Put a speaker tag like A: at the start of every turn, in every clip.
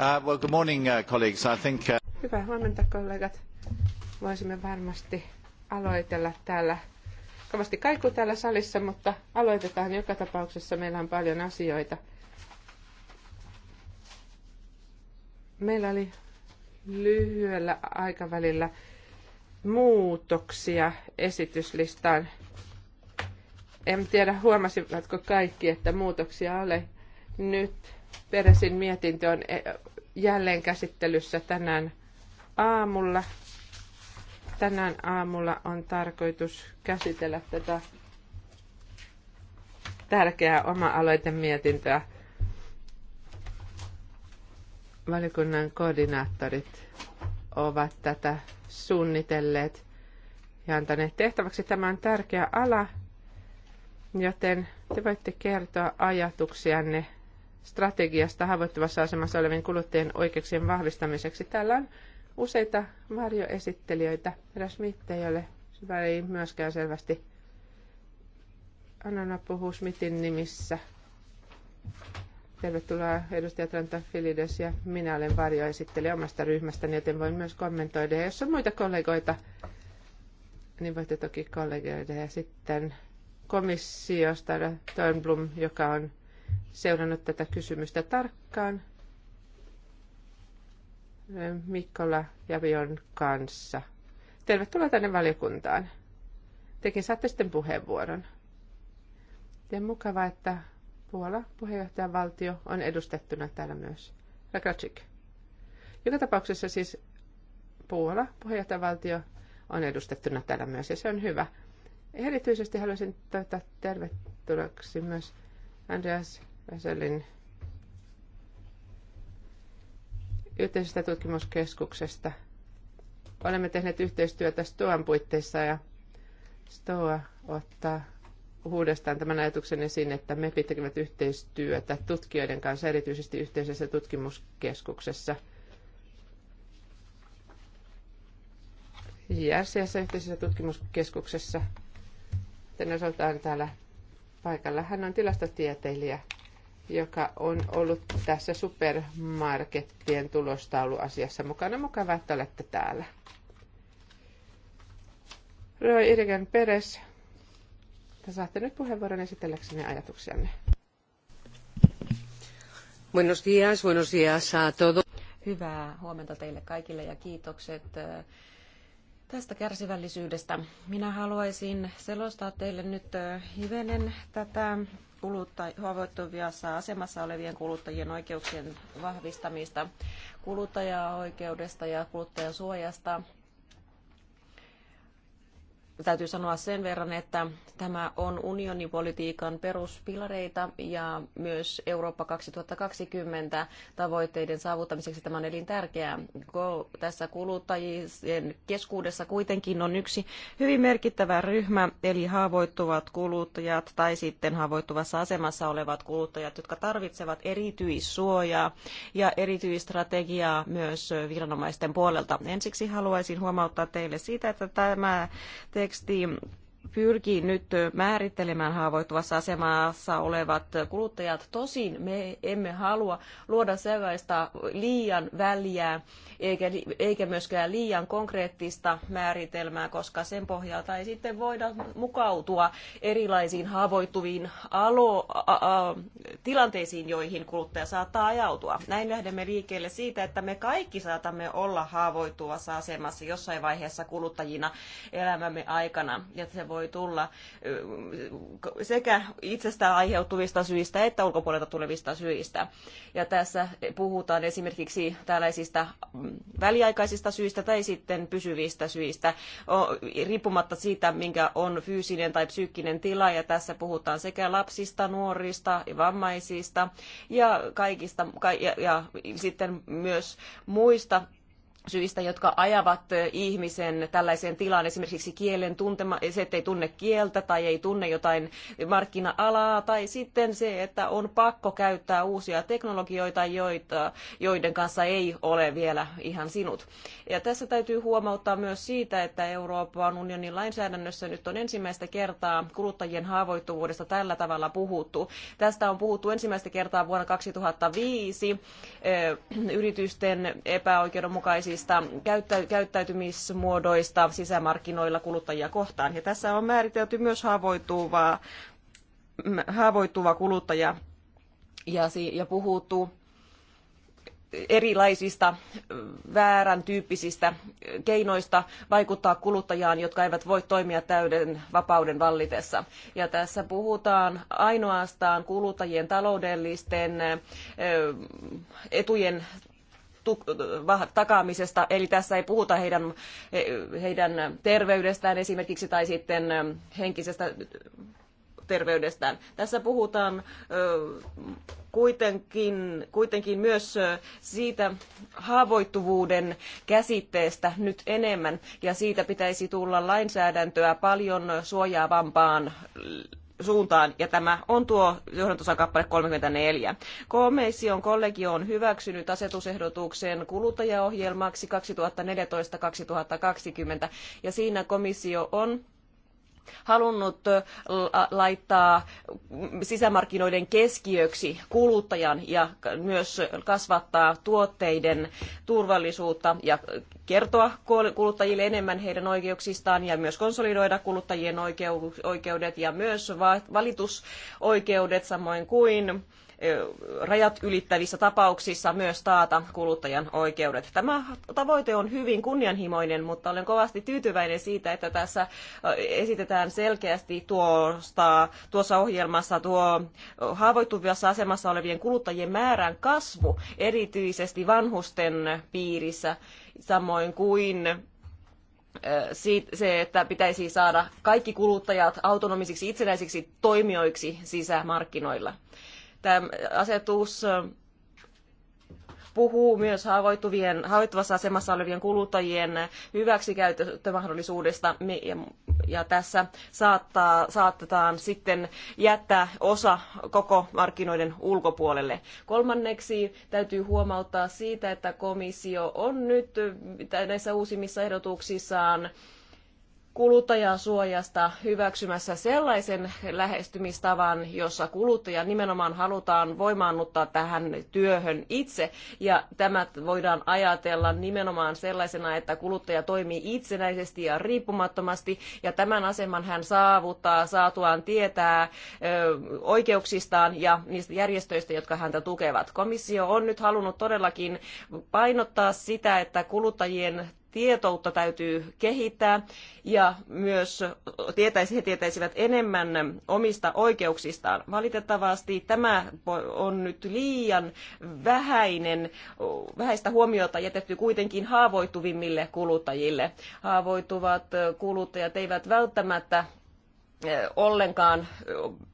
A: Uh, good morning, uh, colleagues. I think, uh...
B: Hyvää huomenta, kollegat. Voisimme varmasti aloitella täällä. Kovasti kaikuu täällä salissa, mutta aloitetaan joka tapauksessa. Meillä on paljon asioita. Meillä oli lyhyellä aikavälillä muutoksia esityslistaan. En tiedä, huomasivatko kaikki, että muutoksia oli nyt Peresin mietintö on eh, jälleen käsittelyssä tänään aamulla. Tänään aamulla on tarkoitus käsitellä tätä tärkeää oma-aloitemietintöä. Valikunnan koordinaattorit ovat tätä suunnitelleet ja antaneet tehtäväksi. Tämä on tärkeä ala, joten te voitte kertoa ajatuksianne strategiasta haavoittuvassa asemassa olevien kuluttajien oikeuksien vahvistamiseksi. Täällä on useita varjoesittelijöitä. Eräs Mitte ei ole myöskään selvästi. Anna puhuu Smithin nimissä. Tervetuloa edustajat Tranta Filides ja minä olen varjoesittelijä omasta ryhmästäni, joten voin myös kommentoida. Ja jos on muita kollegoita, niin voitte toki kollegoida. Ja sitten komissiosta Törnblom, joka on seurannut tätä kysymystä tarkkaan Mikkola Javion kanssa. Tervetuloa tänne valiokuntaan. Tekin saatte sitten puheenvuoron. Ja mukavaa, että Puola, puheenjohtajan valtio, on edustettuna täällä myös. Rakracik. Joka tapauksessa siis Puola, puheenjohtajan valtio, on edustettuna täällä myös, ja se on hyvä. Erityisesti haluaisin toivottaa tervetulleeksi myös Andreas Veselin yhteisestä tutkimuskeskuksesta. Olemme tehneet yhteistyötä STOAN puitteissa ja STOA ottaa uudestaan tämän ajatuksen esiin, että me tekevät yhteistyötä tutkijoiden kanssa, erityisesti yhteisessä tutkimuskeskuksessa. JRCssä yhteisessä tutkimuskeskuksessa. Sitten osaltaan täällä paikalla. Hän on tilastotieteilijä, joka on ollut tässä supermarkettien tulostauluasiassa mukana. Mukavaa, että olette täällä. Roy Irgen Peres, te saatte
C: nyt puheenvuoron esitelläkseni ajatuksianne.
D: Buenos días, buenos días a todos.
C: Hyvää huomenta teille kaikille ja kiitokset tästä kärsivällisyydestä. Minä haluaisin selostaa teille nyt hivenen tätä haavoittuvassa asemassa olevien kuluttajien oikeuksien vahvistamista, kuluttajaoikeudesta ja kuluttajasuojasta täytyy sanoa sen verran, että tämä on unionipolitiikan peruspilareita ja myös Eurooppa 2020 tavoitteiden saavuttamiseksi tämä on elintärkeää. Tässä kuluttajien keskuudessa kuitenkin on yksi hyvin merkittävä ryhmä, eli haavoittuvat kuluttajat tai sitten haavoittuvassa asemassa olevat kuluttajat, jotka tarvitsevat erityissuojaa ja erityistrategiaa myös viranomaisten puolelta. Ensiksi haluaisin huomauttaa teille siitä, että tämä teksti konteksti pyrkii nyt määrittelemään haavoittuvassa asemassa olevat kuluttajat. Tosin me emme halua luoda sellaista liian väliä eikä, eikä myöskään liian konkreettista määritelmää, koska sen pohjalta ei sitten voida mukautua erilaisiin haavoittuviin alo, a, a, tilanteisiin, joihin kuluttaja saattaa ajautua. Näin lähdemme liikkeelle siitä, että me kaikki saatamme olla haavoittuvassa asemassa jossain vaiheessa kuluttajina elämämme aikana. Ja se voi tulla sekä itsestään aiheutuvista syistä että ulkopuolelta tulevista syistä. Ja tässä puhutaan esimerkiksi tällaisista väliaikaisista syistä tai sitten pysyvistä syistä, riippumatta siitä, minkä on fyysinen tai psyykkinen tila. Ja tässä puhutaan sekä lapsista, nuorista, vammaisista ja kaikista ja, ja sitten myös muista syistä, jotka ajavat ihmisen tällaiseen tilaan, esimerkiksi kielen tuntema, se, että ei tunne kieltä tai ei tunne jotain markkina-alaa, tai sitten se, että on pakko käyttää uusia teknologioita, joita, joiden kanssa ei ole vielä ihan sinut. Ja tässä täytyy huomauttaa myös siitä, että Euroopan unionin lainsäädännössä nyt on ensimmäistä kertaa kuluttajien haavoittuvuudesta tällä tavalla puhuttu. Tästä on puhuttu ensimmäistä kertaa vuonna 2005 yritysten epäoikeudenmukaisista erilaisista käyttäytymismuodoista sisämarkkinoilla kuluttajia kohtaan. Ja tässä on määritelty myös haavoittuva, haavoittuva kuluttaja ja, ja puhuttu erilaisista väärän tyyppisistä keinoista vaikuttaa kuluttajaan, jotka eivät voi toimia täyden vapauden vallitessa. Ja tässä puhutaan ainoastaan kuluttajien taloudellisten etujen takaamisesta, eli tässä ei puhuta heidän, heidän terveydestään esimerkiksi tai sitten henkisestä terveydestään. Tässä puhutaan kuitenkin, kuitenkin myös siitä haavoittuvuuden käsitteestä nyt enemmän, ja siitä pitäisi tulla lainsäädäntöä paljon suojaavampaan suuntaan, ja tämä on tuo johdantosan kappale 34. Komission kollegio on hyväksynyt asetusehdotuksen kuluttajaohjelmaksi 2014-2020, ja siinä komissio on halunnut laittaa sisämarkkinoiden keskiöksi kuluttajan ja myös kasvattaa tuotteiden turvallisuutta ja kertoa kuluttajille enemmän heidän oikeuksistaan ja myös konsolidoida kuluttajien oikeudet ja myös valitusoikeudet samoin kuin rajat ylittävissä tapauksissa myös taata kuluttajan oikeudet. Tämä tavoite on hyvin kunnianhimoinen, mutta olen kovasti tyytyväinen siitä, että tässä esitetään selkeästi tuosta, tuossa ohjelmassa tuo haavoittuvassa asemassa olevien kuluttajien määrän kasvu, erityisesti vanhusten piirissä, samoin kuin se, että pitäisi saada kaikki kuluttajat autonomisiksi itsenäisiksi toimijoiksi sisämarkkinoilla. Tämä asetus puhuu myös haavoittuvien, haavoittuvassa asemassa olevien kuluttajien hyväksikäyttömahdollisuudesta ja, ja tässä saattaa, saatetaan sitten jättää osa koko markkinoiden ulkopuolelle. Kolmanneksi täytyy huomauttaa siitä, että komissio on nyt näissä uusimmissa ehdotuksissaan kuluttajasuojasta hyväksymässä sellaisen lähestymistavan, jossa kuluttaja nimenomaan halutaan voimaannuttaa tähän työhön itse. Ja tämä voidaan ajatella nimenomaan sellaisena, että kuluttaja toimii itsenäisesti ja riippumattomasti. Ja tämän aseman hän saavuttaa saatuaan tietää oikeuksistaan ja niistä järjestöistä, jotka häntä tukevat. Komissio on nyt halunnut todellakin painottaa sitä, että kuluttajien tietoutta täytyy kehittää ja myös tietäisi, he tietäisivät enemmän omista oikeuksistaan. Valitettavasti tämä on nyt liian vähäinen, vähäistä huomiota jätetty kuitenkin haavoittuvimmille kuluttajille. Haavoittuvat kuluttajat eivät välttämättä eh, ollenkaan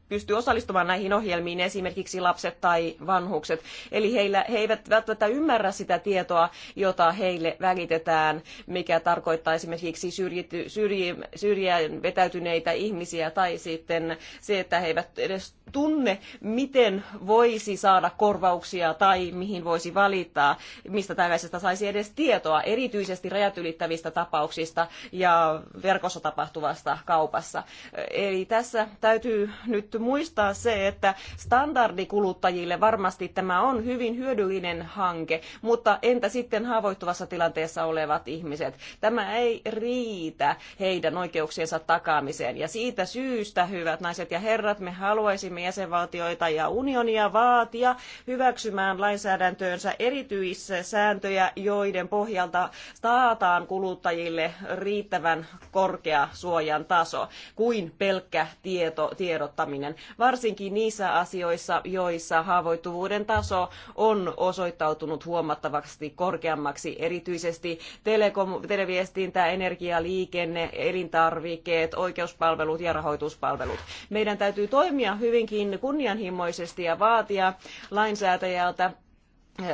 C: pysty osallistumaan näihin ohjelmiin, esimerkiksi lapset tai vanhukset. Eli heillä, he eivät välttämättä ymmärrä sitä tietoa, jota heille välitetään, mikä tarkoittaa esimerkiksi syrjity, syrji, syrjään vetäytyneitä ihmisiä tai sitten se, että he eivät edes tunne, miten voisi saada korvauksia tai mihin voisi valittaa, mistä tällaisesta saisi edes tietoa, erityisesti rajat ylittävistä tapauksista ja verkossa tapahtuvasta kaupassa. Eli tässä täytyy nyt täytyy muistaa se, että standardikuluttajille varmasti tämä on hyvin hyödyllinen hanke, mutta entä sitten haavoittuvassa tilanteessa olevat ihmiset? Tämä ei riitä heidän oikeuksiensa takaamiseen. Ja siitä syystä, hyvät naiset ja herrat, me haluaisimme jäsenvaltioita ja unionia vaatia hyväksymään lainsäädäntöönsä erityissääntöjä, joiden pohjalta taataan kuluttajille riittävän korkea suojan taso kuin pelkkä tieto, tiedottaminen keskeinen, varsinkin niissä asioissa, joissa haavoittuvuuden taso on osoittautunut huomattavasti korkeammaksi, erityisesti telekom, televiestintä, energia, liikenne, elintarvikkeet, oikeuspalvelut ja rahoituspalvelut. Meidän täytyy toimia hyvinkin kunnianhimoisesti ja vaatia lainsäätäjältä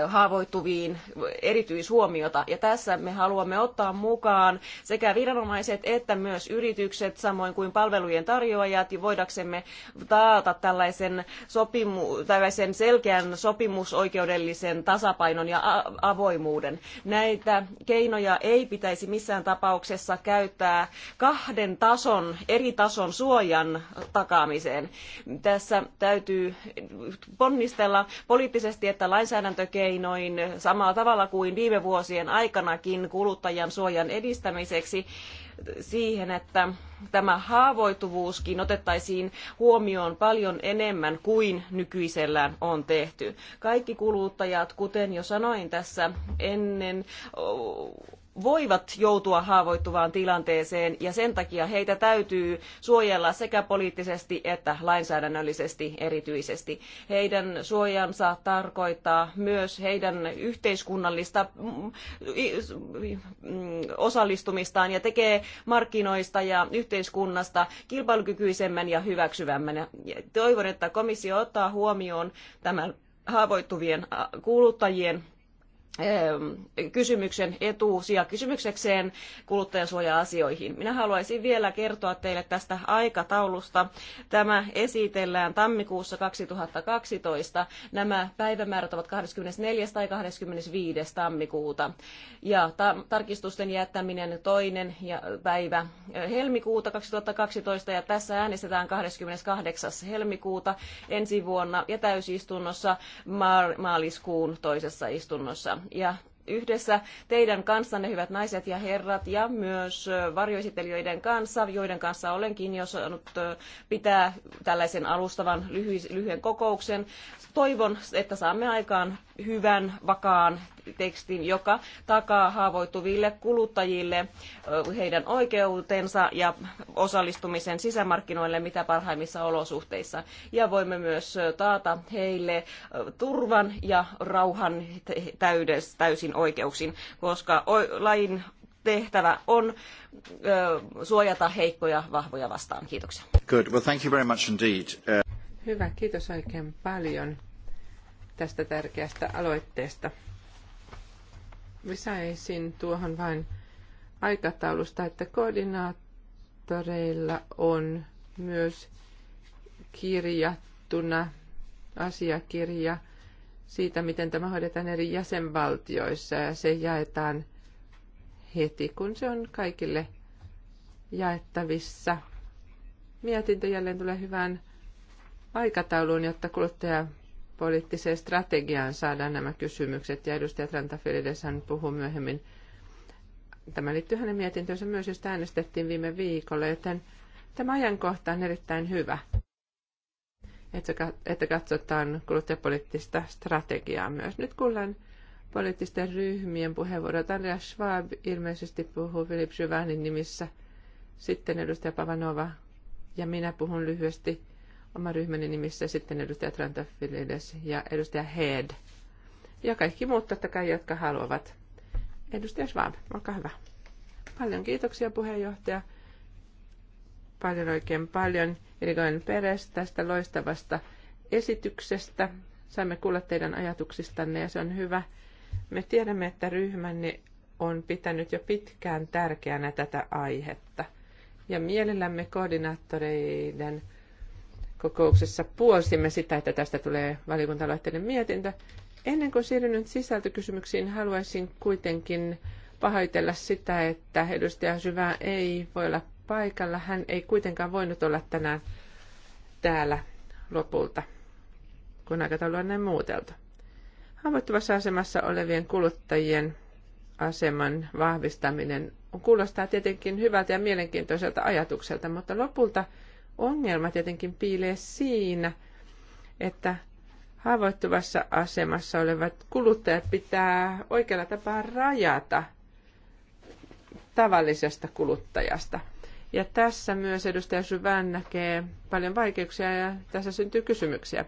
C: haavoittuviin erityishuomiota. Ja tässä me haluamme ottaa mukaan sekä viranomaiset että myös yritykset, samoin kuin palvelujen tarjoajat, ja voidaksemme taata tällaisen, sopimu- tällaisen selkeän sopimusoikeudellisen tasapainon ja avoimuuden. Näitä keinoja ei pitäisi missään tapauksessa käyttää kahden tason, eri tason suojan takaamiseen. Tässä täytyy ponnistella poliittisesti, että lainsäädäntö keinoin samalla tavalla kuin viime vuosien aikanakin kuluttajan suojan edistämiseksi siihen, että tämä haavoittuvuuskin otettaisiin huomioon paljon enemmän kuin nykyisellään on tehty. Kaikki kuluttajat, kuten jo sanoin tässä ennen, voivat joutua haavoittuvaan tilanteeseen ja sen takia heitä täytyy suojella sekä poliittisesti että lainsäädännöllisesti erityisesti. Heidän suojansa tarkoittaa myös heidän yhteiskunnallista mm, mm, osallistumistaan ja tekee markkinoista ja yhteiskunnasta kilpailukykyisemmän ja hyväksyvämmän. Toivon, että komissio ottaa huomioon tämän haavoittuvien äh, kuluttajien kysymyksen etuusia kysymyksekseen kuluttajansuoja-asioihin. Minä haluaisin vielä kertoa teille tästä aikataulusta. Tämä esitellään tammikuussa 2012. Nämä päivämäärät ovat 24. tai 25. tammikuuta. Ja tarkistusten jättäminen toinen ja päivä helmikuuta 2012 ja tässä äänestetään 28. helmikuuta ensi vuonna ja täysistunnossa maaliskuun toisessa istunnossa ja yhdessä teidän kanssanne, hyvät naiset ja herrat, ja myös varjoesittelijöiden kanssa, joiden kanssa olenkin jo saanut pitää tällaisen alustavan lyhyen kokouksen. Toivon, että saamme aikaan hyvän, vakaan tekstin, joka takaa haavoittuville kuluttajille heidän oikeutensa ja osallistumisen sisämarkkinoille mitä parhaimmissa olosuhteissa. Ja voimme myös taata heille turvan ja rauhan täydes, täysin oikeuksin, koska lain tehtävä on suojata heikkoja vahvoja vastaan. Kiitoksia.
A: Good. Well, thank you very much indeed. Uh,
B: Hyvä, kiitos oikein paljon tästä tärkeästä aloitteesta. Lisäisin tuohon vain aikataulusta, että koordinaattoreilla on myös kirjattuna asiakirja siitä, miten tämä hoidetaan eri jäsenvaltioissa ja se jaetaan heti, kun se on kaikille jaettavissa. Mietintö jälleen tulee hyvään aikatauluun, jotta kuluttaja poliittiseen strategiaan saadaan nämä kysymykset. Ja edustaja hän puhuu myöhemmin. Tämä liittyy hänen mietintönsä myös, josta äänestettiin viime viikolla, joten tämä ajankohta on erittäin hyvä, että katsotaan kuluttajapoliittista strategiaa myös. Nyt kuullaan poliittisten ryhmien puheenvuorot. Andreas Schwab ilmeisesti puhuu Philip Syvänin nimissä, sitten edustaja Pavanova ja minä puhun lyhyesti oma ryhmäni nimissä, sitten edustaja Trantafilides ja edustaja Head. Ja kaikki muut totta kai, jotka haluavat. Edustaja Schwab, olkaa hyvä. Paljon kiitoksia puheenjohtaja. Paljon oikein paljon Erikoinen Peres tästä loistavasta esityksestä. Saimme kuulla teidän ajatuksistanne ja se on hyvä. Me tiedämme, että ryhmänne on pitänyt jo pitkään tärkeänä tätä aihetta. Ja mielellämme koordinaattoreiden – kokouksessa puolsimme sitä, että tästä tulee valiokuntaloitteiden mietintö. Ennen kuin siirryn nyt sisältökysymyksiin, haluaisin kuitenkin pahoitella sitä, että edustaja Syvää ei voi olla paikalla. Hän ei kuitenkaan voinut olla tänään täällä lopulta, kun aikataulu on näin muuteltu. Haavoittuvassa asemassa olevien kuluttajien aseman vahvistaminen kuulostaa tietenkin hyvältä ja mielenkiintoiselta ajatukselta, mutta lopulta – ongelma tietenkin piilee siinä, että haavoittuvassa asemassa olevat kuluttajat pitää oikealla tapaa rajata tavallisesta kuluttajasta. Ja tässä myös edustaja Syvän näkee paljon vaikeuksia ja tässä syntyy kysymyksiä.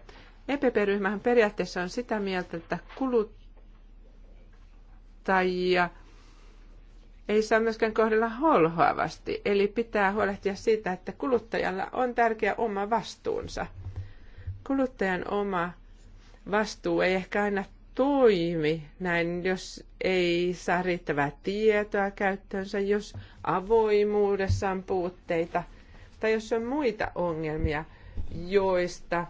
B: EPP-ryhmähän periaatteessa on sitä mieltä, että kuluttajia ei saa myöskään kohdella holhoavasti, eli pitää huolehtia siitä, että kuluttajalla on tärkeä oma vastuunsa. Kuluttajan oma vastuu ei ehkä aina toimi näin, jos ei saa riittävää tietoa käyttöönsä, jos avoimuudessa on puutteita tai jos on muita ongelmia, joista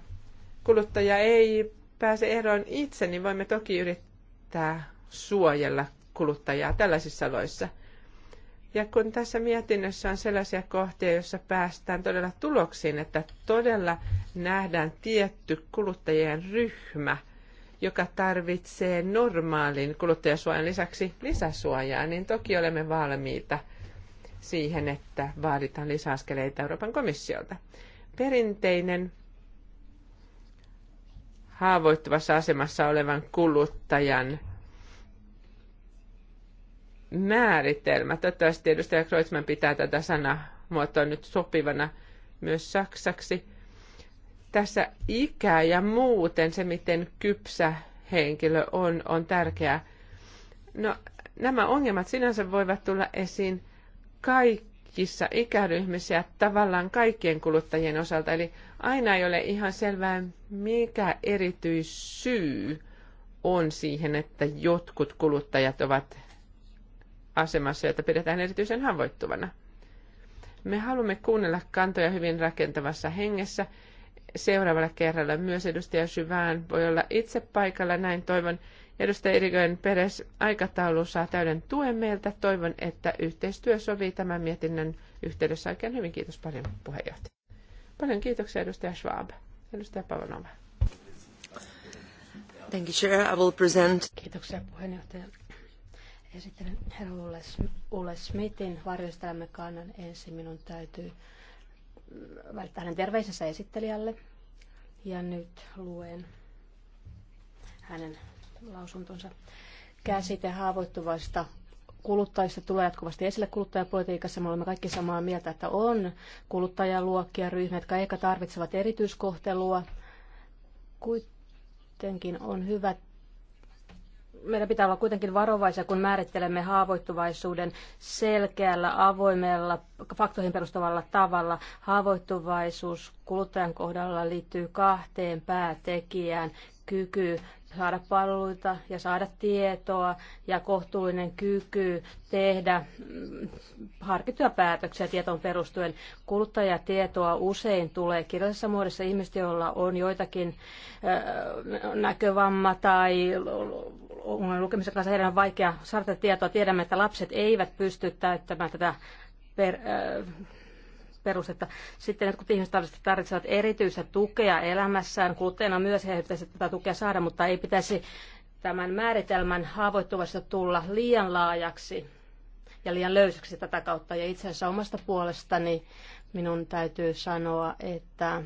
B: kuluttaja ei pääse eroon itse, niin voimme toki yrittää suojella kuluttajaa tällaisissa loissa. Ja kun tässä mietinnössä on sellaisia kohtia, joissa päästään todella tuloksiin, että todella nähdään tietty kuluttajien ryhmä, joka tarvitsee normaalin kuluttajasuojan lisäksi lisäsuojaa, niin toki olemme valmiita siihen, että vaaditaan lisäaskeleita Euroopan komissiolta. Perinteinen haavoittuvassa asemassa olevan kuluttajan määritelmä. Toivottavasti edustaja Kreutzmann pitää tätä sanamuotoa nyt sopivana myös saksaksi. Tässä ikä ja muuten se, miten kypsä henkilö on, on tärkeää. No, nämä ongelmat sinänsä voivat tulla esiin kaikissa ikäryhmissä ja tavallaan kaikkien kuluttajien osalta. Eli aina ei ole ihan selvää, mikä erityissyy on siihen, että jotkut kuluttajat ovat asemassa, jota pidetään erityisen haavoittuvana. Me haluamme kuunnella kantoja hyvin rakentavassa hengessä. Seuraavalla kerralla myös edustaja Syvään voi olla itse paikalla, näin toivon. Edustaja Irigoen Peres, aikataulu saa täyden tuen meiltä. Toivon, että yhteistyö sovii tämän mietinnön yhteydessä oikein hyvin. Kiitos paljon puheenjohtaja. Paljon kiitoksia edustaja Schwab. Edustaja Pavanova. Thank you, Chair. I will present. Kiitoksia
E: puheenjohtaja ja sitten herra Ulle Smithin varjostelemme kannan ensin minun täytyy välttää hänen terveisensä esittelijälle. Ja nyt luen hänen lausuntonsa. Käsite haavoittuvaista kuluttajista tulee jatkuvasti esille kuluttajapolitiikassa. Me olemme kaikki samaa mieltä, että on kuluttajaluokkia, ryhmiä, jotka ehkä tarvitsevat erityiskohtelua. Kuitenkin on hyvä meidän pitää olla kuitenkin varovaisia, kun määrittelemme haavoittuvaisuuden selkeällä, avoimella, faktoihin perustuvalla tavalla. Haavoittuvaisuus kuluttajan kohdalla liittyy kahteen päätekijään, kyky saada palveluita ja saada tietoa ja kohtuullinen kyky tehdä mm, harkittuja päätöksiä tietoon perustuen. Kuluttajatietoa usein tulee kirjallisessa muodossa ihmistä, joilla on joitakin äh, näkövamma tai lukemisen kanssa heidän on vaikea saada tietoa. Tiedämme, että lapset eivät pysty täyttämään tätä per, äh, että Sitten jotkut ihmiset tarvitsevat erityistä tukea elämässään, kuluttajana myös he pitäisi tätä tukea saada, mutta ei pitäisi tämän määritelmän haavoittuvasta tulla liian laajaksi ja liian löysäksi tätä kautta. Ja itse asiassa omasta puolestani minun täytyy sanoa, että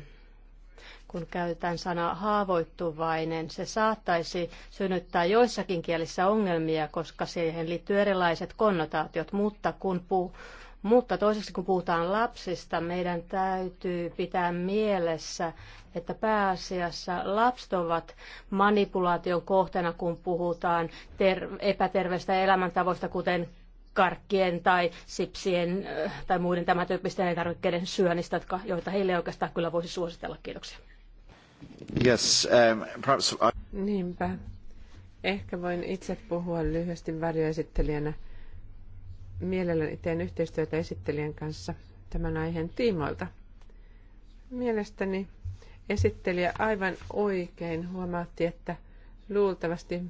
E: kun käytetään sanaa haavoittuvainen, se saattaisi synnyttää joissakin kielissä ongelmia, koska siihen liittyy erilaiset konnotaatiot, mutta kun puu, mutta toiseksi kun puhutaan lapsista, meidän täytyy pitää mielessä, että pääasiassa lapset ovat manipulaation kohteena, kun puhutaan ter- epäterveistä elämäntavoista, kuten karkkien tai sipsien äh, tai muiden tämän tyyppisten elintarvikkeiden syönnistä, joita heille oikeastaan kyllä voisi suositella. Kiitoksia.
A: Yes, um, perhaps I...
B: Niinpä. Ehkä voin itse puhua lyhyesti varjoesittelijänä. Mielelläni teen yhteistyötä esittelijän kanssa tämän aiheen tiimoilta. Mielestäni esittelijä aivan oikein huomaatti, että luultavasti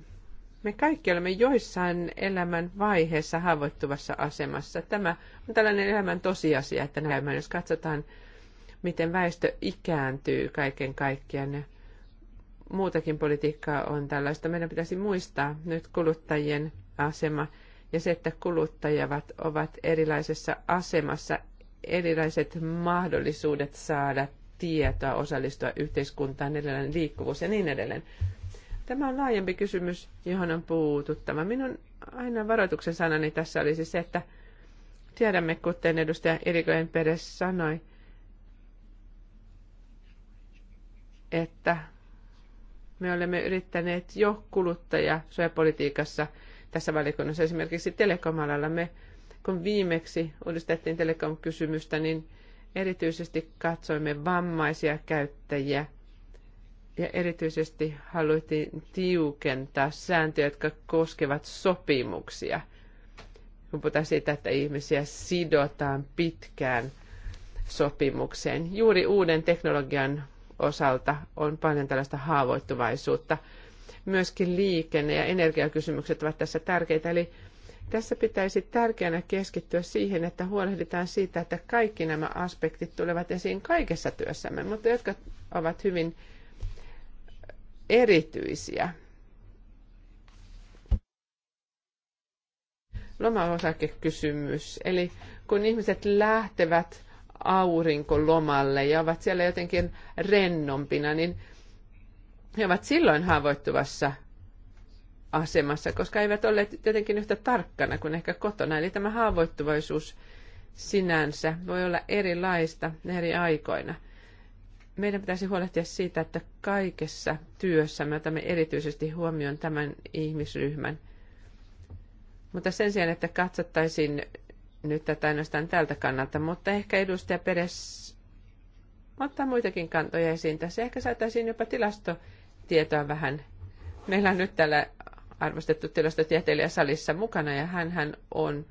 B: me kaikki olemme joissain elämän vaiheessa haavoittuvassa asemassa. Tämä on tällainen elämän tosiasia, että näemme, jos katsotaan, miten väestö ikääntyy kaiken kaikkiaan. Ja muutakin politiikkaa on tällaista. Meidän pitäisi muistaa nyt kuluttajien asema ja se, että kuluttajat ovat erilaisessa asemassa, erilaiset mahdollisuudet saada tietoa, osallistua yhteiskuntaan, erilainen liikkuvuus ja niin edelleen. Tämä on laajempi kysymys, johon on puututtava. Minun aina varoituksen sanani tässä olisi se, että tiedämme, kuten edustaja Irikojen Peres sanoi, että me olemme yrittäneet jo kuluttajasuojapolitiikassa politiikassa tässä valiokunnassa. Esimerkiksi telekomalalla me, kun viimeksi uudistettiin telekom-kysymystä, niin erityisesti katsoimme vammaisia käyttäjiä ja erityisesti haluttiin tiukentaa sääntöjä, jotka koskevat sopimuksia. Kun puhutaan siitä, että ihmisiä sidotaan pitkään sopimukseen. Juuri uuden teknologian osalta on paljon tällaista haavoittuvaisuutta – myöskin liikenne- ja energiakysymykset ovat tässä tärkeitä. Eli tässä pitäisi tärkeänä keskittyä siihen, että huolehditaan siitä, että kaikki nämä aspektit tulevat esiin kaikessa työssämme, mutta jotka ovat hyvin erityisiä. Lomaosakekysymys. Eli kun ihmiset lähtevät aurinkolomalle ja ovat siellä jotenkin rennompina, niin he ovat silloin haavoittuvassa asemassa, koska eivät olleet tietenkin yhtä tarkkana kuin ehkä kotona. Eli tämä haavoittuvaisuus sinänsä voi olla erilaista eri aikoina. Meidän pitäisi huolehtia siitä, että kaikessa työssä me otamme erityisesti huomioon tämän ihmisryhmän. Mutta sen sijaan, että katsottaisiin nyt tätä ainoastaan tältä kannalta, mutta ehkä edustaja Peres ottaa muitakin kantoja esiin. Tässä ehkä saataisiin jopa tilasto tietoa vähän. Meillä on nyt täällä arvostettu tilastotieteilijä salissa mukana ja hän on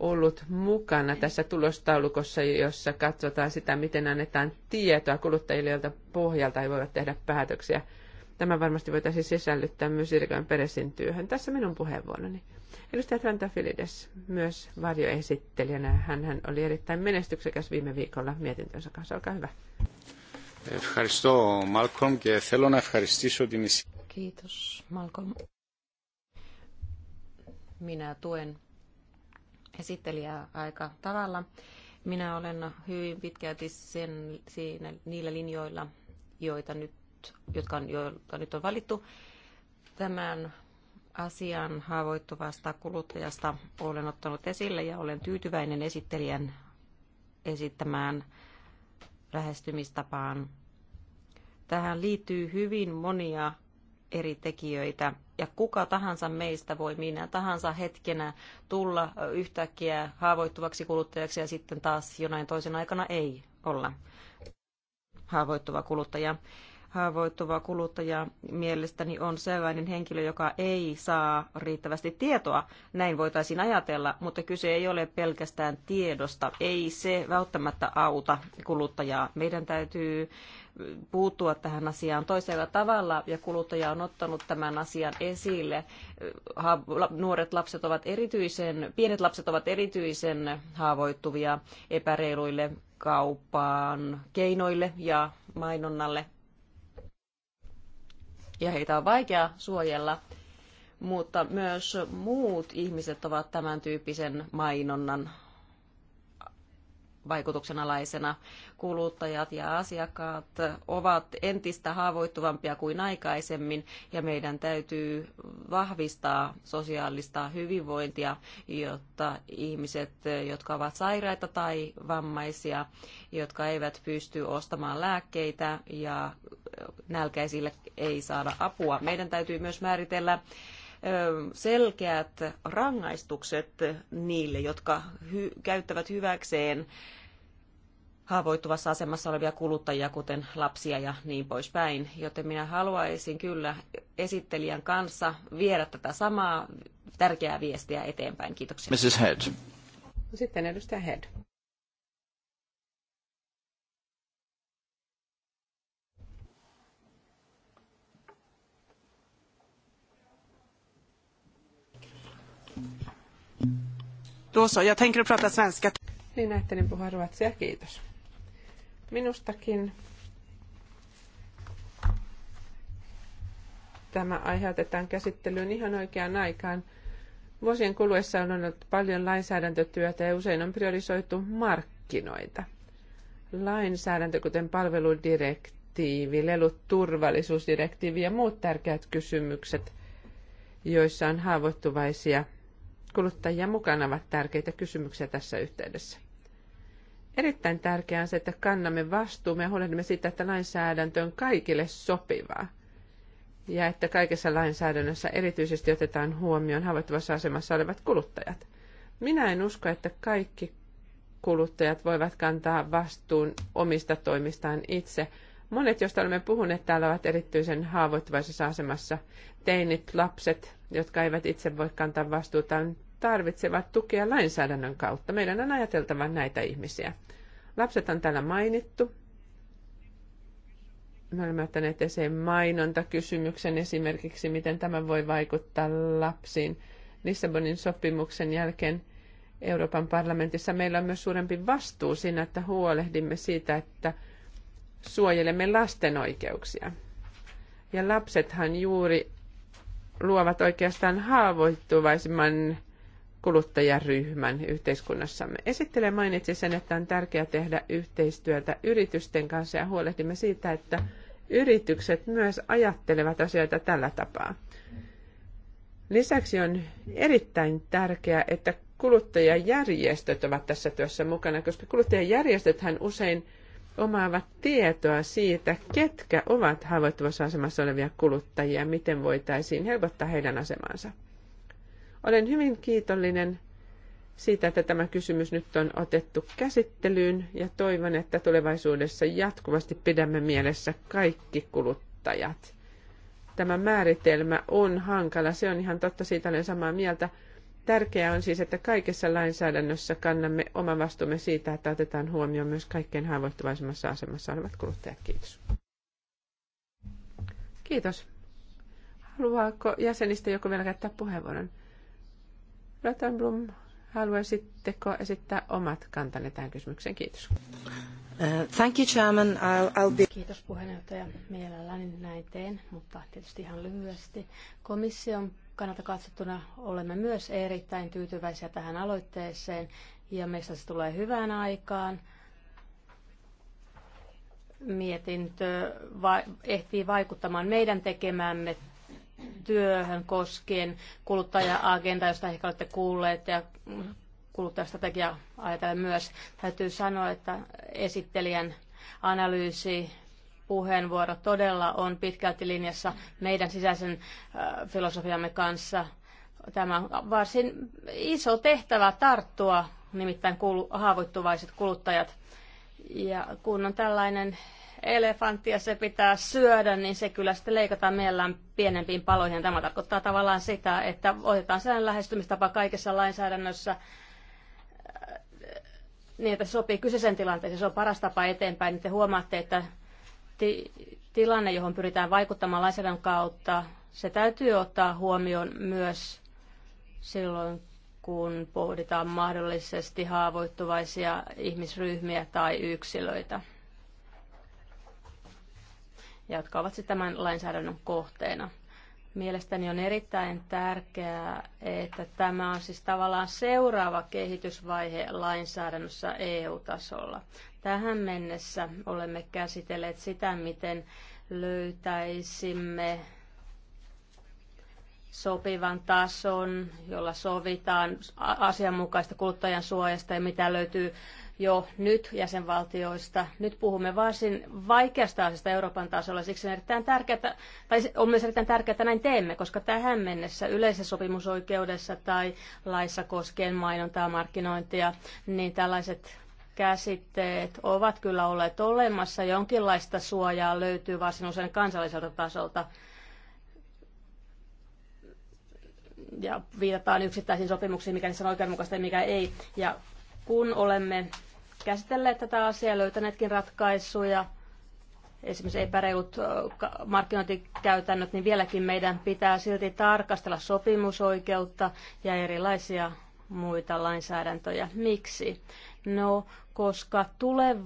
B: ollut mukana tässä tulostaulukossa, jossa katsotaan sitä, miten annetaan tietoa kuluttajille, joilta pohjalta ei voivat tehdä päätöksiä. Tämä varmasti voitaisiin sisällyttää myös Irkan Peresin työhön. Tässä minun puheenvuoroni. Edustaja filides myös varjoesittelijänä. hän oli erittäin menestyksekäs viime viikolla mietintönsä kanssa. Olkaa hyvä.
D: Ευχαριστώ, Μάλκομ, και θέλω να ευχαριστήσω την
C: Kiitos, Malcolm. Minä tuen esittelijää aika tavalla. Minä olen hyvin pitkälti sen, siinä, niillä linjoilla, joita nyt, jotka on, joita nyt on valittu. Tämän asian haavoittuvasta kuluttajasta olen ottanut esille ja olen tyytyväinen esittelijän esittämään lähestymistapaan. Tähän liittyy hyvin monia eri tekijöitä ja kuka tahansa meistä voi minä tahansa hetkenä tulla yhtäkkiä haavoittuvaksi kuluttajaksi ja sitten taas jonain toisen aikana ei olla haavoittuva kuluttaja haavoittuvaa kuluttajaa mielestäni on sellainen henkilö, joka ei saa riittävästi tietoa. Näin voitaisiin ajatella, mutta kyse ei ole pelkästään tiedosta. Ei se välttämättä auta kuluttajaa. Meidän täytyy puuttua tähän asiaan toisella tavalla ja kuluttaja on ottanut tämän asian esille. Nuoret lapset ovat erityisen, pienet lapset ovat erityisen haavoittuvia epäreiluille kauppaan keinoille ja mainonnalle ja heitä on vaikea suojella, mutta myös muut ihmiset ovat tämän tyyppisen mainonnan vaikutuksen alaisena. Kuluttajat ja asiakkaat ovat entistä haavoittuvampia kuin aikaisemmin ja meidän täytyy vahvistaa sosiaalista hyvinvointia, jotta ihmiset, jotka ovat sairaita tai vammaisia, jotka eivät pysty ostamaan lääkkeitä ja nälkäisille ei saada apua. Meidän täytyy myös määritellä selkeät rangaistukset niille, jotka hy- käyttävät hyväkseen haavoittuvassa asemassa olevia kuluttajia, kuten lapsia ja niin poispäin. Joten minä haluaisin kyllä esittelijän kanssa viedä tätä samaa tärkeää viestiä eteenpäin. Kiitoksia. Mrs. Head. No sitten edustaja Head. Då så, jag tänker prata svenska.
B: Niin ajattelin puhua ruotsia, kiitos. Minustakin tämä aiheutetaan käsittelyyn ihan oikeaan aikaan. Vuosien kuluessa on ollut paljon lainsäädäntötyötä ja usein on priorisoitu markkinoita. Lainsäädäntö, kuten palveludirektiivi, lelut, turvallisuusdirektiivi ja muut tärkeät kysymykset, joissa on haavoittuvaisia kuluttajia mukana ovat tärkeitä kysymyksiä tässä yhteydessä. Erittäin tärkeää on se, että kannamme vastuumme ja huolehdimme siitä, että lainsäädäntö on kaikille sopivaa. Ja että kaikessa lainsäädännössä erityisesti otetaan huomioon haavoittuvassa asemassa olevat kuluttajat. Minä en usko, että kaikki kuluttajat voivat kantaa vastuun omista toimistaan itse. Monet, joista olemme puhuneet täällä, ovat erityisen haavoittuvaisessa asemassa. Teinit, lapset, jotka eivät itse voi kantaa vastuutaan tarvitsevat tukea lainsäädännön kautta. Meidän on ajateltava näitä ihmisiä. Lapset on täällä mainittu. Me olemme ottaneet esiin mainontakysymyksen esimerkiksi, miten tämä voi vaikuttaa lapsiin. Lissabonin sopimuksen jälkeen Euroopan parlamentissa meillä on myös suurempi vastuu siinä, että huolehdimme siitä, että suojelemme lasten oikeuksia. Ja lapsethan juuri luovat oikeastaan haavoittuvaisimman kuluttajaryhmän yhteiskunnassamme. Esittelen mainitsi sen, että on tärkeää tehdä yhteistyötä yritysten kanssa ja huolehdimme siitä, että yritykset myös ajattelevat asioita tällä tapaa. Lisäksi on erittäin tärkeää, että kuluttajajärjestöt ovat tässä työssä mukana, koska hän usein omaavat tietoa siitä, ketkä ovat haavoittuvassa asemassa olevia kuluttajia, miten voitaisiin helpottaa heidän asemansa. Olen hyvin kiitollinen siitä, että tämä kysymys nyt on otettu käsittelyyn ja toivon, että tulevaisuudessa jatkuvasti pidämme mielessä kaikki kuluttajat. Tämä määritelmä on hankala, se on ihan totta, siitä olen samaa mieltä. Tärkeää on siis, että kaikessa lainsäädännössä kannamme oman vastuumme siitä, että otetaan huomioon myös kaikkein haavoittuvaisemmassa asemassa olevat kuluttajat. Kiitos. Kiitos. Haluaako jäsenistä joku vielä käyttää puheenvuoron? Rötenblom, haluaisitteko esittää omat kantanne tähän kysymykseen? Kiitos. Uh, thank you, Chairman. I'll, I'll be... Kiitos puheenjohtaja.
E: Mielelläni näin teen, mutta tietysti ihan lyhyesti. Komission kannalta katsottuna olemme myös erittäin tyytyväisiä tähän aloitteeseen ja meistä se tulee hyvään aikaan. Mietintö va- ehtii vaikuttamaan meidän tekemämme työhön koskien kuluttaja-agenda, josta ehkä olette kuulleet, ja kuluttajastrategia ajatellen myös. Täytyy sanoa, että esittelijän analyysi puheenvuoro todella on pitkälti linjassa meidän sisäisen äh, filosofiamme kanssa. Tämä on varsin iso tehtävä tarttua, nimittäin haavoittuvaiset kuluttajat. Ja kun on tällainen elefantti ja se pitää syödä, niin se kyllä sitten leikataan mielellään pienempiin paloihin. Tämä tarkoittaa tavallaan sitä, että otetaan sellainen lähestymistapa kaikessa lainsäädännössä, äh, niin että se sopii kyseisen tilanteeseen. Se on paras tapa eteenpäin. Niin te huomaatte, että ti- tilanne, johon pyritään vaikuttamaan lainsäädännön kautta, se täytyy ottaa huomioon myös silloin, kun pohditaan mahdollisesti haavoittuvaisia ihmisryhmiä tai yksilöitä jotka ovat sitten siis tämän lainsäädännön kohteena. Mielestäni on erittäin tärkeää, että tämä on siis tavallaan seuraava kehitysvaihe lainsäädännössä EU-tasolla. Tähän mennessä olemme käsitelleet sitä, miten löytäisimme sopivan tason, jolla sovitaan asianmukaista kuluttajan suojasta ja mitä löytyy jo nyt jäsenvaltioista. Nyt puhumme varsin vaikeasta asiasta Euroopan tasolla, siksi on, erittäin tärkeää, tai on myös erittäin tärkeää, että näin teemme, koska tähän mennessä yleisessä sopimusoikeudessa tai laissa koskien mainontaa, markkinointia, niin tällaiset käsitteet ovat kyllä olleet olemassa. Jonkinlaista suojaa löytyy varsin usein kansalliselta tasolta ja viitataan yksittäisiin sopimuksiin, mikä niissä on oikeudenmukaista ja mikä ei. Ja kun olemme käsitelleet tätä asiaa, löytäneetkin ratkaisuja. Esimerkiksi epäreilut markkinointikäytännöt, niin vieläkin meidän pitää silti tarkastella sopimusoikeutta ja erilaisia muita lainsäädäntöjä. Miksi? No, koska tulee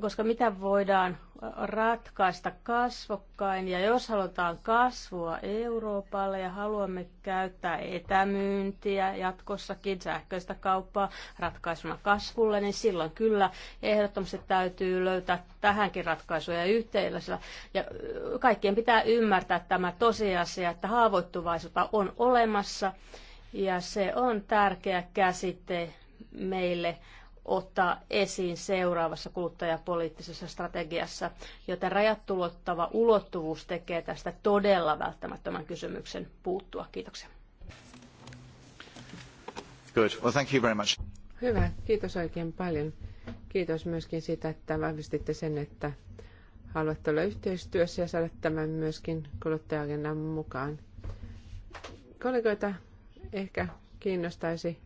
E: koska mitä voidaan ratkaista kasvokkain. Ja jos halutaan kasvua Euroopalle ja haluamme käyttää etämyyntiä jatkossakin, sähköistä kauppaa ratkaisuna kasvulle, niin silloin kyllä ehdottomasti täytyy löytää tähänkin ratkaisuja yhteisellä. Ja kaikkien pitää ymmärtää tämä tosiasia, että haavoittuvaisuutta on olemassa ja se on tärkeä käsite meille ottaa esiin seuraavassa kuluttajapoliittisessa strategiassa, joten rajat ulottuvuus tekee tästä todella välttämättömän kysymyksen
B: puuttua. Kiitoksia.
A: Good. Well, thank you very much.
B: Hyvä, kiitos oikein paljon. Kiitos myöskin siitä, että vahvistitte sen, että haluatte olla yhteistyössä ja saada tämän myöskin kuluttajagendan mukaan. Kollegoita ehkä kiinnostaisi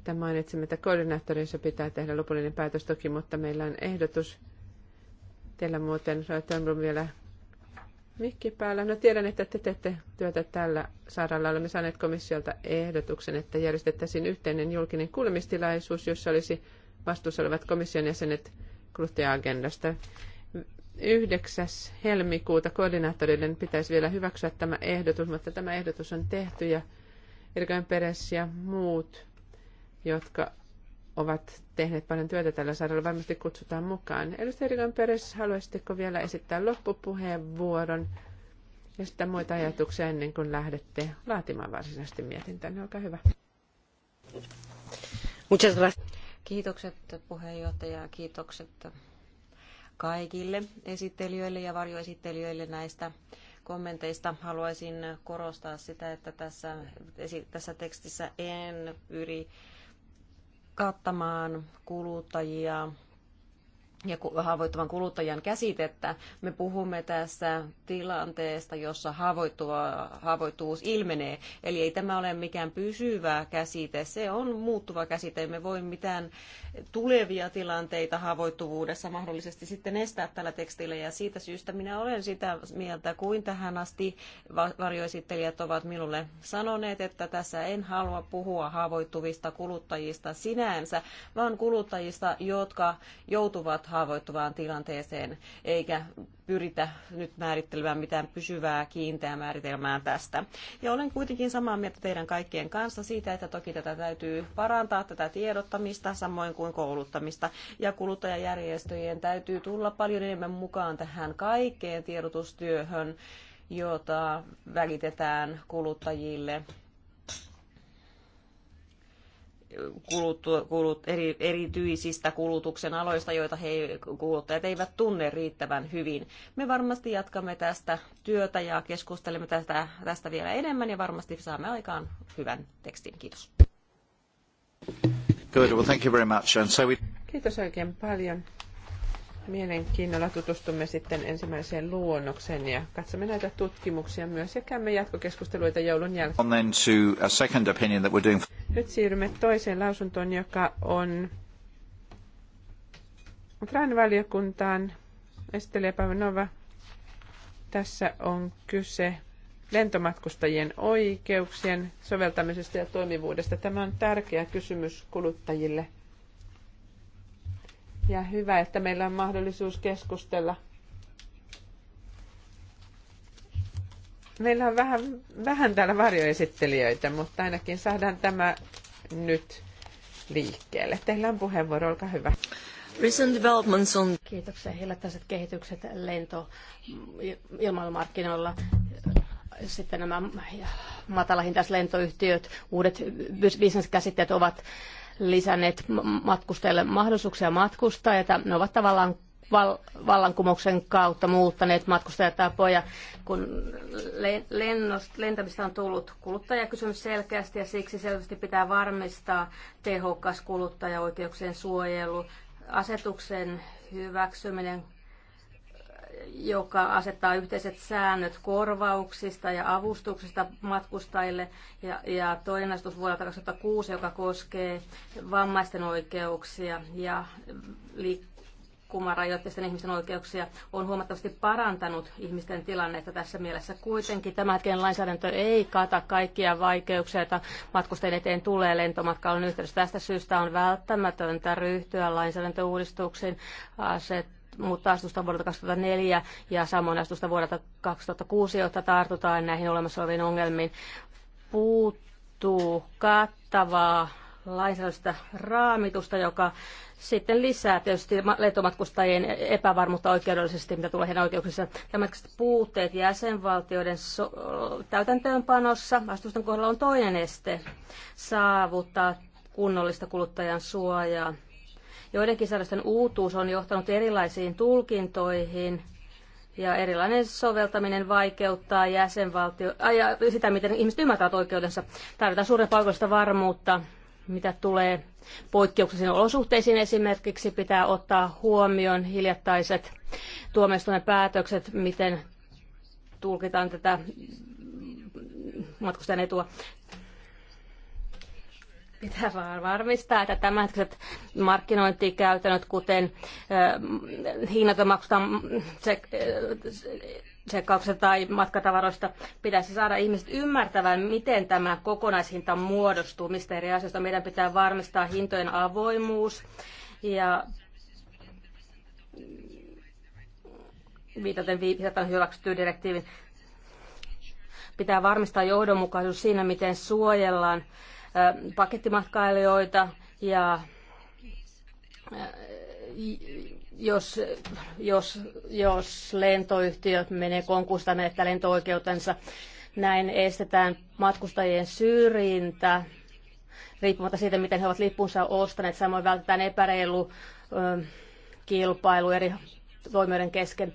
B: että mainitsimme, että koordinaattorissa pitää tehdä lopullinen päätös toki, mutta meillä on ehdotus. Teillä muuten Rötönblom vielä mikki päällä. No tiedän, että te teette työtä tällä saralla. Olemme saaneet komissiolta ehdotuksen, että järjestettäisiin yhteinen julkinen kuulemistilaisuus, jossa olisi vastuussa olevat komission jäsenet kuluttaja-agendasta. 9. helmikuuta koordinaattoreiden pitäisi vielä hyväksyä tämä ehdotus, mutta tämä ehdotus on tehty ja Irkan Peres ja muut jotka ovat tehneet paljon työtä tällä saralla, varmasti kutsutaan mukaan. Edustaja Rikan Peres, haluaisitteko vielä esittää loppupuheenvuoron ja sitä muita ajatuksia ennen
C: kuin lähdette laatimaan varsinaisesti mietintään? Olkaa hyvä. Kiitokset puheenjohtaja ja kiitokset kaikille esittelijöille ja varjoesittelijöille näistä kommenteista haluaisin korostaa sitä, että tässä, tässä tekstissä en pyri kattamaan kuluttajia ja haavoittuvan kuluttajan käsitettä. Me puhumme tässä tilanteesta, jossa haavoittuvuus ilmenee. Eli ei tämä ole mikään pysyvä käsite, se on muuttuva käsite. Me voi mitään tulevia tilanteita haavoittuvuudessa mahdollisesti sitten estää tällä tekstillä. Ja siitä syystä minä olen sitä mieltä, kuin tähän asti varjoesittelijät ovat minulle sanoneet, että tässä en halua puhua haavoittuvista kuluttajista sinänsä, vaan kuluttajista, jotka joutuvat haavoittuvaan tilanteeseen, eikä pyritä nyt määrittelemään mitään pysyvää kiinteää määritelmää tästä. Ja olen kuitenkin samaa mieltä teidän kaikkien kanssa siitä, että toki tätä täytyy parantaa, tätä tiedottamista, samoin kuin kouluttamista. Ja kuluttajajärjestöjen täytyy tulla paljon enemmän mukaan tähän kaikkeen tiedotustyöhön, jota välitetään kuluttajille kuluttu, kulut, eri, erityisistä kulutuksen aloista, joita he, kuluttajat eivät tunne riittävän hyvin. Me varmasti jatkamme tästä työtä ja keskustelemme tästä, tästä vielä enemmän ja varmasti saamme aikaan hyvän tekstin. Kiitos.
A: Good. Well, thank you very much. And so we...
C: Kiitos oikein paljon. Mielenkiinnolla
B: tutustumme sitten ensimmäiseen luonnokseen ja katsomme näitä tutkimuksia myös ja käymme jatkokeskusteluita joulun jälkeen. Nyt siirrymme toiseen lausuntoon, joka on Ukrainan valiokuntaan. Esittelijä Pavanova. Tässä on kyse lentomatkustajien oikeuksien soveltamisesta ja toimivuudesta. Tämä on tärkeä kysymys kuluttajille – ja hyvä, että meillä on mahdollisuus keskustella. Meillä on vähän, vähän täällä varjoesittelijöitä, mutta ainakin saadaan tämä nyt liikkeelle. Teillä on puheenvuoro, olkaa hyvä. Recent developments on... Kiitoksia. Hiljattaiset
E: kehitykset ilmailumarkkinoilla, sitten nämä matalahintaiset lentoyhtiöt, uudet bisneskäsitteet ovat lisänneet matkustajille mahdollisuuksia matkustaa, ja ne ovat tavallaan val- vallankumouksen kautta muuttaneet matkustajatapoja, kun lennost, lentämistä on tullut kuluttajakysymys selkeästi ja siksi selvästi pitää varmistaa tehokas kuluttajaoikeuksien suojelu. Asetuksen hyväksyminen joka asettaa yhteiset säännöt korvauksista ja avustuksista matkustajille. Ja, ja toinen asetus vuodelta 2006, joka koskee vammaisten oikeuksia ja liikkumarajoitteisten ihmisten oikeuksia, on huomattavasti parantanut ihmisten tilannetta tässä mielessä. Kuitenkin tämä hetken lainsäädäntö ei kata kaikkia vaikeuksia, joita matkustajien eteen tulee lentomatkailun yhteydessä. Tästä syystä on välttämätöntä ryhtyä lainsäädäntöuudistuksiin asettaa mutta astusta vuodelta 2004 ja samoin astusta vuodelta 2006, jotta tartutaan näihin olemassa oleviin ongelmiin. Puuttuu kattavaa lainsäädännöstä raamitusta, joka sitten lisää tietysti lentomatkustajien epävarmuutta oikeudellisesti, mitä tulee heidän oikeuksissa. Tämä puutteet jäsenvaltioiden so- täytäntöönpanossa vastusten kohdalla on toinen este saavuttaa kunnollista kuluttajan suojaa. Joidenkin säädösten uutuus on johtanut erilaisiin tulkintoihin ja erilainen soveltaminen vaikeuttaa jäsenvaltio, äh, ja sitä, miten ihmiset ymmärtävät oikeutensa. Tarvitaan suuren paikallista varmuutta, mitä tulee poikkeuksellisiin olosuhteisiin esimerkiksi, pitää ottaa huomioon hiljattaiset tuomioistuimen päätökset, miten tulkitaan tätä matkustajan etua. Pitää vaan varmistaa, että tämänhetkiset markkinointikäytännöt, kuten äh, hinnat maksutaan se, sekauksen tai matkatavaroista, pitäisi saada ihmiset ymmärtämään, miten tämä kokonaishinta muodostuu, mistä eri asioista meidän pitää varmistaa hintojen avoimuus ja viitaten viitaten hyväksyttyyn direktiivin. Pitää varmistaa johdonmukaisuus siinä, miten suojellaan pakettimatkailijoita ja jos, jos, jos lentoyhtiö menee konkursta menettää lentooikeutensa, näin estetään matkustajien syrjintä riippumatta siitä, miten he ovat lippunsa ostaneet. Samoin vältetään epäreilu ö, kilpailu eri toimijoiden kesken.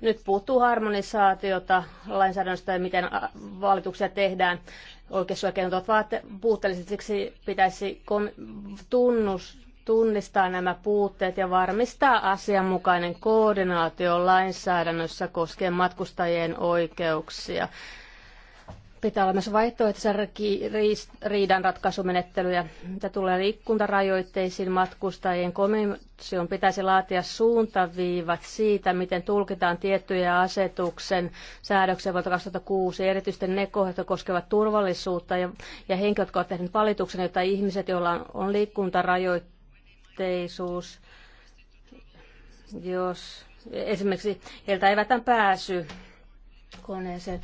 E: Nyt puuttuu harmonisaatiota lainsäädännöstä ja miten valituksia tehdään oikeussuojakeinot ovat vaatte- puutteelliset, siksi pitäisi tunnus, tunnistaa nämä puutteet ja varmistaa asianmukainen koordinaatio lainsäädännössä koskien matkustajien oikeuksia. Pitää olla myös vaihtoehtoisia riidanratkaisumenettelyjä. Mitä tulee liikkuntarajoitteisiin matkustajien, komission pitäisi laatia suuntaviivat siitä, miten tulkitaan tiettyjä asetuksen säädöksiä vuotta 2006, erityisesti ne kohdat, jotka koskevat turvallisuutta ja, ja henkilöt, jotka ovat tehneet valituksen, jotta ihmiset, joilla on, on liikkuntarajoitteisuus, jos esimerkiksi heiltä ei pääsy koneeseen,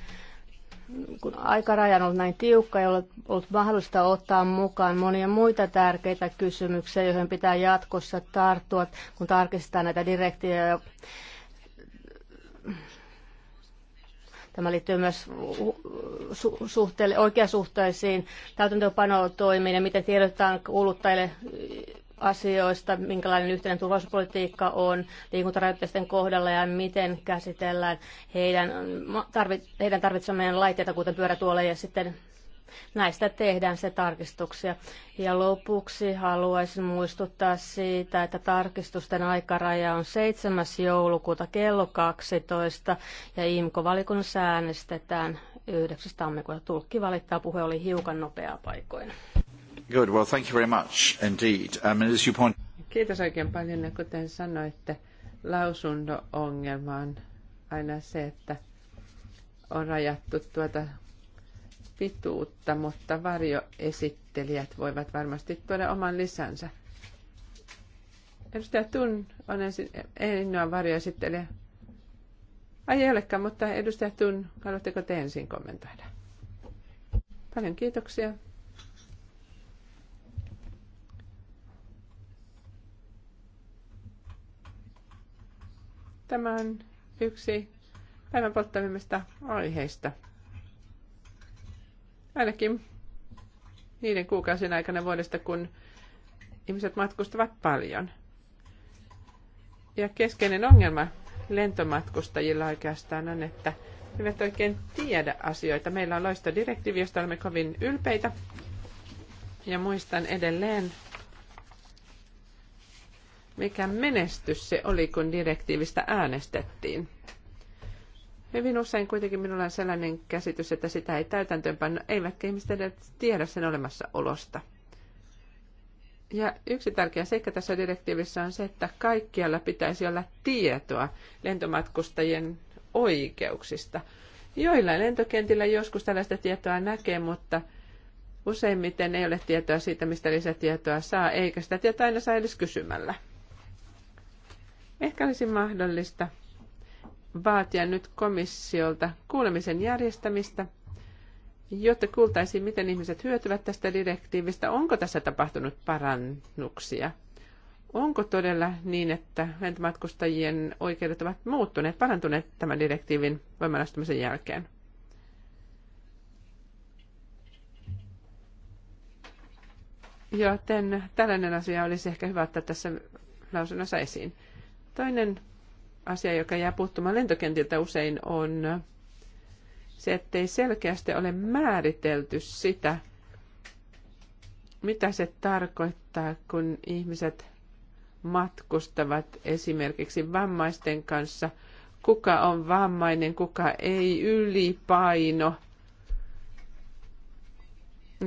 E: kun aikaraja on ollut näin tiukka, ei ole ollut mahdollista ottaa mukaan monia muita tärkeitä kysymyksiä, joihin pitää jatkossa tarttua, kun tarkistetaan näitä direktiivejä. Tämä liittyy myös su- suhteelle, oikeasuhtaisiin täytäntöönpanotoimiin ja miten tiedotetaan kuluttajille asioista, minkälainen yhteinen turvallisuuspolitiikka on liikuntarajoitteisten kohdalla ja miten käsitellään heidän, tarvit, heidän tarvitsemien laitteita, kuten pyörätuoleja, ja sitten näistä tehdään se tarkistuksia. Ja lopuksi haluaisin muistuttaa siitä, että tarkistusten aikaraja on 7. joulukuuta kello 12 ja IMKO-valikon äänestetään 9. tammikuuta.
B: Tulkki valittaa, puhe oli hiukan nopea paikoina.
A: Good. Well, thank you very much indeed. Um, as you point...
B: Kiitos oikein paljon. Ja kuten sanoitte, lausunto-ongelma on aina se, että on rajattu tuota pituutta, mutta varjoesittelijät voivat varmasti tuoda oman lisänsä. Edustaja Tun on ensin ainoa varjoesittelijä. Ai ei olekaan, mutta edustaja Tun, haluatteko te ensin kommentoida? Paljon kiitoksia. tämän yksi päivän polttavimmista aiheista. Ainakin niiden kuukausien aikana vuodesta, kun ihmiset matkustavat paljon. Ja keskeinen ongelma lentomatkustajilla oikeastaan on, että he eivät oikein tiedä asioita. Meillä on loistodirektiivi, josta olemme kovin ylpeitä. Ja muistan edelleen mikä menestys se oli, kun direktiivistä äänestettiin. Hyvin usein kuitenkin minulla on sellainen käsitys, että sitä ei täytäntöönpanna, eivätkä ihmiset edes tiedä sen olemassaolosta. Ja yksi tärkeä seikka tässä direktiivissä on se, että kaikkialla pitäisi olla tietoa lentomatkustajien oikeuksista. Joilla lentokentillä joskus tällaista tietoa näkee, mutta useimmiten ei ole tietoa siitä, mistä lisätietoa saa, eikä sitä tietoa aina saa edes kysymällä. Ehkä olisi mahdollista vaatia nyt komissiolta kuulemisen järjestämistä, jotta kuultaisiin, miten ihmiset hyötyvät tästä direktiivistä. Onko tässä tapahtunut parannuksia? Onko todella niin, että lentomatkustajien oikeudet ovat muuttuneet, parantuneet tämän direktiivin voimalaistumisen jälkeen? Joten tällainen asia olisi ehkä hyvä ottaa tässä lausunnossa esiin. Toinen asia, joka jää puuttumaan lentokentiltä usein, on se, ettei selkeästi ole määritelty sitä, mitä se tarkoittaa, kun ihmiset matkustavat esimerkiksi vammaisten kanssa. Kuka on vammainen, kuka ei, ylipaino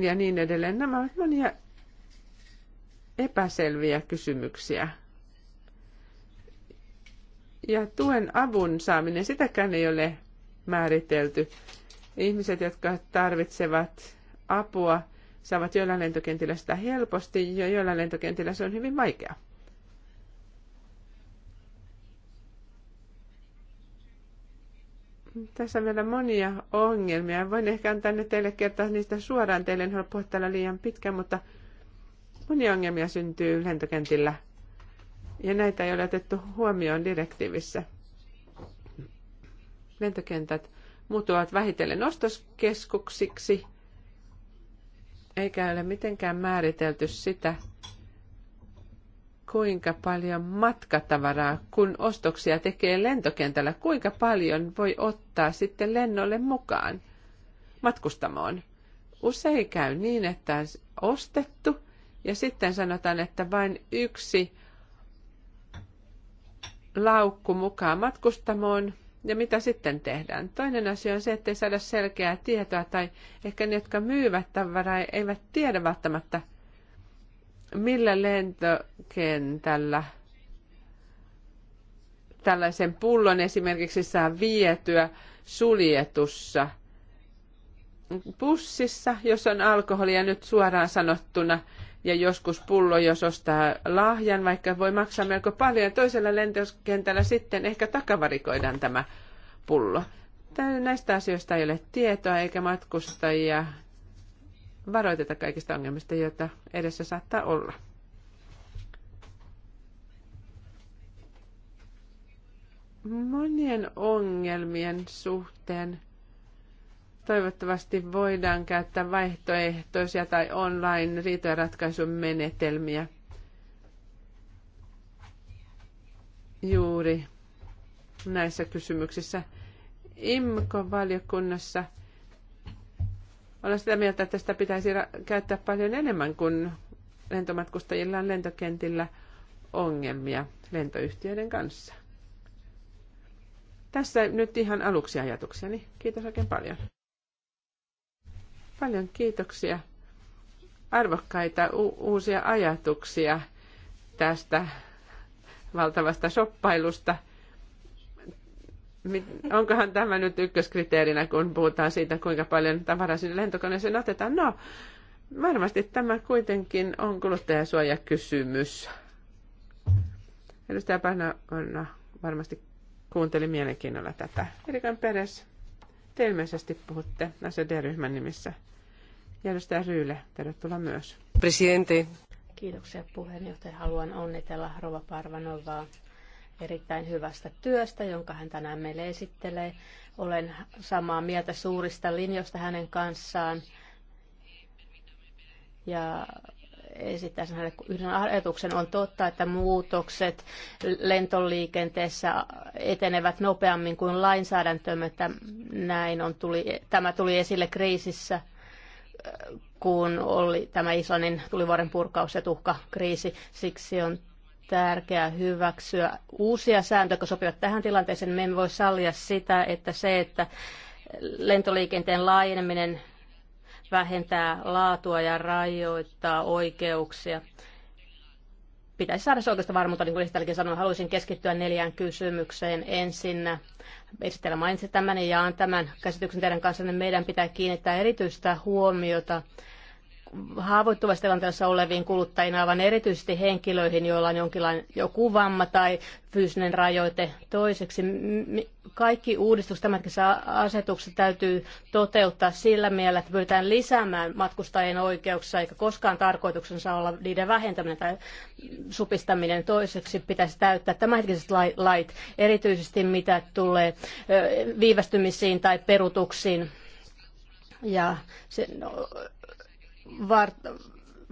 B: ja niin edelleen. Nämä ovat monia epäselviä kysymyksiä. Ja tuen avun saaminen, sitäkään ei ole määritelty. Ihmiset, jotka tarvitsevat apua, saavat joillain lentokentillä sitä helposti ja joillain lentokentillä se on hyvin vaikea. Tässä on vielä monia ongelmia. Voin ehkä antaa ne teille kertoa niistä suoraan. Teille en halua puhua täällä liian pitkään, mutta monia ongelmia syntyy lentokentillä – ja näitä ei ole otettu huomioon direktiivissä. Lentokentät muuttuvat vähitellen ostoskeskuksiksi, eikä ole mitenkään määritelty sitä, kuinka paljon matkatavaraa, kun ostoksia tekee lentokentällä, kuinka paljon voi ottaa sitten lennolle mukaan matkustamoon. Usein käy niin, että on ostettu ja sitten sanotaan, että vain yksi laukku mukaan matkustamoon ja mitä sitten tehdään. Toinen asia on se, ei saada selkeää tietoa tai ehkä ne, jotka myyvät tavaraa, eivät tiedä välttämättä, millä lentokentällä tällaisen pullon esimerkiksi saa vietyä suljetussa pussissa, jos on alkoholia nyt suoraan sanottuna – ja joskus pullo, jos ostaa lahjan, vaikka voi maksaa melko paljon. Toisella lentokentällä sitten ehkä takavarikoidaan tämä pullo. Näistä asioista ei ole tietoa eikä matkustajia varoiteta kaikista ongelmista, joita edessä saattaa olla. Monien ongelmien suhteen Toivottavasti voidaan käyttää vaihtoehtoisia tai online riitojenratkaisun menetelmiä juuri näissä kysymyksissä. IMKO-valiokunnassa olen sitä mieltä, että sitä pitäisi käyttää paljon enemmän, kuin lentomatkustajilla on lentokentillä ongelmia lentoyhtiöiden kanssa. Tässä nyt ihan aluksi ajatukseni. Kiitos oikein paljon. Paljon kiitoksia. Arvokkaita uusia ajatuksia tästä valtavasta shoppailusta. Onkohan tämä nyt ykköskriteerinä, kun puhutaan siitä, kuinka paljon tavaraa sinne lentokoneeseen otetaan? No, varmasti tämä kuitenkin on kuluttajasuojakysymys. Edustaja Pahna varmasti kuunteli mielenkiinnolla tätä. Erikan Peres te ilmeisesti puhutte SED-ryhmän nimissä. Järjestäjä Ryyle, tervetuloa myös. Presidentti.
E: Kiitoksia puheenjohtaja. Haluan onnitella Rova Parvanovaa erittäin hyvästä työstä, jonka hän tänään meille esittelee. Olen samaa mieltä suurista linjoista hänen kanssaan. Ja esittäisin hänelle yhden ajatuksen. On totta, että muutokset lentoliikenteessä etenevät nopeammin kuin lainsäädäntömme. Näin on tuli, tämä tuli esille kriisissä, kun oli tämä Islannin tulivuoren purkaus ja tuhkakriisi. Siksi on tärkeää hyväksyä uusia sääntöjä, jotka sopivat tähän tilanteeseen. Me emme voi sallia sitä, että se, että lentoliikenteen laajeneminen vähentää laatua ja rajoittaa oikeuksia. Pitäisi saada se oikeastaan varmuutta, niin kuin tälläkin sanoin, Haluaisin keskittyä neljään kysymykseen. Ensinnä esittelen mainitsi tämän ja jaan tämän käsityksen teidän kanssanne. Meidän pitää kiinnittää erityistä huomiota haavoittuvassa tilanteessa oleviin kuluttajina, vaan erityisesti henkilöihin, joilla on jonkinlainen joku vamma tai fyysinen rajoite. Toiseksi kaikki uudistus tämänhetkisessä asetuksessa täytyy toteuttaa sillä mielellä, että pyritään lisäämään matkustajien oikeuksia, eikä koskaan tarkoituksensa olla niiden vähentäminen tai supistaminen. Toiseksi pitäisi täyttää tämänhetkiset lait, erityisesti mitä tulee viivästymisiin tai perutuksiin ja se, no,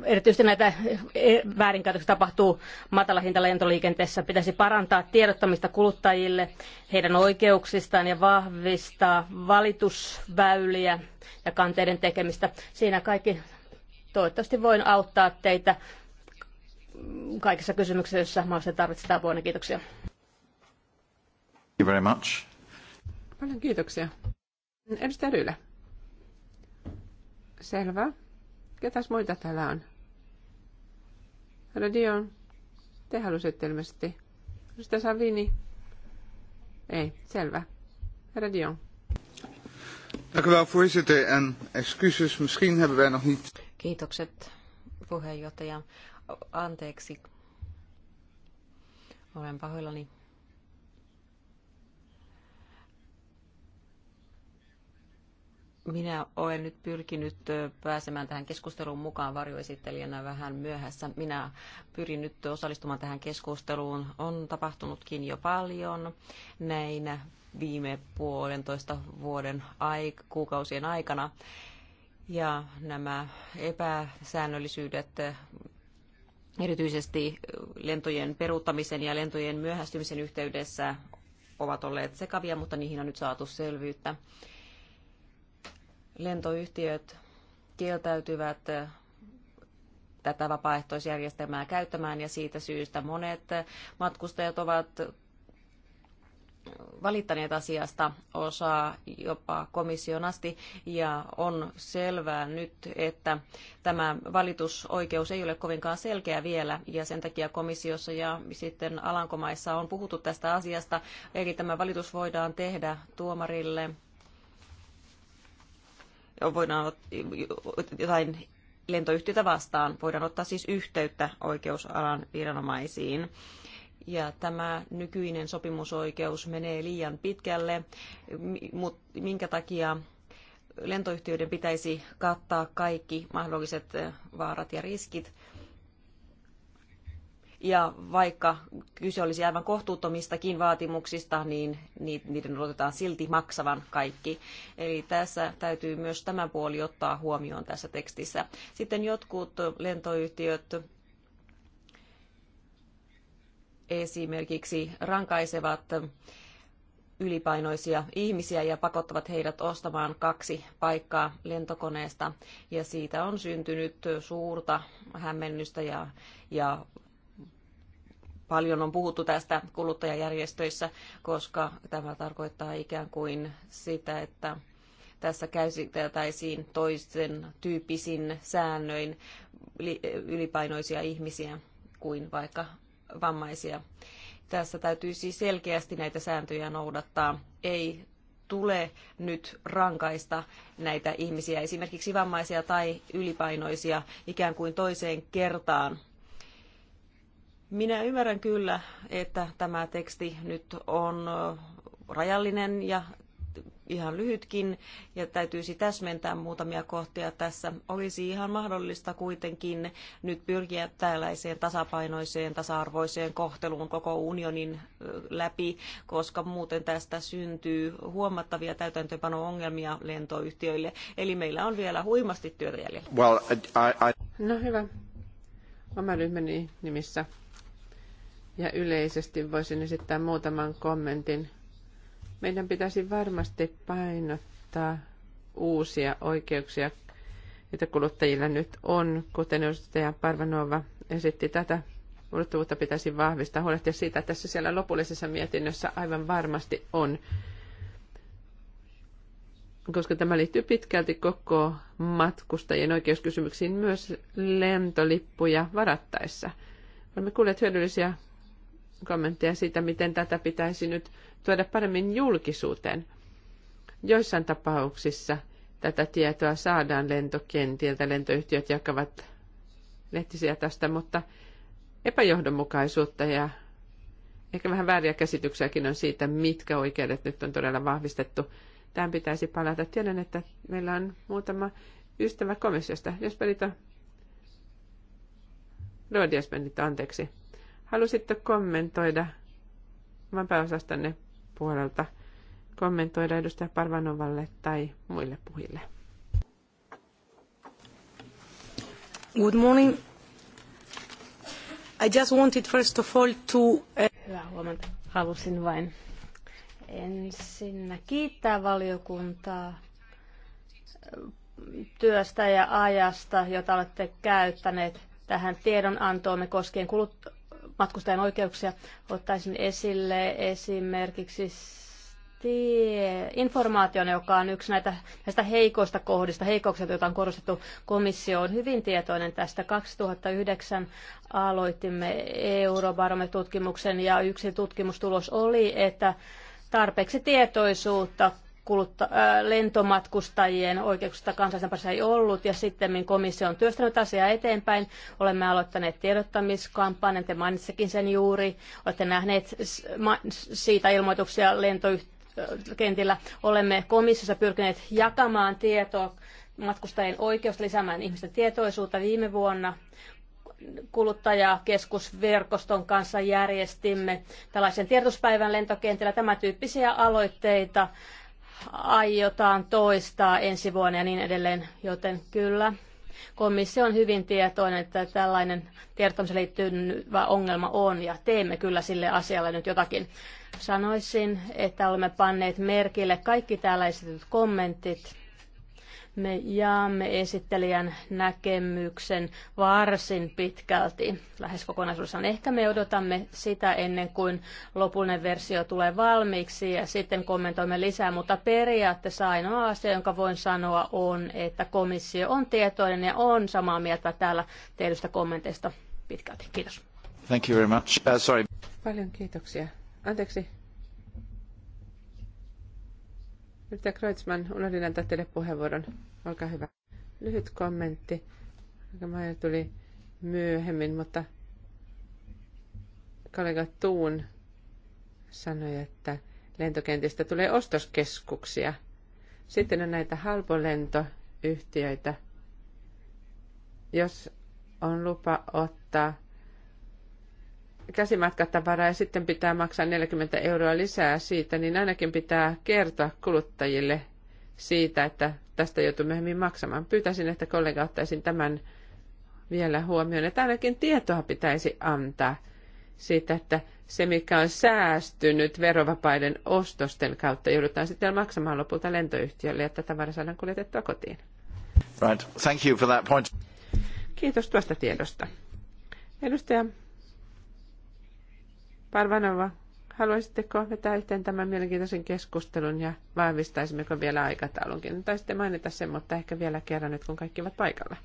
E: erityisesti näitä e, väärinkäytöksiä tapahtuu lentoliikenteessä, Pitäisi parantaa tiedottamista kuluttajille heidän oikeuksistaan ja vahvistaa valitusväyliä ja kanteiden tekemistä. Siinä kaikki toivottavasti voin auttaa teitä kaikissa kysymyksissä, joissa mahdollisesti tarvitsetaan apua. Niin kiitoksia.
A: Thank you very much.
B: Paljon kiitoksia. Edustaja Ryle. Selvä. Ketäs muita täällä on? Radion, te halusitte ilmeisesti. Mistä Savini? Ei,
C: selvä. Radio.
D: Dank u wel, voorzitter. En excuses, misschien hebben wij nog niet...
C: Kiitokset, puheenjohtaja. Anteeksi. Olen pahoillani. Minä olen nyt pyrkinyt pääsemään tähän keskusteluun mukaan varjoesittelijänä vähän myöhässä. Minä pyrin nyt osallistumaan tähän keskusteluun. On tapahtunutkin jo paljon näin viime puolentoista vuoden aik- kuukausien aikana. Ja nämä epäsäännöllisyydet erityisesti lentojen peruuttamisen ja lentojen myöhästymisen yhteydessä ovat olleet sekavia, mutta niihin on nyt saatu selvyyttä lentoyhtiöt kieltäytyvät eh, tätä vapaaehtoisjärjestelmää käyttämään ja siitä syystä monet matkustajat ovat valittaneet asiasta osaa jopa komission asti ja on selvää nyt, että tämä valitusoikeus ei ole kovinkaan selkeä vielä ja sen takia komissiossa ja sitten Alankomaissa on puhuttu tästä asiasta. Eli tämä valitus voidaan tehdä tuomarille voidaan jotain lentoyhtiötä vastaan. Voidaan ottaa siis yhteyttä oikeusalan viranomaisiin. Ja tämä nykyinen sopimusoikeus menee liian pitkälle, mutta minkä takia lentoyhtiöiden pitäisi kattaa kaikki mahdolliset vaarat ja riskit, ja vaikka kyse olisi aivan kohtuuttomistakin vaatimuksista, niin niiden odotetaan silti maksavan kaikki. Eli tässä täytyy myös tämä puoli ottaa huomioon tässä tekstissä. Sitten jotkut lentoyhtiöt esimerkiksi rankaisevat ylipainoisia ihmisiä ja pakottavat heidät ostamaan kaksi paikkaa lentokoneesta. Ja siitä on syntynyt suurta hämmennystä ja, ja paljon on puhuttu tästä kuluttajajärjestöissä, koska tämä tarkoittaa ikään kuin sitä, että tässä käsiteltäisiin toisen tyyppisin säännöin ylipainoisia ihmisiä kuin vaikka vammaisia. Tässä täytyy siis selkeästi näitä sääntöjä noudattaa. Ei tule nyt rankaista näitä ihmisiä, esimerkiksi vammaisia tai ylipainoisia, ikään kuin toiseen kertaan minä ymmärrän kyllä, että tämä teksti nyt on rajallinen ja ihan lyhytkin ja täytyisi täsmentää muutamia kohtia tässä. Olisi ihan mahdollista kuitenkin nyt pyrkiä tällaiseen tasapainoiseen, tasa-arvoiseen kohteluun koko unionin läpi, koska muuten tästä syntyy huomattavia täytäntöpano-ongelmia lentoyhtiöille. Eli meillä on vielä huimasti työtä jäljellä.
A: Well, I, I...
C: No hyvä. Oma ryhmäni
B: nimissä ja yleisesti voisin esittää muutaman kommentin. Meidän pitäisi varmasti painottaa uusia oikeuksia, joita kuluttajilla nyt on, kuten edustaja Parvanova esitti tätä ulottuvuutta pitäisi vahvistaa, huolehtia siitä, että tässä siellä lopullisessa mietinnössä aivan varmasti on, koska tämä liittyy pitkälti koko matkustajien oikeuskysymyksiin myös lentolippuja varattaessa. Olemme kuulleet hyödyllisiä kommentteja siitä, miten tätä pitäisi nyt tuoda paremmin julkisuuteen. Joissain tapauksissa tätä tietoa saadaan lentokentiltä, lentoyhtiöt jakavat lehtisiä tästä, mutta epäjohdonmukaisuutta ja ehkä vähän vääriä käsityksiäkin on siitä, mitkä oikeudet nyt on todella vahvistettu. Tämän pitäisi palata. Tiedän, että meillä on muutama ystävä komissiosta. Jos pelitä Lordias anteeksi. Halusitko kommentoida oman puolelta kommentoida edustaja Parvanovalle tai muille puhille? Good morning.
E: I just wanted first of all to... Uh, Hyvää huomenta. Halusin vain ensinnä kiittää valiokuntaa eh, työstä ja ajasta, jota olette käyttäneet tähän tiedonantoomme koskien kulut- matkustajan oikeuksia. Ottaisin esille esimerkiksi tie, informaation, joka on yksi näitä, näistä heikoista kohdista, heikoukset, joita on korostettu. Komissio on hyvin tietoinen tästä. 2009 aloitimme eurobarometutkimuksen ja yksi tutkimustulos oli, että tarpeeksi tietoisuutta kulutta, ää, äh, lentomatkustajien oikeuksista parissa ei ollut, ja sitten komissio on työstänyt asiaa eteenpäin. Olemme aloittaneet tiedottamiskampanjan, te mainitsikin sen juuri, olette nähneet siitä ilmoituksia lentokentillä. Äh, Olemme komissiossa pyrkineet jakamaan tietoa matkustajien oikeusta lisäämään ihmisten tietoisuutta viime vuonna kuluttajakeskusverkoston kanssa järjestimme tällaisen tiedotuspäivän lentokentillä Tämä tyyppisiä aloitteita aiotaan toistaa ensi vuonna ja niin edelleen, joten kyllä. Komissio on hyvin tietoinen, että tällainen tiedottamiseen liittyvä ongelma on ja teemme kyllä sille asialle nyt jotakin. Sanoisin, että olemme panneet merkille kaikki täällä esitetyt kommentit me jaamme esittelijän näkemyksen varsin pitkälti, lähes kokonaisuudessaan. Ehkä me odotamme sitä ennen kuin lopullinen versio tulee valmiiksi ja sitten kommentoimme lisää, mutta periaatteessa ainoa asia, jonka voin sanoa on, että komissio on tietoinen ja on samaa mieltä täällä tehdystä kommenteista pitkälti. Kiitos.
A: Thank you very much. Uh, sorry.
B: Paljon kiitoksia. Anteeksi, Edustaja Kreutzmann, unohdin antaa teille puheenvuoron. Olkaa hyvä. Lyhyt kommentti, joka meille tuli myöhemmin, mutta kollega Tuun sanoi, että lentokentistä tulee ostoskeskuksia. Sitten on näitä halpolentoyhtiöitä. Jos on lupa ottaa käsimatkatavaraa ja sitten pitää maksaa 40 euroa lisää siitä, niin ainakin pitää kertoa kuluttajille siitä, että tästä joutuu myöhemmin maksamaan. Pyytäisin, että kollega ottaisin tämän vielä huomioon, että ainakin tietoa pitäisi antaa siitä, että se, mikä on säästynyt verovapaiden ostosten kautta, joudutaan sitten maksamaan lopulta lentoyhtiölle, että tavara saadaan kuljetettua kotiin.
A: Right. Thank you for that point.
B: Kiitos tuosta tiedosta. Edustaja Parvanova, haluaisitteko vetää yhteen tämän mielenkiintoisen keskustelun ja vahvistaisimmeko vielä aikataulunkin? sitten mainita sen, mutta ehkä vielä kerran nyt, kun kaikki ovat paikalla.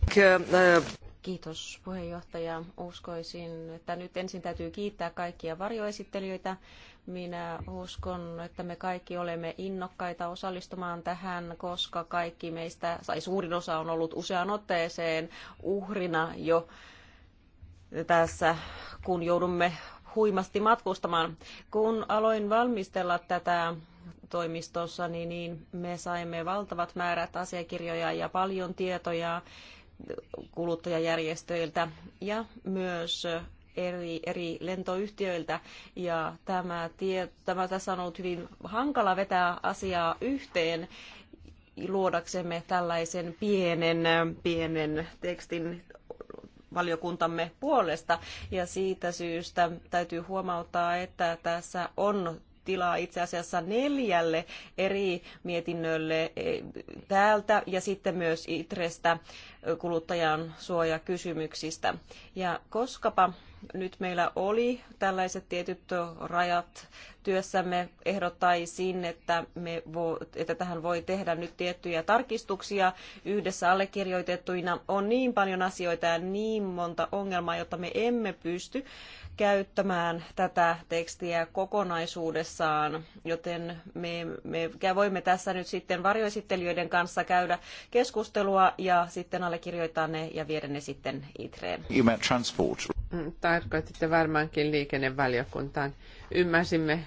C: Kiitos puheenjohtaja. Uskoisin, että nyt ensin täytyy kiittää kaikkia varjoesittelijöitä. Minä uskon, että me kaikki olemme innokkaita osallistumaan tähän, koska kaikki meistä, tai suurin osa on ollut useaan otteeseen uhrina jo tässä, kun joudumme huimasti matkustamaan. Kun aloin valmistella tätä toimistossa, niin, niin me saimme valtavat määrät asiakirjoja ja paljon tietoja kuluttajajärjestöiltä ja myös eri, eri lentoyhtiöiltä. Ja tämä, tie, tämä tässä on ollut hyvin hankala vetää asiaa yhteen luodaksemme tällaisen pienen, pienen tekstin valiokuntamme puolesta. Ja siitä syystä täytyy huomauttaa, että tässä on tilaa itse asiassa neljälle eri mietinnölle e, täältä ja sitten myös ITREstä e, kuluttajan suojakysymyksistä. Ja koskapa nyt meillä oli tällaiset tietyt rajat työssämme, ehdottaisin, että, me vo, että tähän voi tehdä nyt tiettyjä tarkistuksia yhdessä allekirjoitettuina. On niin paljon asioita ja niin monta ongelmaa, jotta me emme pysty käyttämään tätä tekstiä kokonaisuudessaan, joten me, me voimme tässä nyt sitten varjoesittelijöiden kanssa käydä keskustelua ja sitten allekirjoittaa ne ja viedä ne sitten itreen. Mm, tarkoititte
B: varmaankin liikennevaliokuntaan. Ymmärsimme,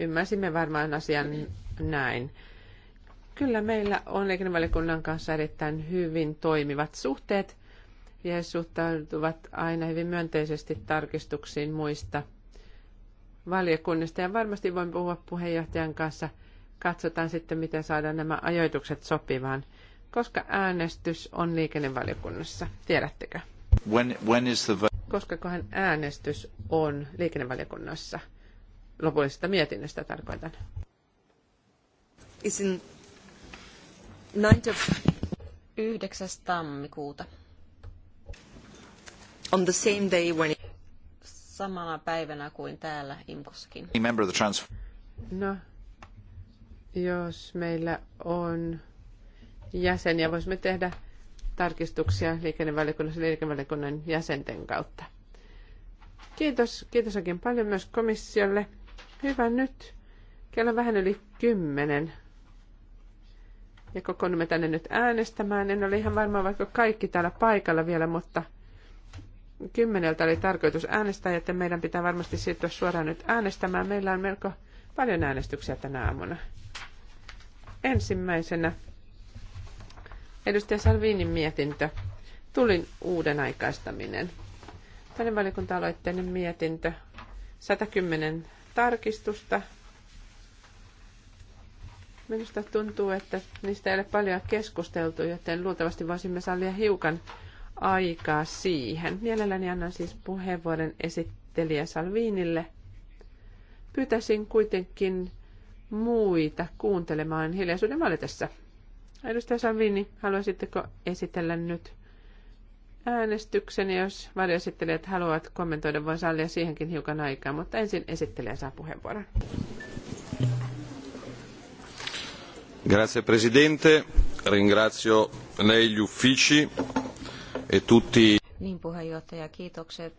B: ymmärsimme varmaan asian näin. Kyllä meillä on liikennevaliokunnan kanssa erittäin hyvin toimivat suhteet ja he suhtautuvat aina hyvin myönteisesti tarkistuksiin muista valiokunnista. Ja varmasti voin puhua puheenjohtajan kanssa. Katsotaan sitten, miten saadaan nämä ajoitukset sopivaan, koska äänestys on liikennevaliokunnassa. Tiedättekö?
A: When, when is the...
B: kohan äänestys on liikennevaliokunnassa? Lopullisesta mietinnöstä tarkoitan.
C: Isin 9. 9. tammikuuta on the same day when... Samana päivänä kuin täällä Imkossakin. No,
B: jos meillä on
C: jäseniä, voisimme tehdä
B: tarkistuksia liikennevaliokunnassa liikennevaliokunnan jäsenten kautta. Kiitos, kiitos oikein paljon myös komissiolle. Hyvä nyt. Kello on vähän yli kymmenen. Ja kokoonnumme tänne nyt äänestämään. En ole ihan varma, vaikka kaikki täällä paikalla vielä, mutta – kymmeneltä oli tarkoitus äänestää, että meidän pitää varmasti siirtyä suoraan nyt äänestämään. Meillä on melko paljon äänestyksiä tänä aamuna. Ensimmäisenä edustaja Salvinin mietintö. Tulin uuden aikaistaminen. Tänne valiokunta-aloitteinen mietintö. 110 tarkistusta. Minusta tuntuu, että niistä ei ole paljon keskusteltu, joten luultavasti voisimme sallia hiukan aikaa siihen. Mielelläni annan siis puheenvuoron esittelijä Salviinille. Pyytäisin kuitenkin muita kuuntelemaan hiljaisuuden valitessa. Edustaja Salvini, haluaisitteko esitellä nyt äänestyksen? Jos valiosittelijat haluavat kommentoida, voin sallia siihenkin hiukan aikaa, mutta ensin esittelijä saa puheenvuoron.
D: Grazie Presidente, ringrazio lei gli uffici e tutti.
C: Niin puheenjohtaja, kiitokset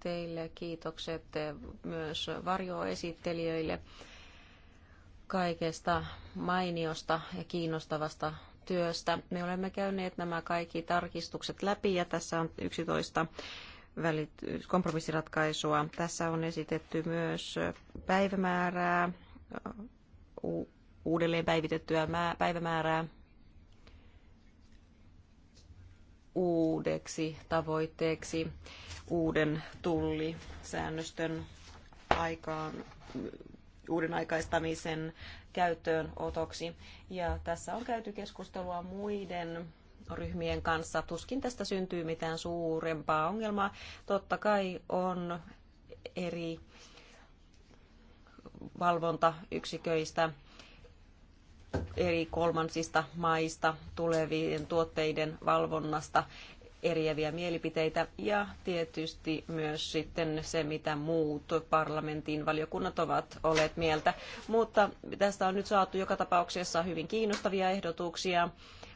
C: teille, kiitokset myös varjoesittelijöille kaikesta mainiosta ja kiinnostavasta työstä. Me olemme käyneet nämä kaikki tarkistukset läpi ja tässä on 11 välit- kompromissiratkaisua. Tässä on esitetty myös päivämäärää, uudelleen päivitettyä päivämäärää uudeksi tavoitteeksi uuden tullisäännöstön aikaan uuden aikaistamisen käyttöönotoksi. Ja tässä on käyty keskustelua muiden ryhmien kanssa. Tuskin tästä syntyy mitään suurempaa ongelmaa. Totta kai on eri valvontayksiköistä eri kolmansista maista tulevien tuotteiden valvonnasta eriäviä mielipiteitä ja tietysti myös sitten se, mitä muut parlamentin valiokunnat ovat olleet mieltä. Mutta tästä on nyt saatu joka tapauksessa hyvin kiinnostavia ehdotuksia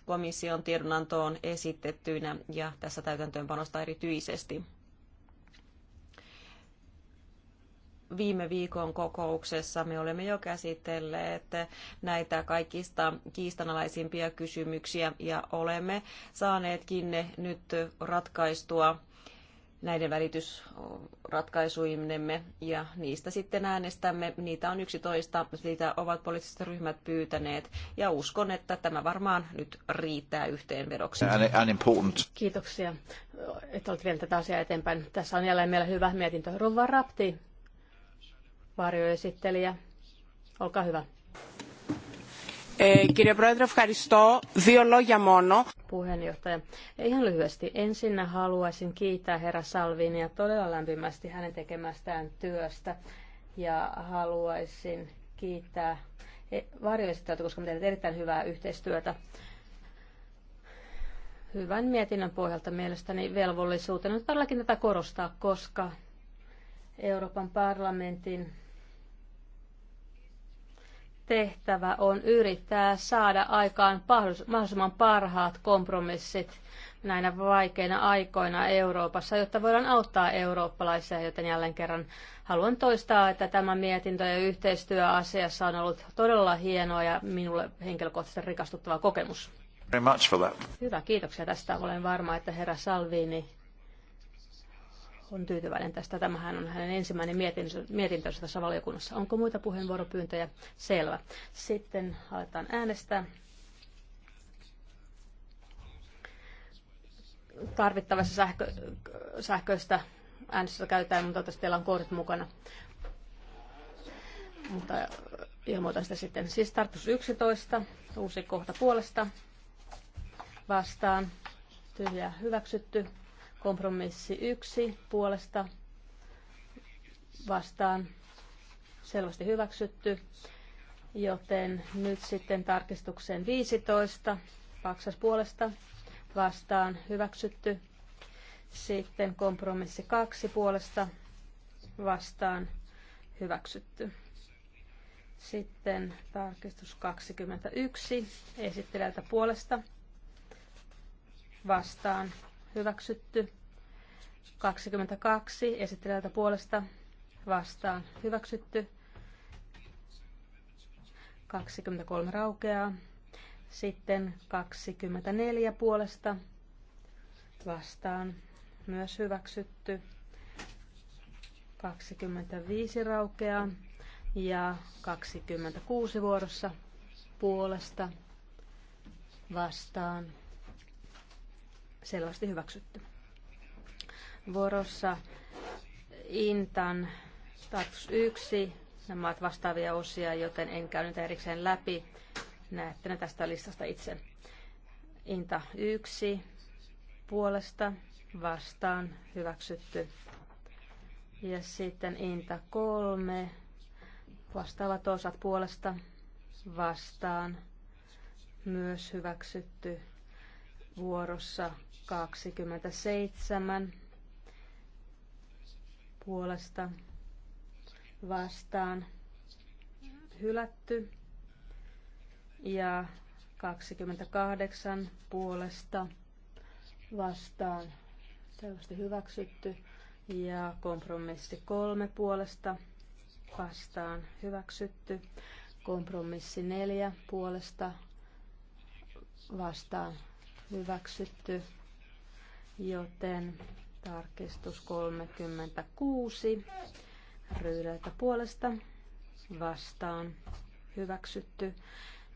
C: komission tiedonantoon esitettyinä ja tässä täytäntöönpanosta erityisesti. viime viikon kokouksessa me olemme jo käsitelleet näitä kaikista kiistanalaisimpia kysymyksiä ja olemme saaneetkin ne nyt ratkaistua näiden välitysratkaisuimme ja niistä sitten äänestämme. Niitä on 11, niitä ovat poliittiset ryhmät pyytäneet ja uskon, että tämä varmaan nyt riittää yhteenvedoksi.
E: Kiitoksia, että olet vielä tätä asiaa eteenpäin. Tässä on jälleen meillä hyvä mietintö. Ruva Rapti varjoesittelijä. Olkaa hyvä.
B: Eh, kirja Proedre, ευχαριστώ. Δύο λόγια Puheenjohtaja,
E: ihan lyhyesti. Ensinnä haluaisin kiittää herra Salvinia todella lämpimästi hänen tekemästään työstä. Ja haluaisin kiittää e- varjoesittelijöitä, koska me teemme erittäin hyvää yhteistyötä hyvän mietinnön pohjalta mielestäni velvollisuutena todellakin tätä korostaa, koska Euroopan parlamentin tehtävä on yrittää saada aikaan mahdollisimman parhaat kompromissit näinä vaikeina aikoina Euroopassa, jotta voidaan auttaa eurooppalaisia, joten jälleen kerran haluan toistaa, että tämä mietintö ja yhteistyö asiassa on ollut todella hienoa ja minulle henkilökohtaisesti rikastuttava kokemus. Hyvä, kiitoksia tästä. Olen varma, että herra Salvini on tyytyväinen tästä. Tämähän on hänen ensimmäinen mietintönsä tässä valiokunnassa. Onko muita puheenvuoropyyntöjä? Selvä. Sitten aletaan äänestää. Tarvittavassa sähkö, sähköistä äänestystä käytetään, mutta tässä teillä on kortit mukana. Mutta ilmoitan sitä sitten. Siis tarttus 11, uusi kohta puolesta vastaan. Tyhjä hyväksytty. Kompromissi yksi puolesta vastaan selvästi hyväksytty, joten nyt sitten tarkistukseen 15 paksas puolesta vastaan hyväksytty. Sitten kompromissi kaksi puolesta vastaan hyväksytty. Sitten tarkistus 21 esittelijältä puolesta vastaan hyväksytty. 22 esittelijältä puolesta vastaan hyväksytty. 23 raukeaa. Sitten 24 puolesta vastaan myös hyväksytty. 25 raukeaa ja 26 vuorossa puolesta vastaan selvästi hyväksytty. Vuorossa Intan status 1. Nämä ovat vastaavia osia, joten en käy niitä erikseen läpi. Näette ne tästä listasta itse. Inta 1 puolesta vastaan hyväksytty. Ja sitten Inta 3 vastaavat osat puolesta vastaan myös hyväksytty. Vuorossa 27 puolesta vastaan hylätty ja 28 puolesta vastaan selvästi hyväksytty ja kompromissi 3 puolesta vastaan hyväksytty, kompromissi 4 puolesta vastaan hyväksytty, joten tarkistus 36 ryydeltä puolesta vastaan hyväksytty.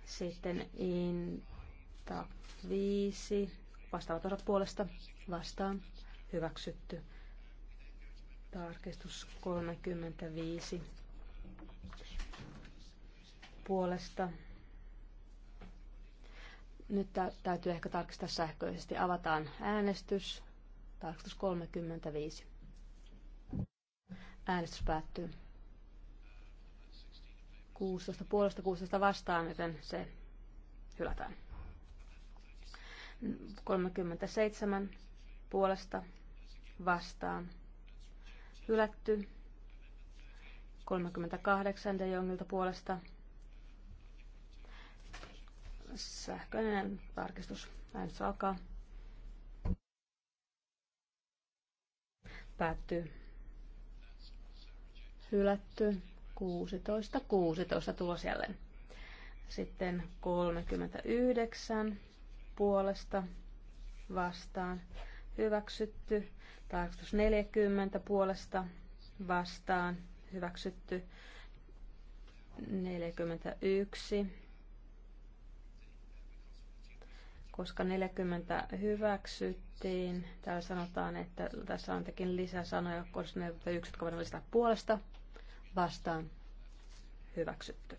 E: Sitten inta 5 vastaavat osat puolesta vastaan hyväksytty. Tarkistus 35 puolesta nyt täytyy ehkä tarkistaa sähköisesti. Avataan äänestys. Tarkistus 35. Äänestys päättyy. 16 puolesta 16 vastaan, joten se hylätään. 37 puolesta vastaan hylätty. 38 De Jongilta puolesta sähköinen tarkistus. Näin se alkaa. Päättyy. Hylätty. 16, 16 tulos jälleen. Sitten 39 puolesta vastaan hyväksytty. Tarkistus 40 puolesta vastaan hyväksytty. 41 koska 40 hyväksyttiin. Täällä sanotaan, että tässä on tekin lisäsanoja, koska 41 kaverillista puolesta vastaan hyväksytty.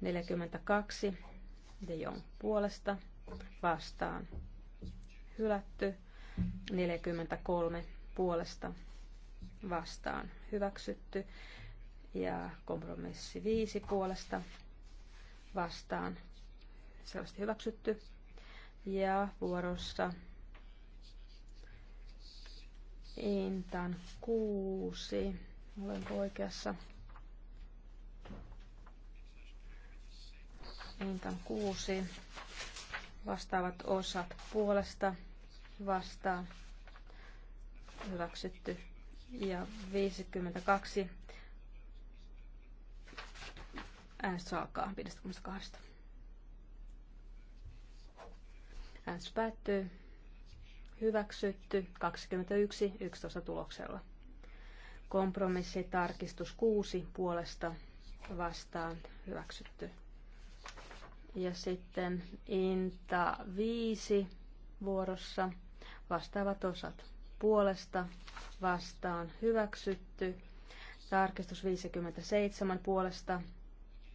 E: 42 De Jong puolesta vastaan hylätty. 43 puolesta vastaan hyväksytty. Ja kompromissi 5 puolesta vastaan selvästi hyväksytty. Ja vuorossa Intan kuusi. olen oikeassa? Intan kuusi. Vastaavat osat puolesta vastaan hyväksytty. Ja 52 äänestys alkaa 52. Äänestys päättyy. Hyväksytty 21 11 tuloksella. tarkistus 6 puolesta vastaan hyväksytty. Ja sitten Inta 5 vuorossa vastaavat osat puolesta vastaan hyväksytty. Tarkistus 57 puolesta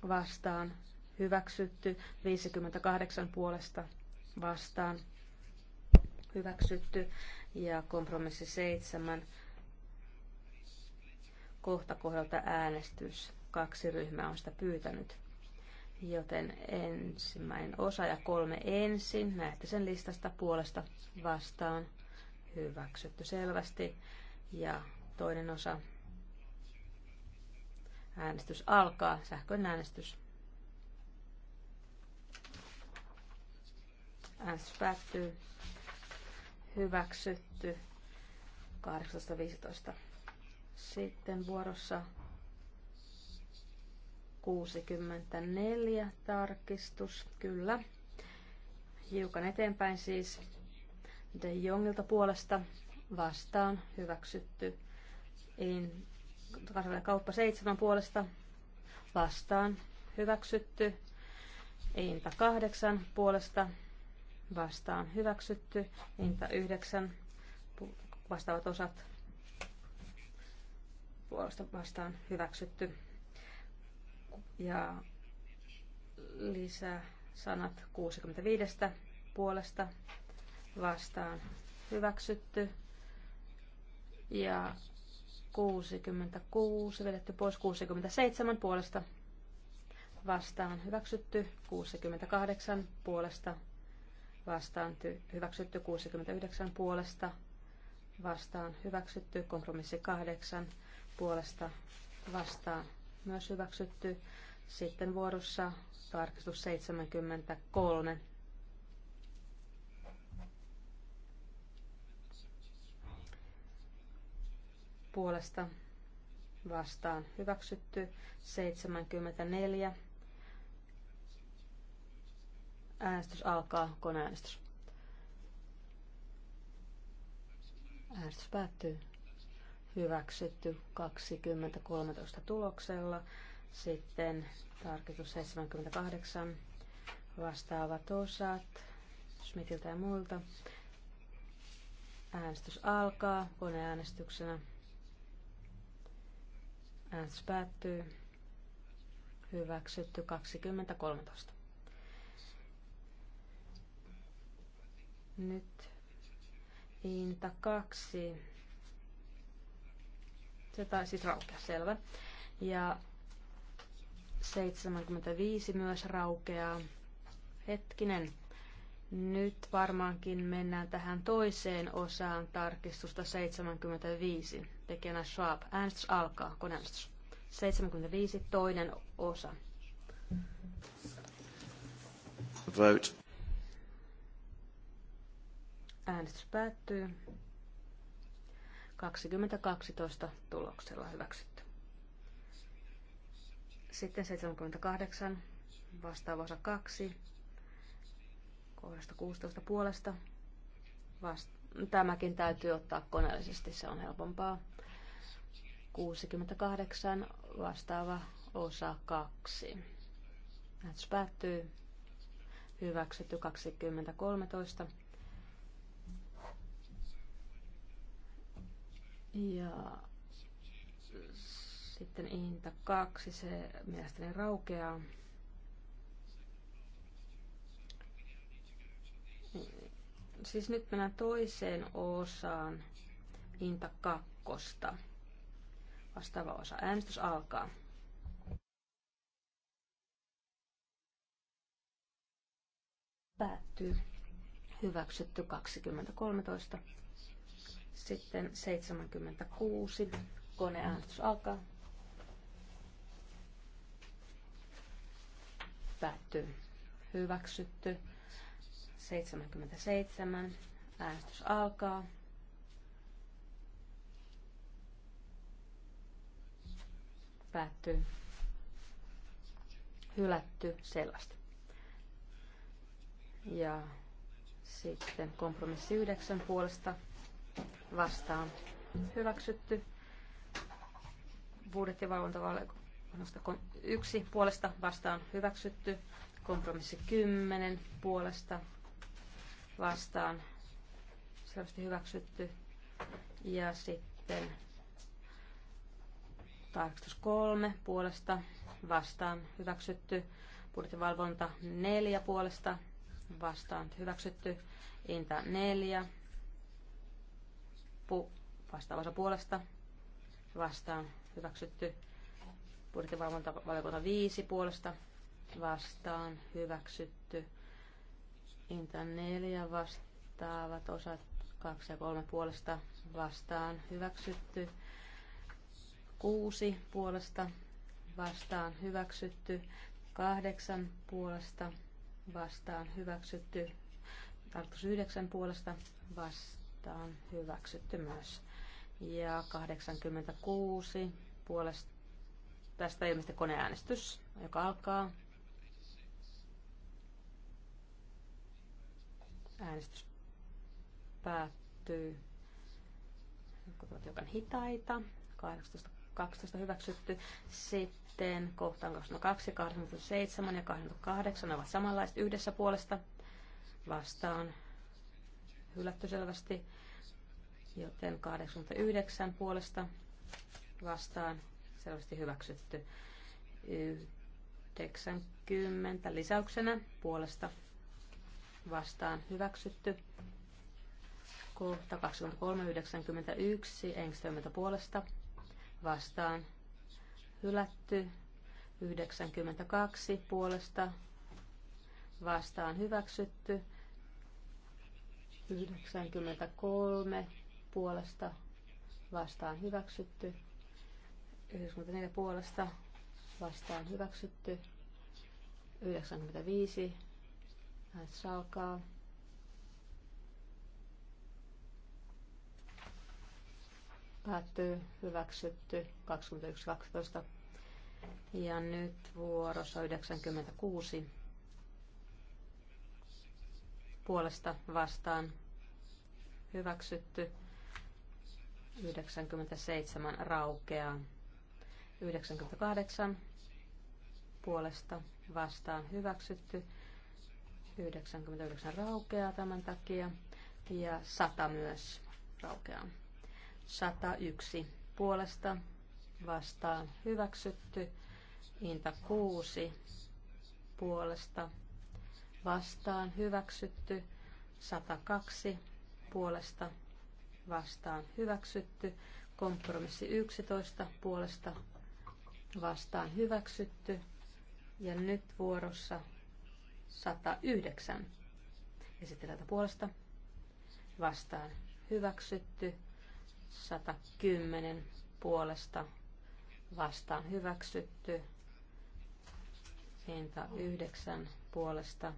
E: vastaan hyväksytty. 58 puolesta vastaan hyväksytty ja kompromissi 7 kohta kohdalta äänestys. Kaksi ryhmää on sitä pyytänyt. Joten ensimmäinen osa ja kolme ensin. Näette sen listasta puolesta vastaan. Hyväksytty selvästi. Ja toinen osa. Äänestys alkaa. Sähköinen äänestys. S päättyy. Hyväksytty. 18.15. Sitten vuorossa 64 tarkistus. Kyllä. Hiukan eteenpäin siis. De Jongilta puolesta vastaan hyväksytty. In kansainvälinen kauppa 7 puolesta vastaan hyväksytty. Inta 8 puolesta vastaan hyväksytty. Inta 9 vastaavat osat puolesta vastaan hyväksytty. Ja lisää sanat 65 puolesta vastaan hyväksytty. Ja 66 vedetty pois 67 puolesta vastaan hyväksytty. 68 puolesta vastaan hyväksytty 69 puolesta, vastaan hyväksytty kompromissi 8 puolesta, vastaan myös hyväksytty. Sitten vuorossa tarkistus 73. Puolesta vastaan hyväksytty 74 Äänestys alkaa, koneäänestys. Äänestys päättyy. Hyväksytty 2013 tuloksella. Sitten tarkistus 78. Vastaavat osat Smithiltä ja muilta. Äänestys alkaa koneäänestyksenä. Äänestys päättyy. Hyväksytty 2013. Nyt Inta kaksi Se taisi siis raukea, selvä. Ja 75 myös raukeaa. Hetkinen. Nyt varmaankin mennään tähän toiseen osaan tarkistusta 75. Tekijänä Schwab. Äänestys alkaa. Koneäänestys. 75. Toinen osa. Vote Äänestys päättyy. 2012 tuloksella hyväksytty. Sitten 78, vastaava osa 2, kohdasta 16 puolesta. Vast- Tämäkin täytyy ottaa koneellisesti, se on helpompaa. 68, vastaava osa 2. Äänestys päättyy. Hyväksytty 2013. Ja sitten Inta 2, se mielestäni raukeaa. Siis nyt mennään toiseen osaan Inta 2. Vastaava osa. Äänestys alkaa. Päättyy. Hyväksytty 2013. Sitten 76. Koneäänestys alkaa. Päättyy. Hyväksytty. 77. Äänestys alkaa. Päättyy. Hylätty. Sellaista. Ja sitten kompromissi 9 puolesta vastaan hyväksytty. Budjettivalvontavaliokunnasta yksi puolesta vastaan hyväksytty. Kompromissi 10 puolesta vastaan selvästi hyväksytty. Ja sitten tarkistus 3 puolesta vastaan hyväksytty. Budjettivalvonta 4 puolesta vastaan hyväksytty. Inta 4 loppu vastaavansa puolesta vastaan hyväksytty. Budjettivalvontavaliokunta 5 puolesta vastaan hyväksytty. Inta 4 vastaavat osat 2 ja 3 puolesta vastaan hyväksytty. 6 puolesta vastaan hyväksytty. 8 puolesta vastaan hyväksytty. Tarkoitus 9 puolesta vastaan on hyväksytty myös. Ja 86 puolesta. Tästä ilmeisesti koneäänestys, joka alkaa. Äänestys päättyy. Jotkut ovat hiukan hitaita. 18 12 hyväksytty. Sitten kohtaan 22, 87 ja 88 ovat samanlaiset yhdessä puolesta vastaan hylätty selvästi, joten 89 puolesta vastaan selvästi hyväksytty. 90 lisäyksenä puolesta vastaan hyväksytty. Kohta 2391 Engströmiltä puolesta vastaan hylätty. 92 puolesta vastaan hyväksytty. 93 puolesta vastaan hyväksytty. 94 puolesta vastaan hyväksytty. 95 äänestys alkaa. Päättyy hyväksytty 21.12. Ja nyt vuorossa 96 puolesta vastaan hyväksytty. 97 raukeaa. 98 puolesta vastaan hyväksytty. 99 raukeaa tämän takia ja 100 myös raukeaa. 101 puolesta vastaan hyväksytty. Inta 6 puolesta vastaan hyväksytty, 102 puolesta vastaan hyväksytty, kompromissi 11 puolesta vastaan hyväksytty ja nyt vuorossa 109 esittelijältä puolesta vastaan hyväksytty, 110 puolesta vastaan hyväksytty, 109 9 puolesta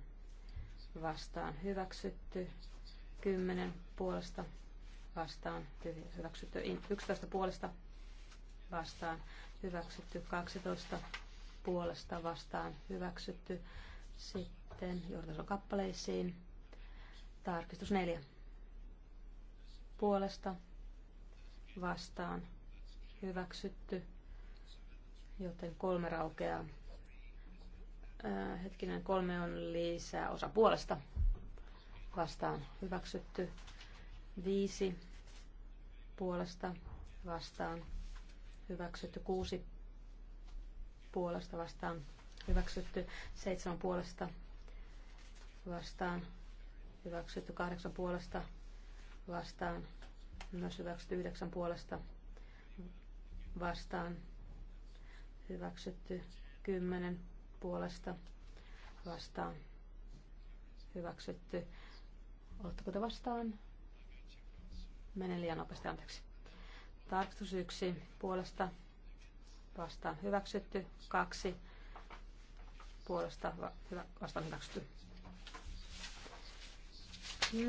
E: vastaan hyväksytty, 10 puolesta vastaan hyväksytty, 11 puolesta vastaan hyväksytty, 12 puolesta vastaan hyväksytty. Sitten johdatus kappaleisiin. Tarkistus 4 puolesta vastaan hyväksytty, joten kolme raukeaa. Äh, hetkinen, kolme on lisää osa puolesta. Vastaan hyväksytty. Viisi puolesta vastaan hyväksytty. Kuusi puolesta vastaan hyväksytty. Seitsemän puolesta vastaan hyväksytty. Kahdeksan puolesta vastaan myös hyväksytty. Yhdeksän puolesta vastaan hyväksytty. Kymmenen puolesta vastaan. Hyväksytty. Oletteko te vastaan? Menen liian nopeasti, anteeksi. Tarkistus 1 puolesta vastaan hyväksytty. 2 puolesta vastaan hyväksytty.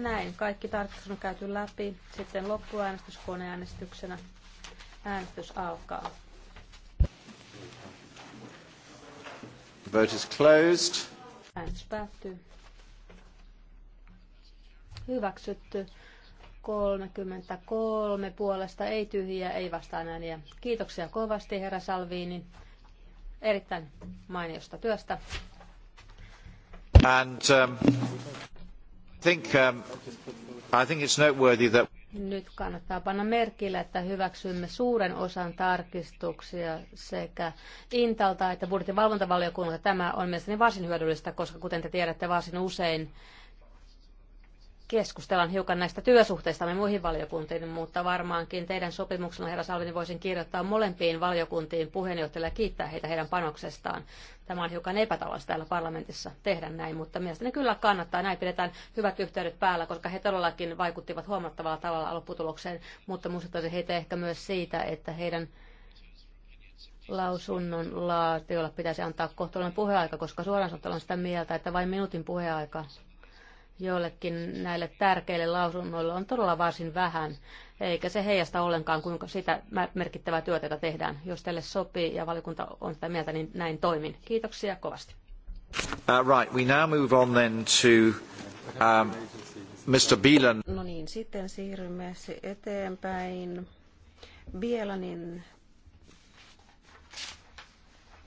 E: Näin, kaikki tarkistus on käyty läpi. Sitten loppuäänestys koneäänestyksenä. Äänestys alkaa.
A: vote is closed.
E: Äänestys Hyväksytty. 33 puolesta, ei tyhjiä, ei vastaan ääniä. Kiitoksia kovasti herra Salviini. Erittäin mainiosta työstä.
A: And um, think, um, I think it's noteworthy that
E: nyt kannattaa panna merkille, että hyväksymme suuren osan tarkistuksia sekä Intalta että budjetin valvontavaliokunnalta. Tämä on mielestäni varsin hyödyllistä, koska kuten te tiedätte, varsin usein keskustellaan hiukan näistä työsuhteistamme muihin valiokuntiin, mutta varmaankin teidän sopimuksella, herra Salvini, voisin kirjoittaa molempiin valiokuntiin puheenjohtajille ja kiittää heitä heidän panoksestaan. Tämä on hiukan epätavallista täällä parlamentissa tehdä näin, mutta mielestäni kyllä kannattaa. Näin pidetään hyvät yhteydet päällä, koska he todellakin vaikuttivat huomattavalla tavalla lopputulokseen, mutta muistuttaisin heitä ehkä myös siitä, että heidän lausunnon laatiolla pitäisi antaa kohtuullinen puheaika, koska suoraan sanottuna sitä mieltä, että vain minuutin puheaika joillekin näille tärkeille lausunnoille on todella varsin vähän, eikä se heijasta ollenkaan, kuinka sitä merkittävää työtä jota tehdään. Jos teille sopii ja valiokunta on sitä mieltä, niin näin toimin. Kiitoksia kovasti.
A: Uh, right, we now move on then to um, Mr. Bielan. No
C: niin, sitten siirrymme eteenpäin Bielanin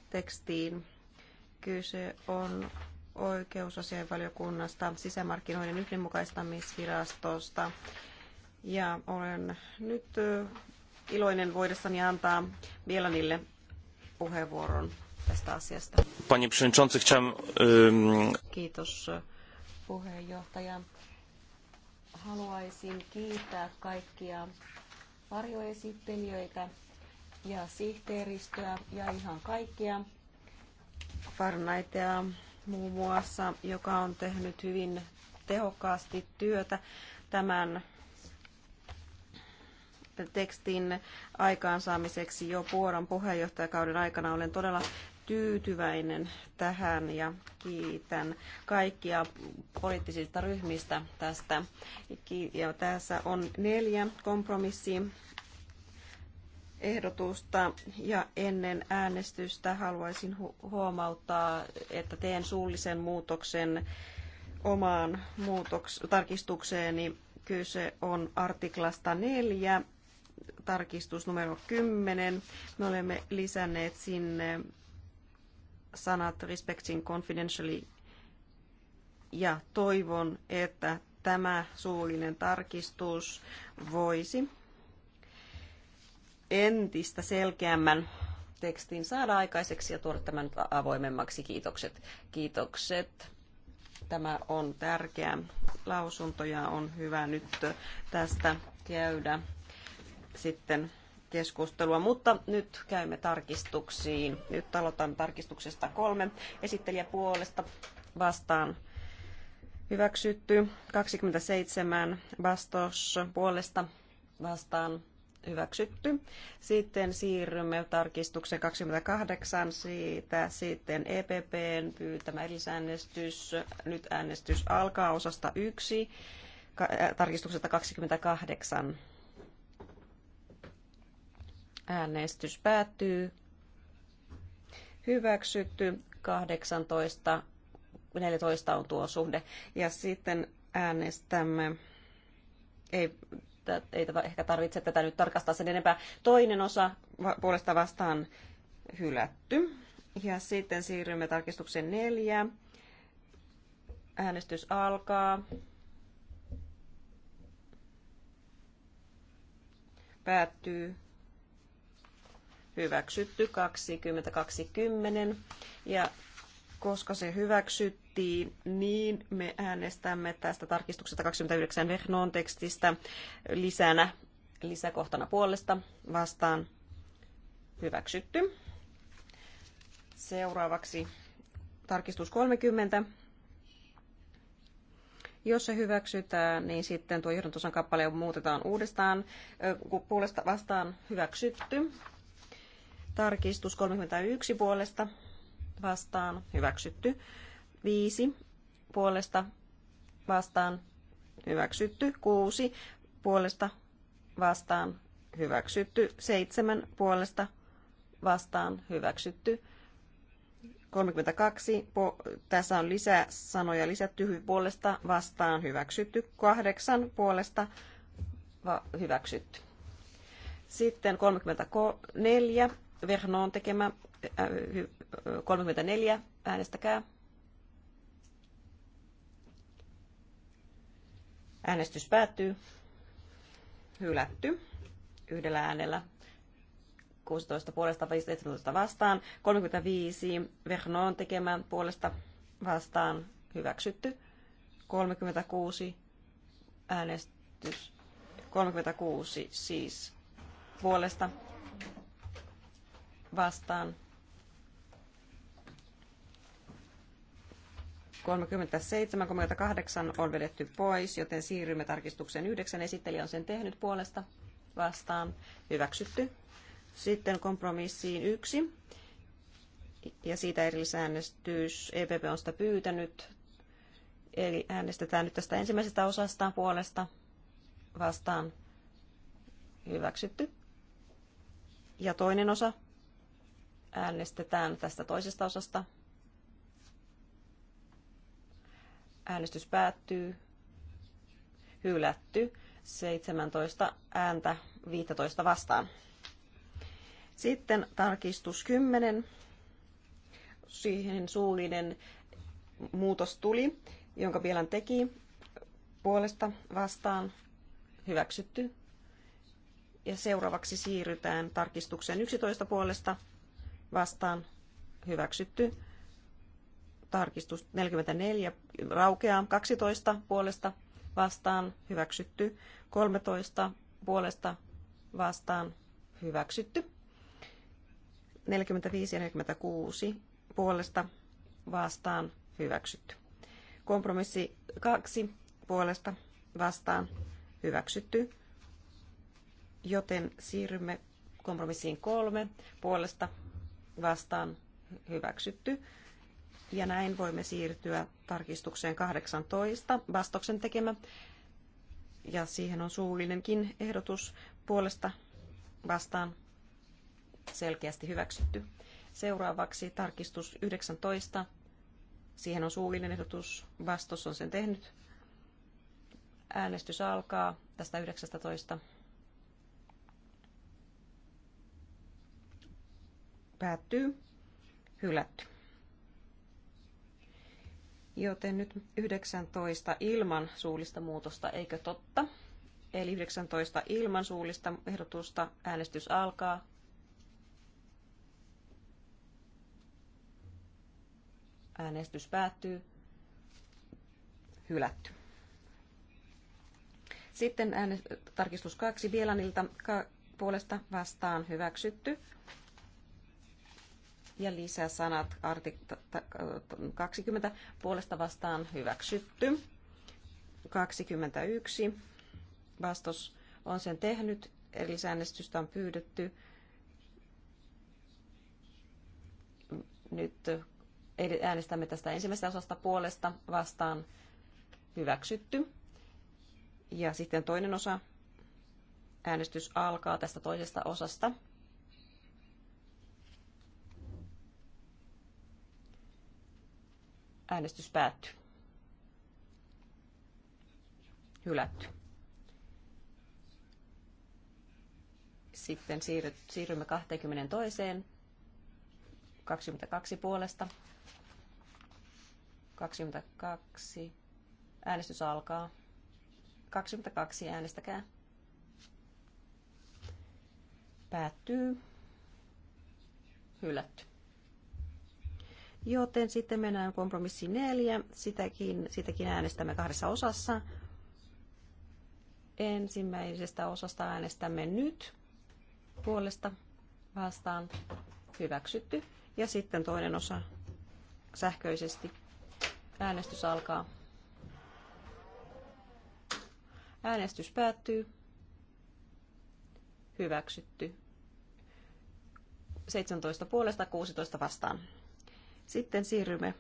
C: tekstiin. Kyse on oikeusasiainvaliokunnasta, sisämarkkinoiden yhdenmukaistamisvirastosta. Ja olen nyt iloinen voidessani antaa Bielanille puheenvuoron tästä asiasta.
D: Panie przewodniczący, chciałem...
C: Kiitos puheenjohtaja. Haluaisin kiittää kaikkia varjoesittelijöitä ja sihteeristöä ja ihan kaikkia Farnaitea, muun muassa, joka on tehnyt hyvin tehokkaasti työtä tämän tekstin aikaansaamiseksi jo Puolan puheenjohtajakauden aikana. Olen todella tyytyväinen tähän ja kiitän kaikkia poliittisista ryhmistä tästä. Ja tässä on neljä kompromissia ehdotusta ja ennen äänestystä haluaisin huomauttaa, että teen suullisen muutoksen omaan muutoks- tarkistukseeni. Kyse on artiklasta 4, tarkistus numero 10. Me olemme lisänneet sinne sanat respecting confidentially ja toivon, että tämä suullinen tarkistus voisi entistä selkeämmän tekstin saada aikaiseksi ja tuoda tämän avoimemmaksi. Kiitokset. Kiitokset. Tämä on tärkeä lausunto ja on hyvä nyt tästä käydä sitten keskustelua, mutta nyt käymme tarkistuksiin. Nyt aloitan tarkistuksesta kolme. Esittelijä puolesta vastaan hyväksytty. 27 vastaus puolesta vastaan hyväksytty. Sitten siirrymme tarkistukseen 28 siitä. Sitten EPPn pyytämä edellisäännestys. Nyt äänestys alkaa osasta 1, äh, tarkistuksesta 28. Äänestys päättyy. Hyväksytty 18, 14 on tuo suhde. Ja sitten äänestämme ei ei tätä, ehkä tarvitse tätä nyt tarkastaa sen enempää. Toinen osa puolesta vastaan hylätty. Ja sitten siirrymme tarkistuksen neljä. Äänestys alkaa. Päättyy. Hyväksytty 2020. Ja koska se hyväksyttiin, niin me äänestämme tästä tarkistuksesta 29 Vehnoon tekstistä lisänä, lisäkohtana puolesta vastaan hyväksytty. Seuraavaksi tarkistus 30. Jos se hyväksytään, niin sitten tuo johdantosan kappale muutetaan uudestaan puolesta vastaan hyväksytty. Tarkistus 31 puolesta vastaan hyväksytty. 5 puolesta vastaan hyväksytty. 6 puolesta vastaan hyväksytty. 7 puolesta vastaan hyväksytty. 32. Po- tässä on lisää sanoja lisätty puolesta vastaan hyväksytty. 8 puolesta va- hyväksytty. Sitten 34 Vernon tekemä 34. Äh, äh, äänestäkää. Äänestys päättyy. Hylätty. Yhdellä äänellä. 16 puolesta 17 vastaan. 35 Vernon tekemä puolesta vastaan hyväksytty. 36 äänestys. 36 siis puolesta vastaan. 37,38 on vedetty pois, joten siirrymme tarkistukseen 9. Esittelijä on sen tehnyt puolesta vastaan. Hyväksytty. Sitten kompromissiin 1. Ja siitä erillisäännöstys. EPP on sitä pyytänyt. Eli äänestetään nyt tästä ensimmäisestä osasta puolesta vastaan. Hyväksytty. Ja toinen osa Äänestetään tästä toisesta osasta. Äänestys päättyy. Hylätty. 17 ääntä 15 vastaan. Sitten tarkistus 10. Siihen suullinen muutos tuli, jonka Bielan teki puolesta vastaan hyväksytty. Ja seuraavaksi siirrytään tarkistukseen 11 puolesta vastaan hyväksytty. Tarkistus 44 raukeaa 12 puolesta vastaan hyväksytty. 13 puolesta vastaan hyväksytty. 45 ja 46 puolesta vastaan hyväksytty. Kompromissi 2 puolesta vastaan hyväksytty, joten siirrymme kompromissiin 3 puolesta vastaan hyväksytty. Ja näin voimme siirtyä tarkistukseen 18, Vastoksen tekemä. Ja siihen on suullinenkin ehdotus puolesta vastaan selkeästi hyväksytty. Seuraavaksi tarkistus 19. Siihen on suullinen ehdotus. Vastus on sen tehnyt. Äänestys alkaa tästä 19. Päättyy. Hylätty. Joten nyt 19 ilman suullista muutosta, eikö totta? Eli 19 ilman suullista ehdotusta. Äänestys alkaa. Äänestys päättyy. Hylätty. Sitten äänestys tarkistus 2 Bielanilta puolesta vastaan hyväksytty ja lisäsanat artikla 20 puolesta vastaan hyväksytty. 21 Vastos on sen tehnyt, säännöstystä on pyydetty. Nyt äänestämme tästä ensimmäisestä osasta puolesta vastaan hyväksytty. Ja sitten toinen osa. Äänestys alkaa tästä toisesta osasta. Äänestys päättyy. Hylätty. Sitten siirrymme 22. 22 puolesta. 22. Äänestys alkaa. 22 äänestäkää. Päättyy. Hylätty. Joten sitten mennään kompromissi neljä. Sitäkin, sitäkin äänestämme kahdessa osassa. Ensimmäisestä osasta äänestämme nyt puolesta vastaan hyväksytty. Ja sitten toinen osa sähköisesti. Äänestys alkaa. Äänestys päättyy. Hyväksytty. 17 puolesta 16 vastaan. Sitten siirrymme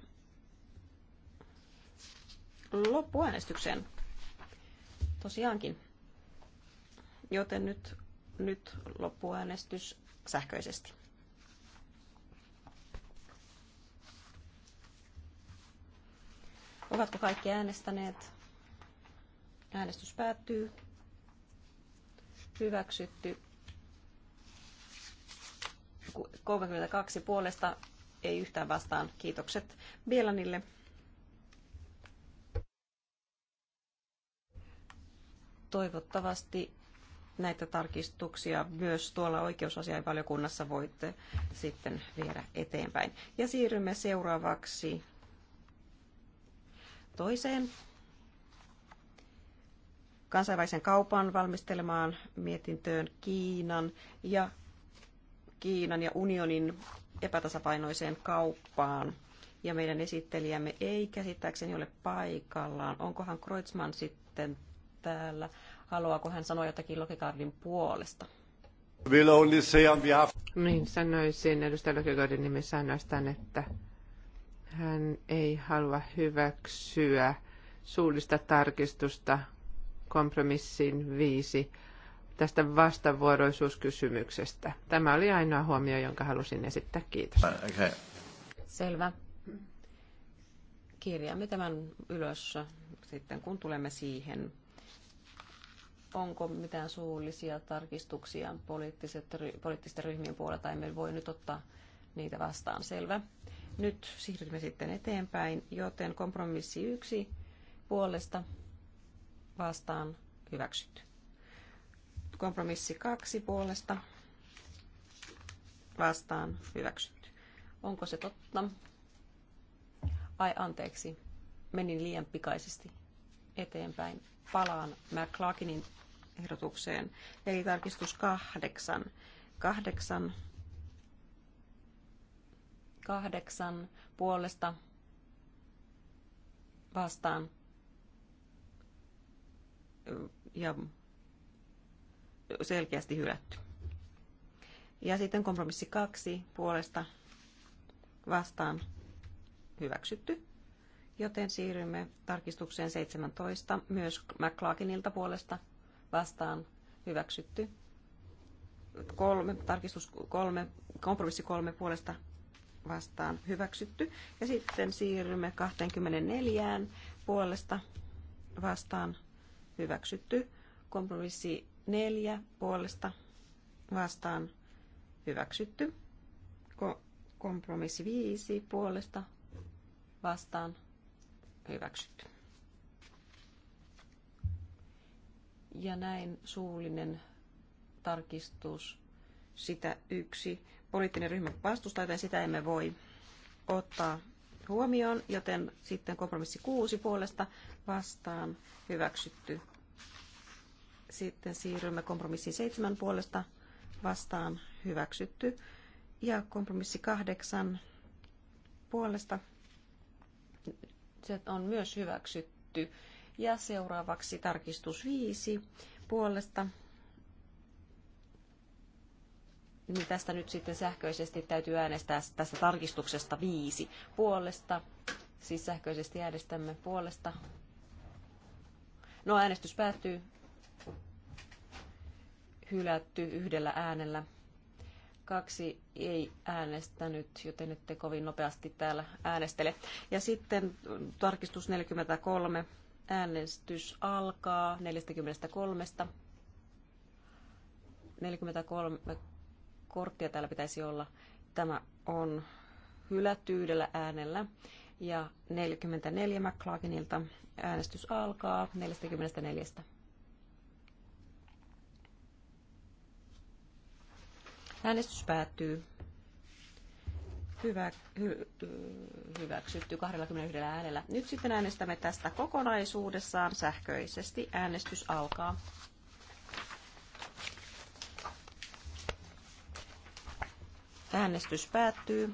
C: loppuäänestykseen. Tosiaankin. Joten nyt, nyt loppuäänestys sähköisesti. Ovatko kaikki äänestäneet? Äänestys päättyy. Hyväksytty. 32 puolesta ei yhtään vastaan. Kiitokset Bielanille. Toivottavasti näitä tarkistuksia myös tuolla oikeusasiainvaliokunnassa voitte sitten viedä eteenpäin. Ja siirrymme seuraavaksi toiseen kansainvälisen kaupan valmistelemaan mietintöön Kiinan ja Kiinan ja unionin epätasapainoiseen kauppaan. Ja meidän esittelijämme ei käsittääkseni ole paikallaan. Onkohan Kreutzmann sitten täällä? Haluaako hän sanoa jotakin Lokikardin puolesta?
A: Will only on behalf... Niin,
C: sanoisin
B: edustaja Lokikardin nimessä ainoastaan, että hän ei halua hyväksyä suullista tarkistusta kompromissin viisi tästä vastavuoroisuuskysymyksestä. Tämä oli ainoa huomio, jonka halusin esittää. Kiitos.
A: Okay.
C: Selvä. Kirjaamme tämän ylös sitten, kun tulemme siihen. Onko mitään suullisia tarkistuksia poliittisten ryhmien puolelta? Emme voi nyt ottaa niitä vastaan. Selvä. Nyt siirrymme sitten eteenpäin, joten kompromissi yksi puolesta vastaan hyväksytty. Kompromissi kaksi puolesta vastaan hyväksytty. Onko se totta? Ai anteeksi, menin liian pikaisesti eteenpäin. Palaan McClarkinin ehdotukseen. Eli tarkistus kahdeksan. Kahdeksan, kahdeksan puolesta vastaan ja selkeästi hylätty. Ja sitten kompromissi kaksi puolesta vastaan hyväksytty. Joten siirrymme tarkistukseen 17, myös McClarkinilta puolesta vastaan hyväksytty. Kolme, tarkistus kolme, kompromissi kolme puolesta vastaan hyväksytty. Ja sitten siirrymme 24 puolesta vastaan hyväksytty. Kompromissi neljä puolesta vastaan hyväksytty. Ko- kompromissi viisi puolesta vastaan hyväksytty. Ja näin suullinen tarkistus sitä yksi. Poliittinen ryhmä vastustaa, joten sitä emme voi ottaa huomioon, joten sitten kompromissi kuusi puolesta vastaan hyväksytty sitten siirrymme kompromissi seitsemän puolesta vastaan hyväksytty. Ja kompromissi kahdeksan puolesta se on myös hyväksytty. Ja seuraavaksi tarkistus viisi puolesta. Niin tästä nyt sitten sähköisesti täytyy äänestää tästä tarkistuksesta viisi puolesta. Siis sähköisesti äänestämme puolesta. No äänestys päättyy hylätty yhdellä äänellä. Kaksi ei äänestänyt, joten ette kovin nopeasti täällä äänestele. Ja sitten tarkistus 43. Äänestys alkaa 43. 43 korttia täällä pitäisi olla. Tämä on hylätty yhdellä äänellä. Ja 44 McClarkinilta äänestys alkaa 44. Äänestys päättyy. Hyvä, hy, hyväksytty 21 äänellä. Nyt sitten äänestämme tästä kokonaisuudessaan sähköisesti. Äänestys alkaa. Äänestys päättyy.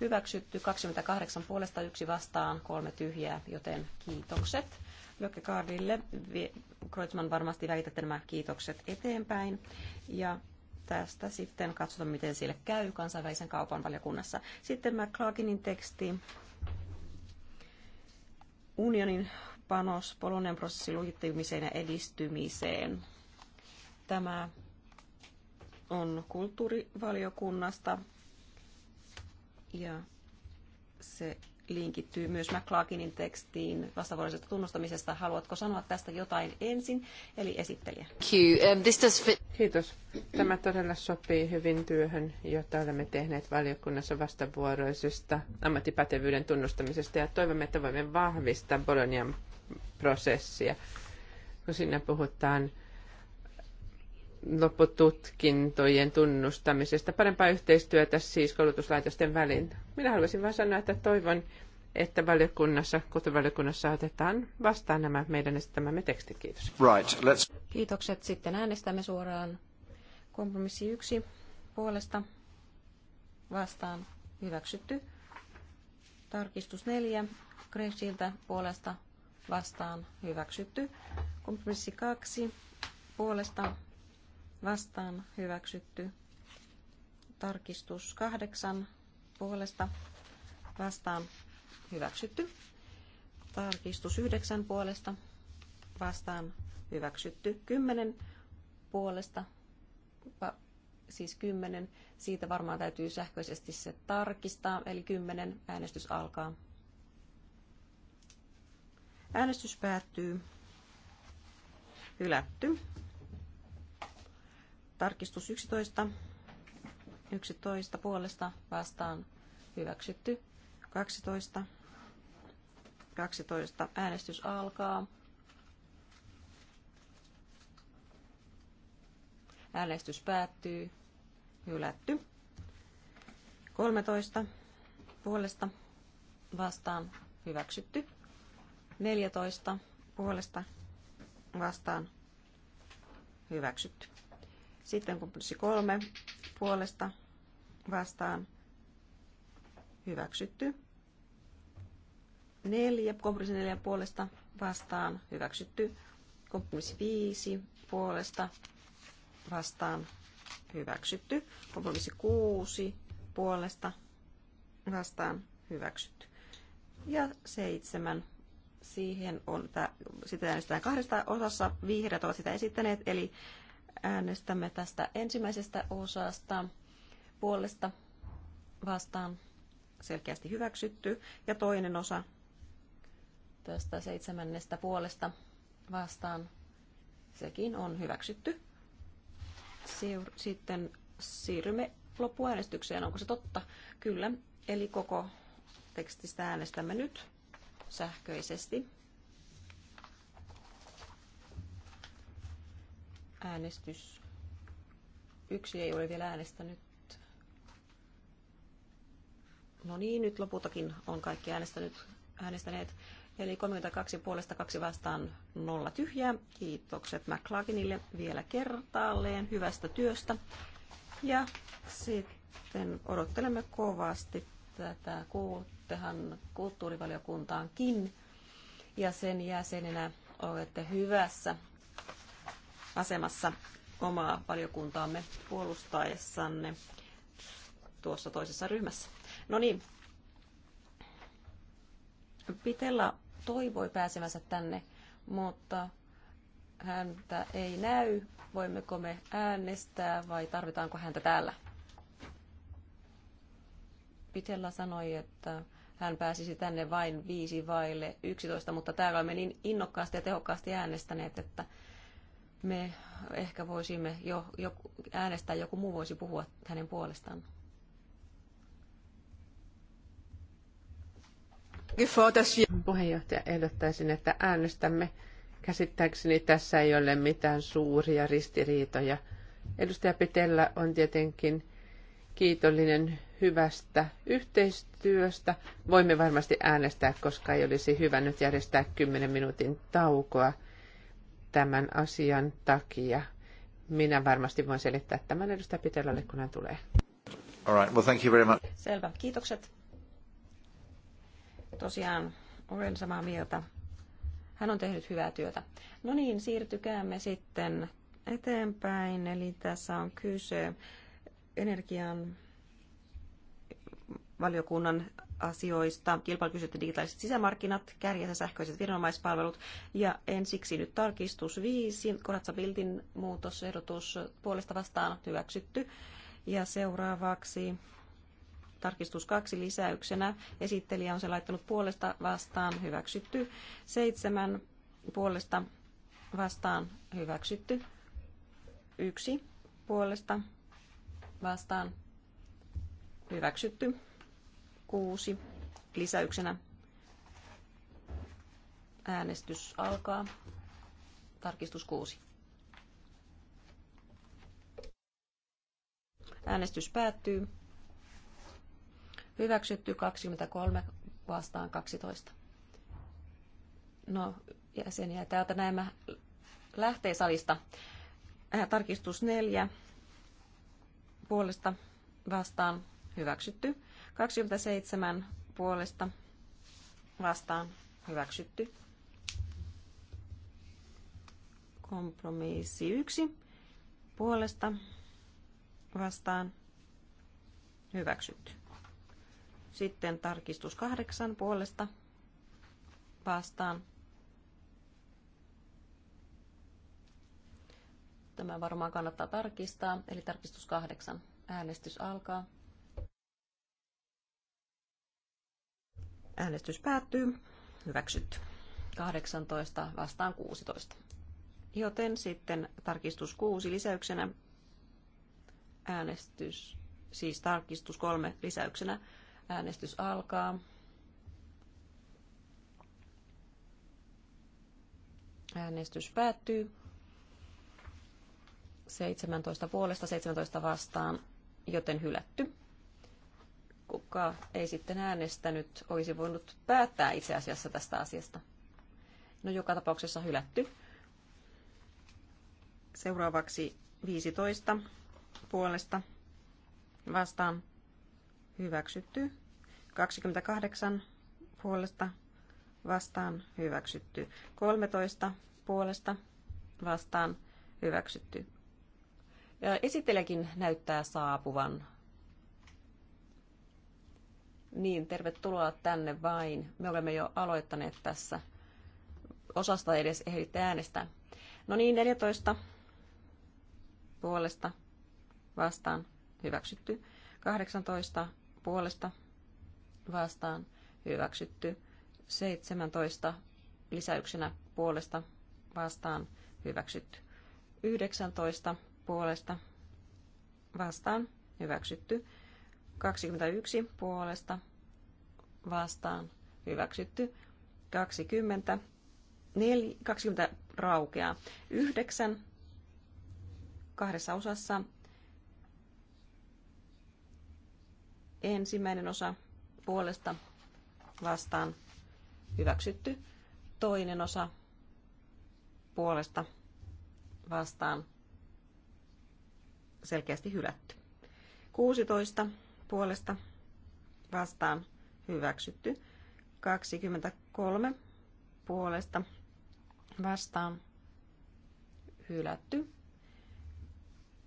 C: Hyväksytty 28 puolesta yksi vastaan, kolme tyhjää, joten kiitokset Lökkäkaardille. Kreutzmann varmasti välitätte nämä kiitokset eteenpäin. Ja tästä sitten katsotaan, miten sille käy kansainvälisen kaupan valiokunnassa. Sitten McClarkinin teksti. Unionin panos Polonian prosessin lujittumiseen ja edistymiseen. Tämä on kulttuurivaliokunnasta ja se linkittyy myös McClarkinin tekstiin vastavuoroisesta tunnustamisesta. Haluatko sanoa tästä jotain ensin, eli esittelijä?
B: Um, Kiitos. Tämä todella sopii hyvin työhön, jota olemme tehneet valiokunnassa vastavuoroisesta ammattipätevyyden tunnustamisesta ja toivomme, että voimme vahvistaa Bolonian prosessia, kun siinä puhutaan loppututkintojen tunnustamisesta, parempaa yhteistyötä siis koulutuslaitosten välin. Minä haluaisin vain sanoa, että toivon, että valiokunnassa, kutuvaliokunnassa otetaan vastaan nämä meidän esittämämme tekstit.
F: Kiitos.
A: Right, let's...
C: Kiitokset. Sitten äänestämme suoraan kompromissi yksi puolesta vastaan hyväksytty. Tarkistus neljä kreisiltä puolesta vastaan hyväksytty. Kompromissi kaksi puolesta vastaan hyväksytty. Tarkistus kahdeksan puolesta vastaan hyväksytty. Tarkistus yhdeksän puolesta vastaan hyväksytty. Kymmenen puolesta, siis kymmenen siitä varmaan täytyy sähköisesti se tarkistaa, eli kymmenen äänestys alkaa. Äänestys päättyy. Hylätty. Tarkistus 11. 11 puolesta vastaan hyväksytty. 12. 12. Äänestys alkaa. Äänestys päättyy. Hylätty. 13. Puolesta vastaan hyväksytty. 14. Puolesta vastaan hyväksytty. Sitten plussi kolme puolesta vastaan hyväksytty. Neljä, kompromissi neljä puolesta vastaan hyväksytty. Kompromissi viisi puolesta vastaan hyväksytty. Kompromissi kuusi puolesta vastaan hyväksytty. Ja seitsemän siihen on, tämä sitä äänestetään kahdesta osassa. Vihreät ovat sitä esittäneet, eli Äänestämme tästä ensimmäisestä osasta puolesta vastaan selkeästi hyväksytty ja toinen osa tästä seitsemännestä puolesta vastaan sekin on hyväksytty. Seur- sitten siirrymme loppuäänestykseen. Onko se totta? Kyllä. Eli koko tekstistä äänestämme nyt sähköisesti. Äänestys. Yksi ei ole vielä äänestänyt. No niin, nyt lopultakin on kaikki äänestänyt, äänestäneet. Eli 32 puolesta kaksi vastaan nolla tyhjää. Kiitokset McLaginille vielä kertaalleen hyvästä työstä. Ja sitten odottelemme kovasti tätä kuuluttehan kulttuurivaliokuntaankin. Ja sen jäsenenä olette hyvässä asemassa omaa valiokuntaamme puolustaessanne tuossa toisessa ryhmässä. No niin, Pitella toivoi pääsemänsä tänne, mutta häntä ei näy. Voimmeko me äänestää vai tarvitaanko häntä täällä? Pitella sanoi, että hän pääsisi tänne vain viisi vaille 11, mutta täällä olemme niin innokkaasti ja tehokkaasti äänestäneet, että me ehkä voisimme jo, jo äänestää, joku muu voisi puhua hänen puolestaan.
B: Puheenjohtaja ehdottaisin, että äänestämme. Käsittääkseni tässä ei ole mitään suuria ristiriitoja. Edustaja Pitellä on tietenkin kiitollinen hyvästä yhteistyöstä. Voimme varmasti äänestää, koska ei olisi hyvä nyt järjestää 10 minuutin taukoa – tämän asian takia. Minä varmasti voin selittää tämän edustaja Pitelälle,
C: kun hän tulee.
A: All right. well, thank you very much.
C: Selvä, kiitokset. Tosiaan olen samaa mieltä. Hän on tehnyt hyvää työtä. No niin, siirtykäämme sitten eteenpäin. Eli tässä on kyse energian valiokunnan asioista, kilpailukysyntä ja digitaaliset sisämarkkinat, kärjensä sähköiset viranomaispalvelut ja ensiksi nyt tarkistus 5, Koratsa Bildin muutosehdotus puolesta vastaan hyväksytty ja seuraavaksi tarkistus kaksi lisäyksenä. Esittelijä on se laittanut puolesta vastaan hyväksytty. Seitsemän puolesta vastaan hyväksytty. Yksi puolesta vastaan hyväksytty. 6 lisäyksenä. Äänestys alkaa. Tarkistus 6. Äänestys päättyy. Hyväksytty 23 vastaan 12. No, jäseniä täältä näemme lähtee salista. Äh, tarkistus 4 puolesta vastaan hyväksytty. 27 puolesta vastaan hyväksytty. Kompromissi 1 puolesta vastaan hyväksytty. Sitten tarkistus 8 puolesta vastaan Tämä varmaan kannattaa tarkistaa. Eli tarkistus kahdeksan. Äänestys alkaa. Äänestys päättyy. Hyväksytty. 18 vastaan 16. Joten sitten tarkistus 6 lisäyksenä. Äänestys, siis tarkistus 3 lisäyksenä. Äänestys alkaa. Äänestys päättyy. 17 puolesta 17 vastaan, joten hylätty joka ei sitten äänestänyt, olisi voinut päättää itse asiassa tästä asiasta. No joka tapauksessa hylätty. Seuraavaksi 15 puolesta vastaan hyväksytty. 28 puolesta vastaan hyväksytty. 13 puolesta vastaan hyväksytty. Ja esittelijäkin näyttää saapuvan niin, tervetuloa tänne vain. Me olemme jo aloittaneet tässä. Osasta edes ehditte äänestää. No niin, 14 puolesta vastaan hyväksytty. 18 puolesta vastaan hyväksytty. 17 lisäyksenä puolesta vastaan hyväksytty. 19 puolesta vastaan hyväksytty. 21 puolesta vastaan hyväksytty. 20, 4, 20 raukeaa. 9 kahdessa osassa. Ensimmäinen osa puolesta vastaan hyväksytty. Toinen osa puolesta vastaan selkeästi hylätty. 16 puolesta vastaan hyväksytty. 23 puolesta vastaan hylätty.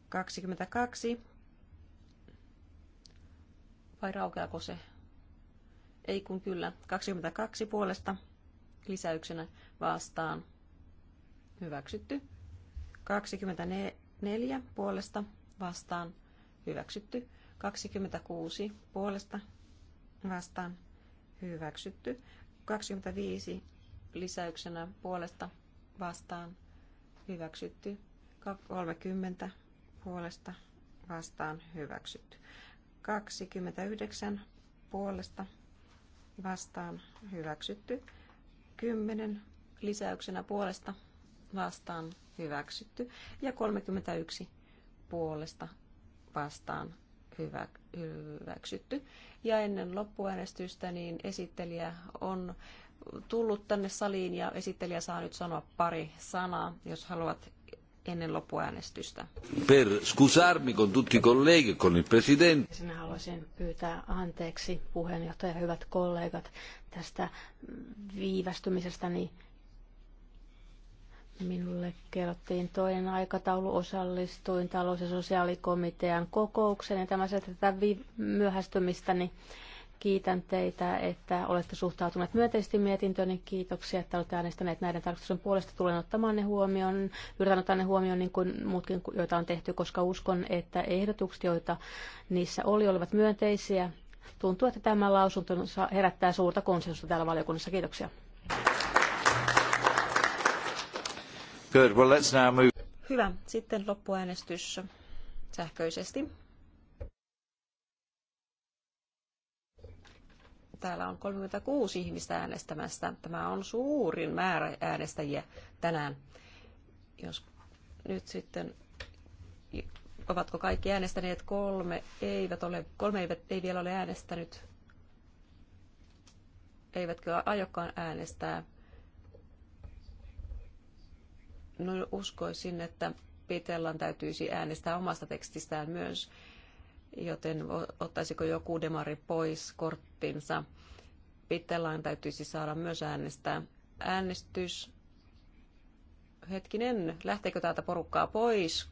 C: 22 vai raukeako se? Ei kun kyllä. 22 puolesta lisäyksenä vastaan hyväksytty. 24 puolesta vastaan hyväksytty. 26 puolesta vastaan hyväksytty. 25 lisäyksenä puolesta vastaan hyväksytty. 30 puolesta vastaan hyväksytty. 29 puolesta vastaan hyväksytty. 10 lisäyksenä puolesta vastaan hyväksytty. Ja 31 puolesta vastaan hyvä, hyväksytty. Ja ennen loppuäänestystä niin esittelijä on tullut tänne saliin ja esittelijä saa nyt sanoa pari sanaa, jos haluat ennen loppuäänestystä.
D: Per scusarmi con tutti i colleghi con il presidente.
E: Sinä haluaisin pyytää anteeksi puheenjohtaja hyvät kollegat tästä viivästymisestäni. Niin Minulle kerrottiin toinen aikataulu, osallistuin talous- ja sosiaalikomitean kokoukseen ja tämä tätä myöhästymistä, niin kiitän teitä, että olette suhtautuneet myönteisesti mietintöön, niin kiitoksia, että olette äänestäneet näiden tarkastuksen puolesta. Tulen ottamaan ne huomioon, yritän ottaa ne huomioon niin kuin muutkin, joita on tehty, koska uskon, että ehdotukset, joita niissä oli, olivat myönteisiä. Tuntuu, että tämä lausunto herättää suurta
C: konsensusta täällä valiokunnassa. Kiitoksia.
A: Good. Well, let's now move.
C: Hyvä. Sitten loppuäänestys sähköisesti. Täällä on 36 ihmistä äänestämässä. Tämä on suurin määrä äänestäjiä tänään. Jos nyt sitten ovatko kaikki äänestäneet kolme, eivät ole, kolme eivät, ei vielä ole äänestänyt, eivätkö aiokkaan äänestää. No, uskoisin, että Pitellan täytyisi äänestää omasta tekstistään myös, joten ottaisiko joku demari pois korttinsa? Pitellan täytyisi saada myös äänestää. Äänestys. Hetkinen, lähteekö täältä porukkaa pois,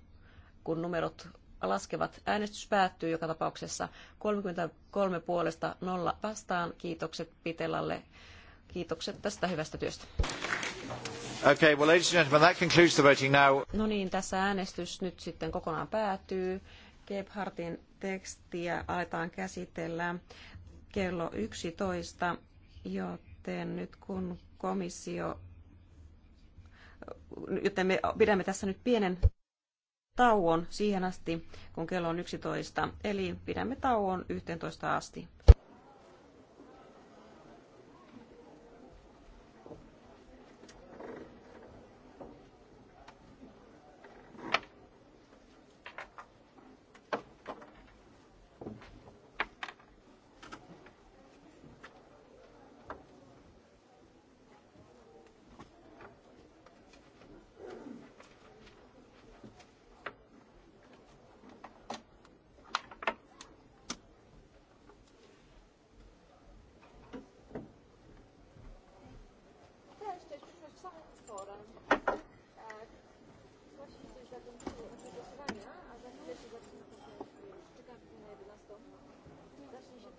C: kun numerot laskevat. Äänestys päättyy joka tapauksessa 33 puolesta nolla vastaan. Kiitokset Pitelalle. Kiitokset tästä hyvästä työstä.
A: Okay, well, ladies and gentlemen, that concludes the voting now.
C: No niin, tässä äänestys nyt sitten kokonaan päätyy. Gebhardin tekstiä aletaan käsitellä kello 11, joten nyt kun komissio, joten me pidämme tässä nyt pienen tauon siihen asti, kun kello on 11, eli pidämme tauon 11 asti.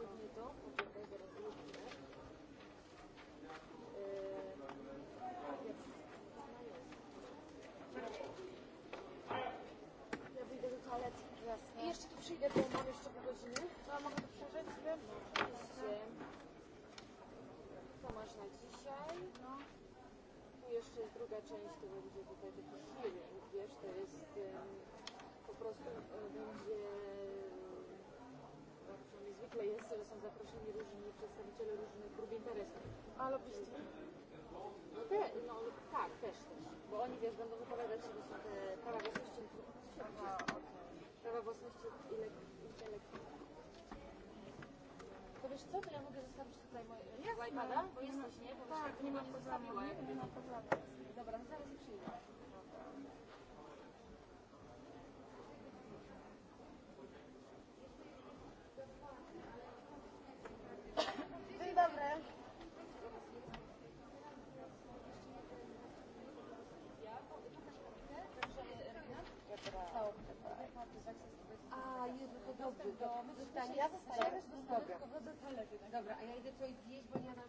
F: Ja Jasne. I jeszcze tu przyjdę, bo mam jeszcze pół godziny. No, a mogę tu przeżyć? Wiem. No, oczywiście. To masz na dzisiaj. No. Tu jeszcze jest druga część, to będzie tutaj taki healing, wiesz, to jest um, po prostu um, będzie zwykle jest, że są zaproszeni różni przedstawiciele różnych grup interesów. A lobbyści? No te, no tak, też, też. Bo oni, wiesz, będą wypowiadać się, są te prawa własności, prawa własności intelektualnej. To wiesz co, to ja mogę zostawić tutaj moje iPada, bo jesteś, nie? Bo tak, nie mam problemu. Dobra, zaraz przyjdę. Dobrze, to zostanie. Ja zostaję. Dobra, a ja idę coś zjeść, bo nie mam...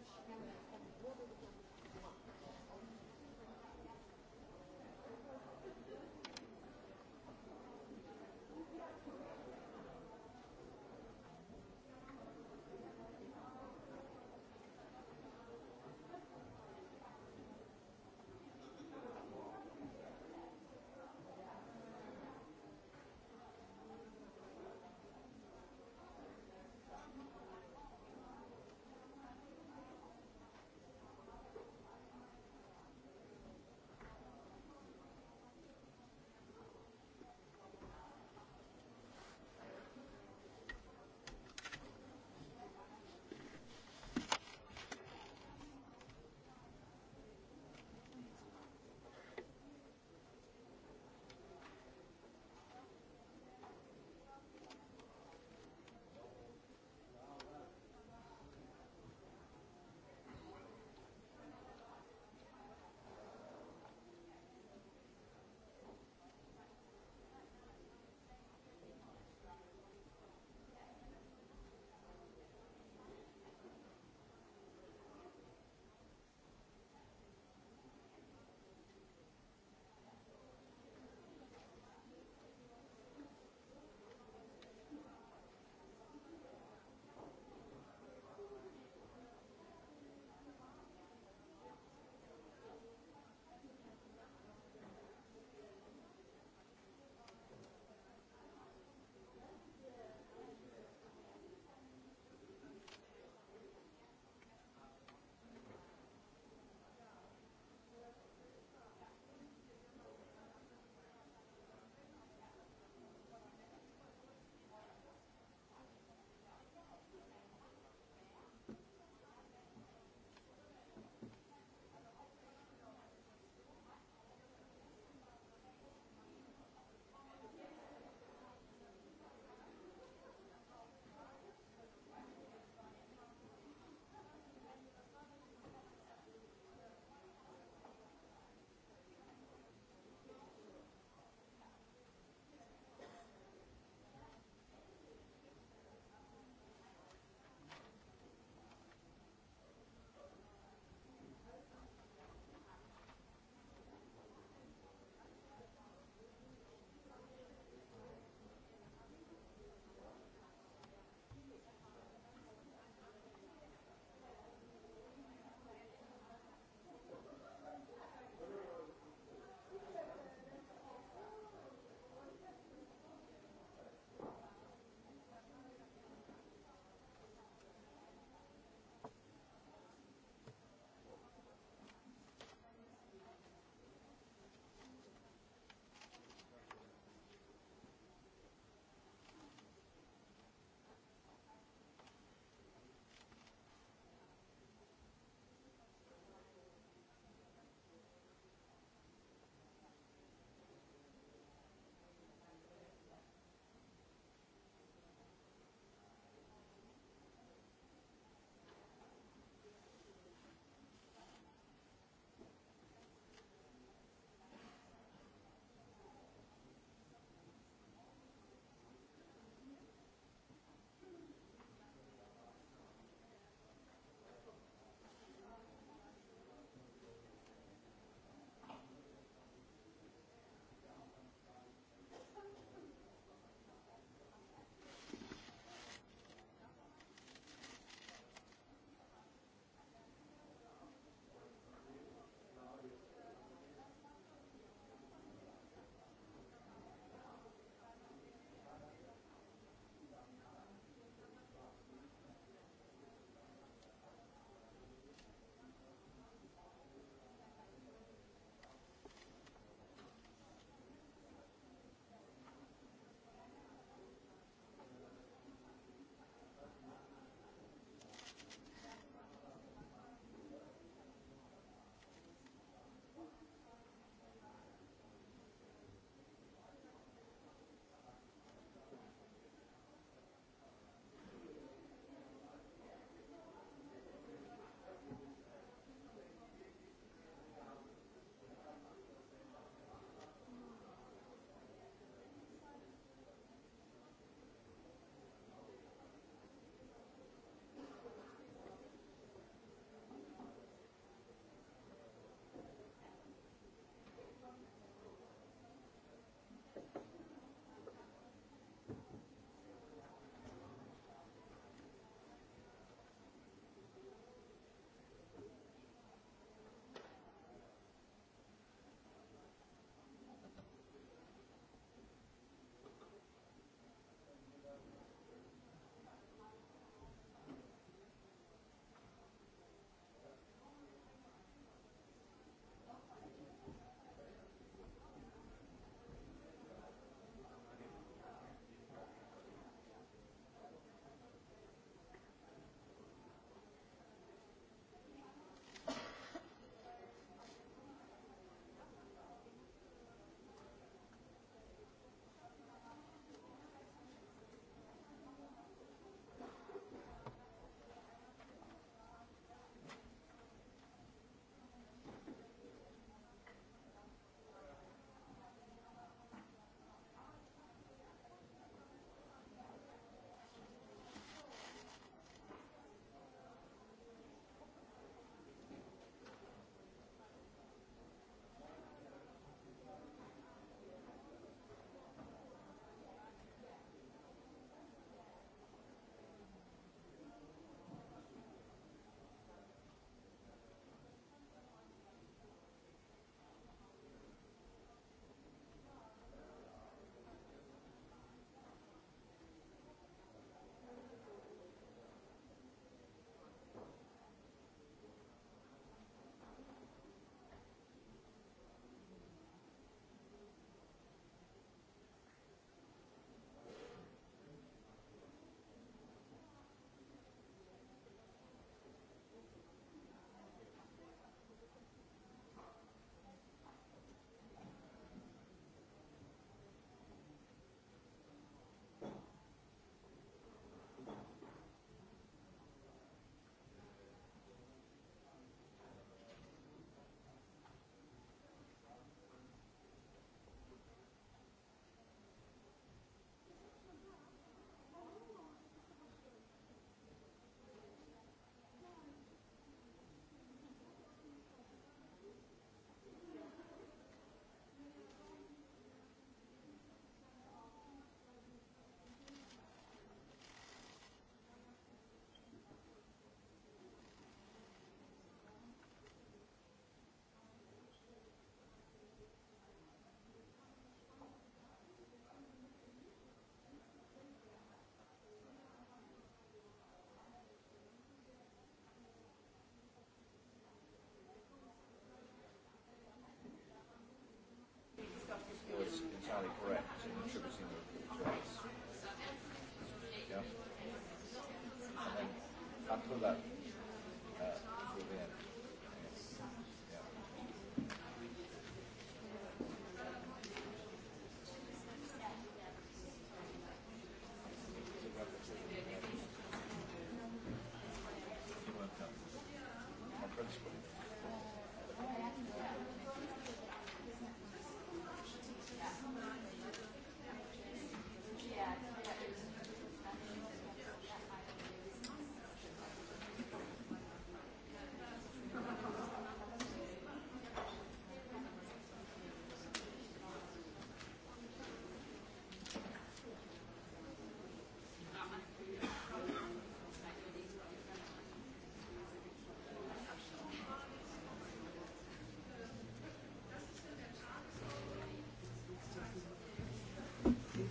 A: faculdade?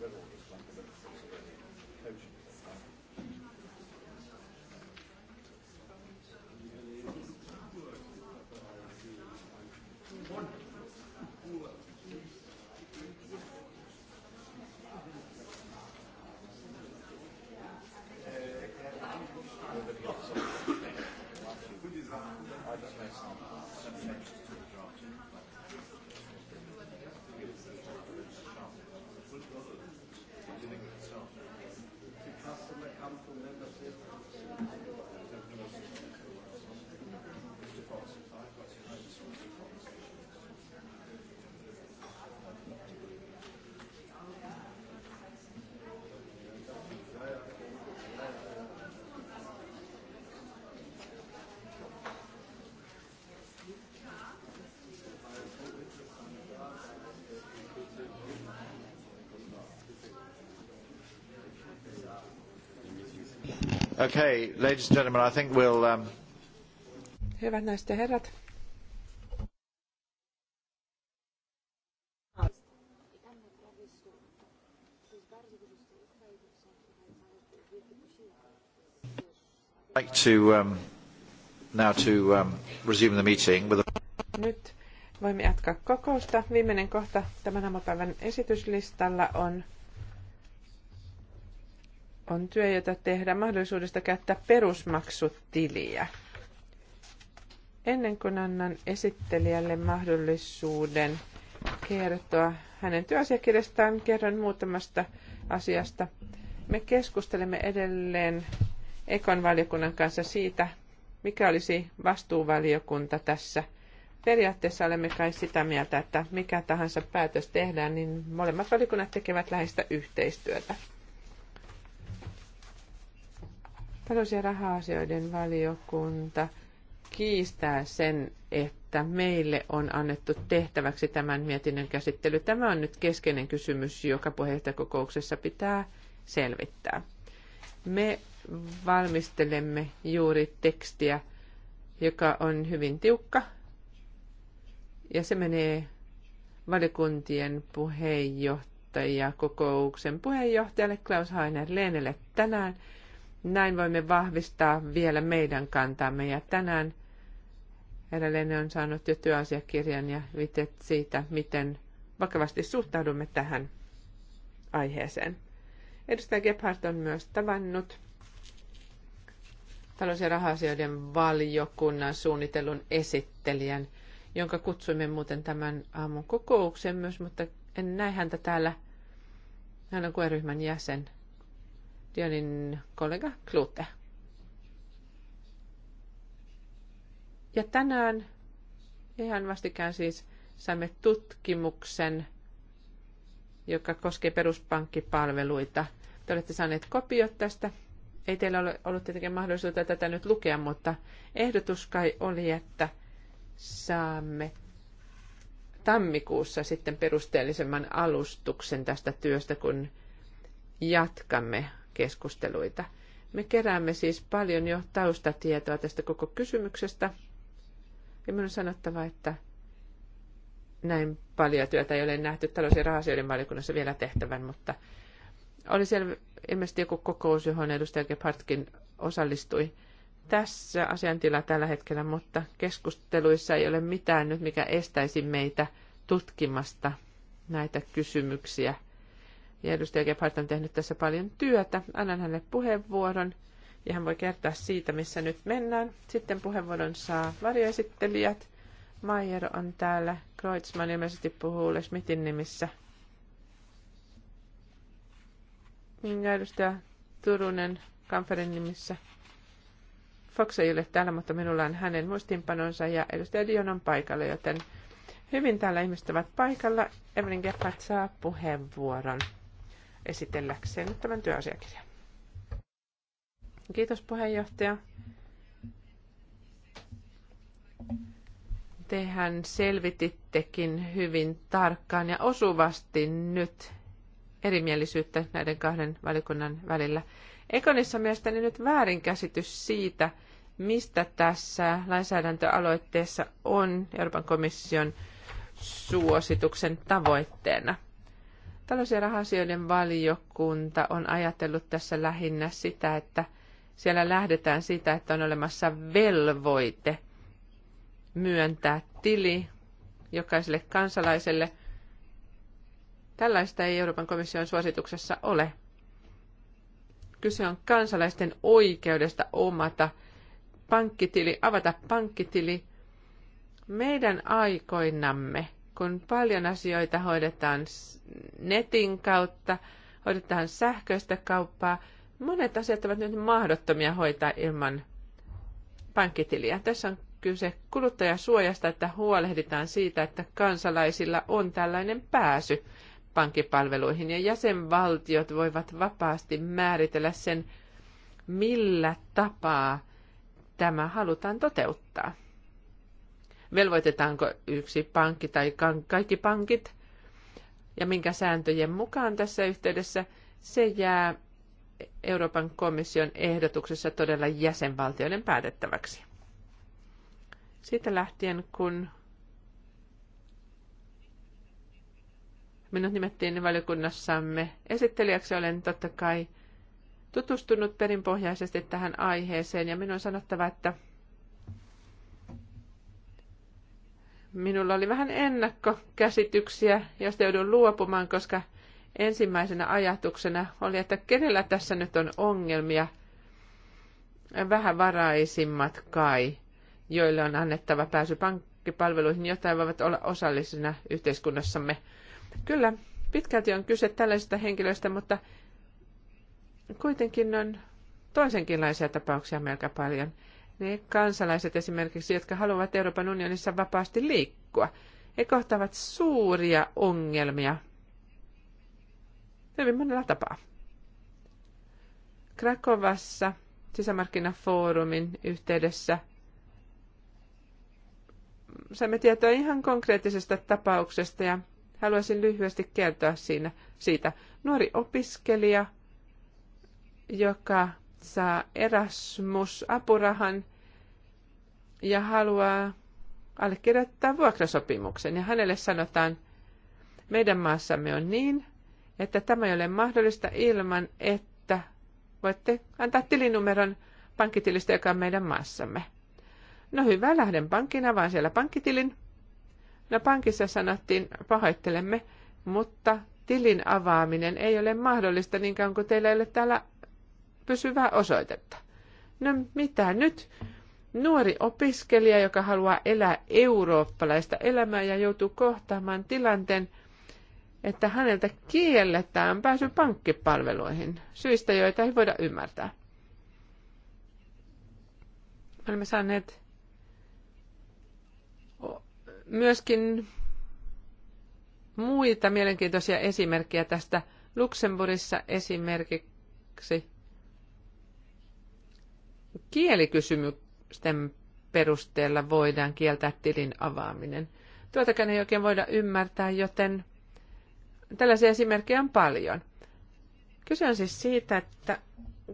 A: revelry. come to live Okay, ladies and gentlemen, I think we'll, um...
B: Hyvät naiset ja herrat.
A: Like to, um, now to um, resume the meeting with a...
B: Nyt voimme jatkaa kokousta. Viimeinen kohta tämän aamupäivän esityslistalla on on työ, jota tehdä mahdollisuudesta käyttää perusmaksutiliä. Ennen kuin annan esittelijälle mahdollisuuden kertoa hänen työasiakirjastaan, kerron muutamasta asiasta. Me keskustelemme edelleen Ekon valiokunnan kanssa siitä, mikä olisi vastuuvaliokunta tässä. Periaatteessa olemme kai sitä mieltä, että mikä tahansa päätös tehdään, niin molemmat valiokunnat tekevät läheistä yhteistyötä. talous- ja raha-asioiden valiokunta kiistää sen, että meille on annettu tehtäväksi tämän mietinnön käsittely. Tämä on nyt keskeinen kysymys, joka puheenjohtajakokouksessa pitää selvittää. Me valmistelemme juuri tekstiä, joka on hyvin tiukka, ja se menee valikuntien puheenjohtajakokouksen puheenjohtajalle Klaus Heiner Leenelle tänään – näin voimme vahvistaa vielä meidän kantamme ja tänään herra on saanut jo työasiakirjan ja vitet siitä, miten vakavasti suhtaudumme tähän aiheeseen. Edustaja Gebhardt on myös tavannut talous- ja rahasioiden valiokunnan suunnitelun esittelijän, jonka kutsuimme muuten tämän aamun kokoukseen myös, mutta en näe häntä täällä. Hän on koeryhmän jäsen din kollega Klote. Ja tänään ihan vastikään siis saimme tutkimuksen, joka koskee peruspankkipalveluita. Te olette saaneet kopiot tästä. Ei teillä ole ollut tietenkään mahdollisuutta tätä nyt lukea, mutta ehdotus kai oli, että saamme tammikuussa sitten perusteellisemman alustuksen tästä työstä, kun jatkamme keskusteluita. Me keräämme siis paljon jo taustatietoa tästä koko kysymyksestä. Ja minun on sanottava, että näin paljon työtä ei ole nähty talous- ja rahasioiden valiokunnassa vielä tehtävän, mutta oli siellä ilmeisesti joku kokous, johon edustaja Gebhardtkin osallistui. Tässä asiantila tällä hetkellä, mutta keskusteluissa ei ole mitään nyt, mikä estäisi meitä tutkimasta näitä kysymyksiä – ja edustaja Gebhardt on tehnyt tässä paljon työtä. Annan hänelle puheenvuoron ja hän voi kertoa siitä, missä nyt mennään. Sitten puheenvuoron saa varjoesittelijät. Mayer on täällä. Kreutzmann ilmeisesti puhuu Le Schmittin nimissä. Ja edustaja Turunen Kamferin nimissä. Fox ei ole täällä, mutta minulla on hänen muistinpanonsa ja edustaja Dion on paikalla, joten hyvin täällä ihmiset ovat paikalla. Evelyn Gephardt saa puheenvuoron esitelläkseen nyt tämän työasiakirjan. Kiitos puheenjohtaja. Tehän selvitittekin hyvin tarkkaan ja osuvasti nyt erimielisyyttä näiden kahden valikunnan välillä. Ekonissa mielestäni nyt väärinkäsitys siitä, mistä tässä lainsäädäntöaloitteessa on Euroopan komission suosituksen tavoitteena. Talous- ja rahasioiden valiokunta on ajatellut tässä lähinnä sitä, että siellä lähdetään siitä, että on olemassa velvoite myöntää tili jokaiselle kansalaiselle. Tällaista ei Euroopan komission suosituksessa ole. Kyse on kansalaisten oikeudesta omata pankkitili, avata pankkitili meidän aikoinamme – kun paljon asioita hoidetaan netin kautta, hoidetaan sähköistä kauppaa, monet asiat ovat nyt mahdottomia hoitaa ilman pankkitiliä. Tässä on kyse kuluttajasuojasta, että huolehditaan siitä, että kansalaisilla on tällainen pääsy pankkipalveluihin ja jäsenvaltiot voivat vapaasti määritellä sen, millä tapaa tämä halutaan toteuttaa velvoitetaanko yksi pankki tai kaikki pankit ja minkä sääntöjen mukaan tässä yhteydessä, se jää Euroopan komission ehdotuksessa todella jäsenvaltioiden päätettäväksi. Siitä lähtien, kun minut nimettiin valiokunnassamme esittelijäksi, olen totta kai tutustunut perinpohjaisesti tähän aiheeseen ja minun on sanottava, että Minulla oli vähän ennakkokäsityksiä, josta joudun luopumaan, koska ensimmäisenä ajatuksena oli, että kenellä tässä nyt on ongelmia. Vähän varaisimmat kai, joille on annettava pääsy pankkipalveluihin, jotain voivat olla osallisina yhteiskunnassamme. Kyllä, pitkälti on kyse tällaisista henkilöistä, mutta kuitenkin on toisenkinlaisia tapauksia melko paljon – ne kansalaiset esimerkiksi, jotka haluavat Euroopan unionissa vapaasti liikkua, he kohtaavat suuria ongelmia hyvin monella tapaa. Krakovassa sisämarkkinafoorumin yhteydessä saimme tietoa ihan konkreettisesta tapauksesta ja haluaisin lyhyesti kertoa siinä, siitä. Nuori opiskelija, joka saa Erasmus-apurahan ja haluaa allekirjoittaa vuokrasopimuksen. Ja hänelle sanotaan, meidän maassamme on niin, että tämä ei ole mahdollista ilman, että voitte antaa tilinumeron pankkitilistä, joka on meidän maassamme. No hyvä, lähden pankkina, vaan siellä pankkitilin. No pankissa sanottiin, pahoittelemme, mutta tilin avaaminen ei ole mahdollista niin kauan kuin teillä ei ole täällä pysyvää osoitetta. No mitä nyt? Nuori opiskelija, joka haluaa elää eurooppalaista elämää ja joutuu kohtaamaan tilanteen, että häneltä kielletään pääsy pankkipalveluihin syistä, joita ei voida ymmärtää. Me olemme saaneet myöskin muita mielenkiintoisia esimerkkejä tästä Luxemburgissa esimerkiksi kielikysymysten perusteella voidaan kieltää tilin avaaminen. Tuotakään ei oikein voida ymmärtää, joten tällaisia esimerkkejä on paljon. Kyse on siis siitä, että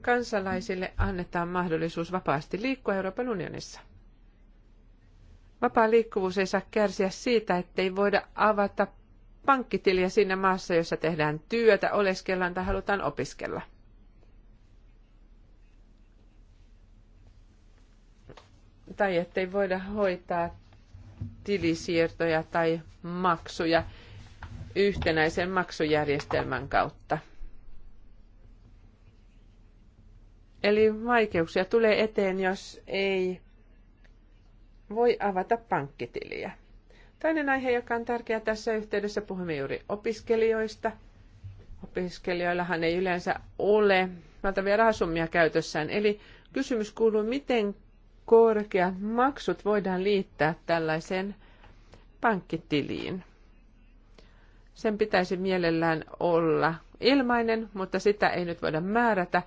B: kansalaisille annetaan mahdollisuus vapaasti liikkua Euroopan unionissa. Vapaa liikkuvuus ei saa kärsiä siitä, ettei voida avata pankkitiliä siinä maassa, jossa tehdään työtä, oleskellaan tai halutaan opiskella. tai ettei voida hoitaa tilisiirtoja tai maksuja yhtenäisen maksujärjestelmän kautta. Eli vaikeuksia tulee eteen, jos ei voi avata pankkitiliä. Toinen aihe, joka on tärkeä tässä yhteydessä, puhumme juuri opiskelijoista. Opiskelijoillahan ei yleensä ole valtavia rahasummia käytössään. Eli kysymys kuuluu, miten korkeat maksut voidaan liittää tällaiseen pankkitiliin. Sen pitäisi mielellään olla ilmainen, mutta sitä ei nyt voida määrätä,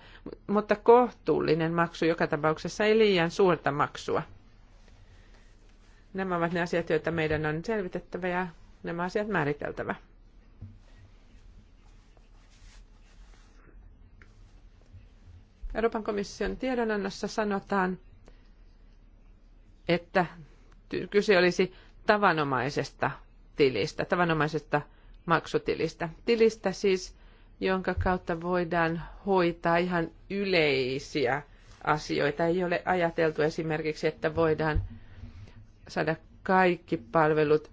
B: mutta kohtuullinen maksu joka tapauksessa ei liian suurta maksua. Nämä ovat ne asiat, joita meidän on selvitettävä ja nämä asiat määriteltävä. Euroopan komission tiedonannossa sanotaan, että kyse olisi tavanomaisesta tilistä, tavanomaisesta maksutilistä. Tilistä siis, jonka kautta voidaan hoitaa ihan yleisiä asioita. Ei ole ajateltu esimerkiksi, että voidaan saada kaikki palvelut,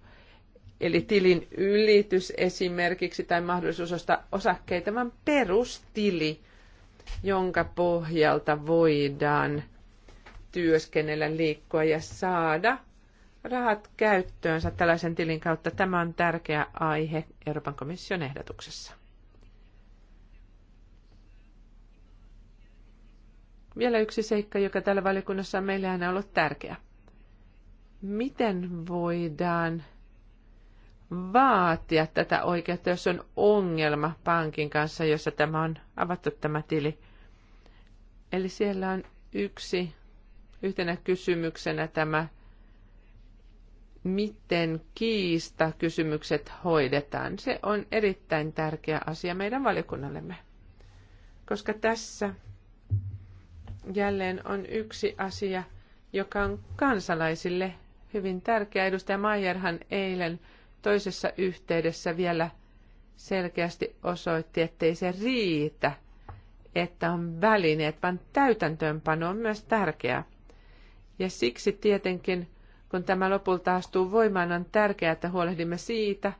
B: eli tilin ylitys esimerkiksi tai mahdollisuus ostaa osakkeita, vaan perustili, jonka pohjalta voidaan työskennellä, liikkua ja saada rahat käyttöönsä tällaisen tilin kautta. Tämä on tärkeä aihe Euroopan komission ehdotuksessa. Vielä yksi seikka, joka tällä valiokunnassa on meille aina ollut tärkeä. Miten voidaan vaatia tätä oikeutta, jos on ongelma pankin kanssa, jossa tämä on avattu tämä tili? Eli siellä on yksi yhtenä kysymyksenä tämä, miten kiista kysymykset hoidetaan. Se on erittäin tärkeä asia meidän valiokunnallemme, koska tässä jälleen on yksi asia, joka on kansalaisille hyvin tärkeä. Edustaja Maijerhan eilen toisessa yhteydessä vielä selkeästi osoitti, ettei se riitä, että on välineet, vaan täytäntöönpano on myös tärkeää. Ja siksi tietenkin, kun tämä lopulta astuu voimaan, on tärkeää, että huolehdimme siitä,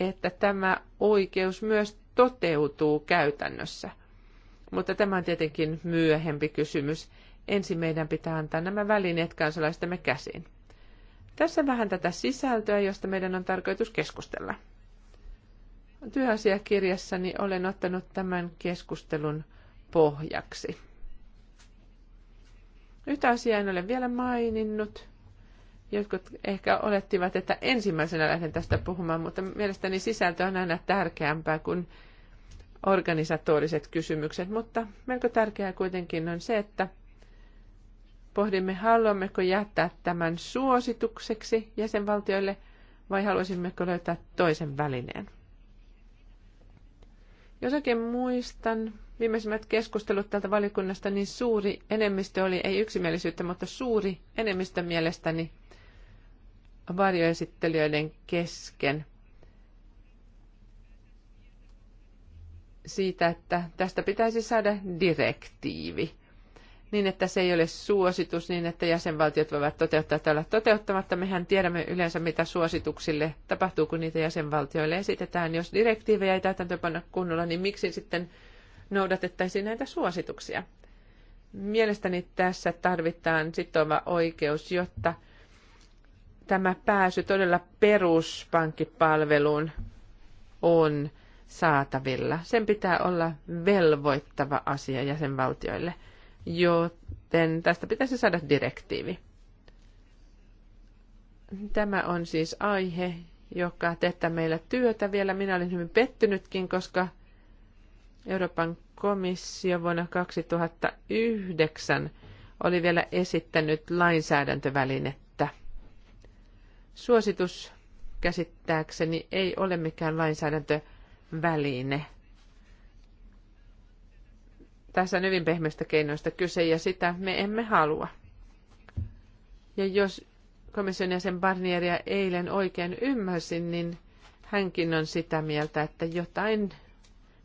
B: että tämä oikeus myös toteutuu käytännössä. Mutta tämä on tietenkin myöhempi kysymys. Ensin meidän pitää antaa nämä välineet kansalaistemme käsiin. Tässä vähän tätä sisältöä, josta meidän on tarkoitus keskustella. Työasiakirjassani olen ottanut tämän keskustelun pohjaksi. Yhtä asiaa en ole vielä maininnut. Jotkut ehkä olettivat, että ensimmäisenä lähden tästä puhumaan, mutta mielestäni sisältö on aina tärkeämpää kuin organisatoriset kysymykset. Mutta melko tärkeää kuitenkin on se, että pohdimme, haluammeko jättää tämän suositukseksi jäsenvaltioille vai haluaisimmeko löytää toisen välineen. Jos oikein muistan, viimeisimmät keskustelut tältä valiokunnasta, niin suuri enemmistö oli, ei yksimielisyyttä, mutta suuri enemmistö mielestäni varjoesittelijöiden kesken siitä, että tästä pitäisi saada direktiivi niin, että se ei ole suositus, niin että jäsenvaltiot voivat toteuttaa tällä toteuttamatta. Mehän tiedämme yleensä, mitä suosituksille tapahtuu, kun niitä jäsenvaltioille esitetään. Jos direktiivejä ei täytäntöönpanna kunnolla, niin miksi sitten noudatettaisiin näitä suosituksia. Mielestäni tässä tarvitaan sitova oikeus, jotta tämä pääsy todella peruspankkipalveluun on saatavilla. Sen pitää olla velvoittava asia jäsenvaltioille, joten tästä pitäisi saada direktiivi. Tämä on siis aihe, joka teettää meillä työtä vielä. Minä olin hyvin pettynytkin, koska Euroopan komissio vuonna 2009 oli vielä esittänyt lainsäädäntövälinettä. Suositus käsittääkseni ei ole mikään lainsäädäntöväline. Tässä on hyvin pehmeistä keinoista kyse ja sitä me emme halua. Ja jos komission jäsen Barnieria eilen oikein ymmärsin, niin hänkin on sitä mieltä, että jotain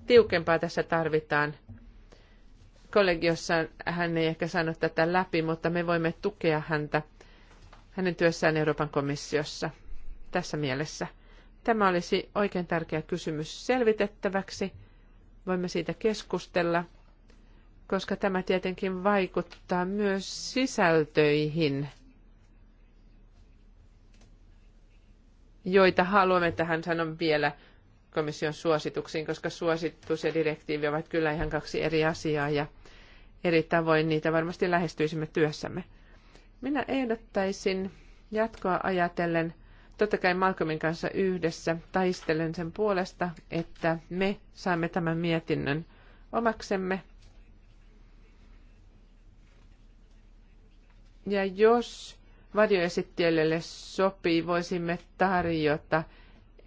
B: tiukempaa tässä tarvitaan. Kollegiossa hän ei ehkä saanut tätä läpi, mutta me voimme tukea häntä hänen työssään Euroopan komissiossa tässä mielessä. Tämä olisi oikein tärkeä kysymys selvitettäväksi. Voimme siitä keskustella, koska tämä tietenkin vaikuttaa myös sisältöihin, joita haluamme tähän sanon vielä – komission suosituksiin, koska suositus ja direktiivi ovat kyllä ihan kaksi eri asiaa ja eri tavoin niitä varmasti lähestyisimme työssämme. Minä ehdottaisin jatkoa ajatellen, totta kai Malcolmin kanssa yhdessä taistelen sen puolesta, että me saamme tämän mietinnön omaksemme. Ja jos varjoesittelijälle sopii, voisimme tarjota –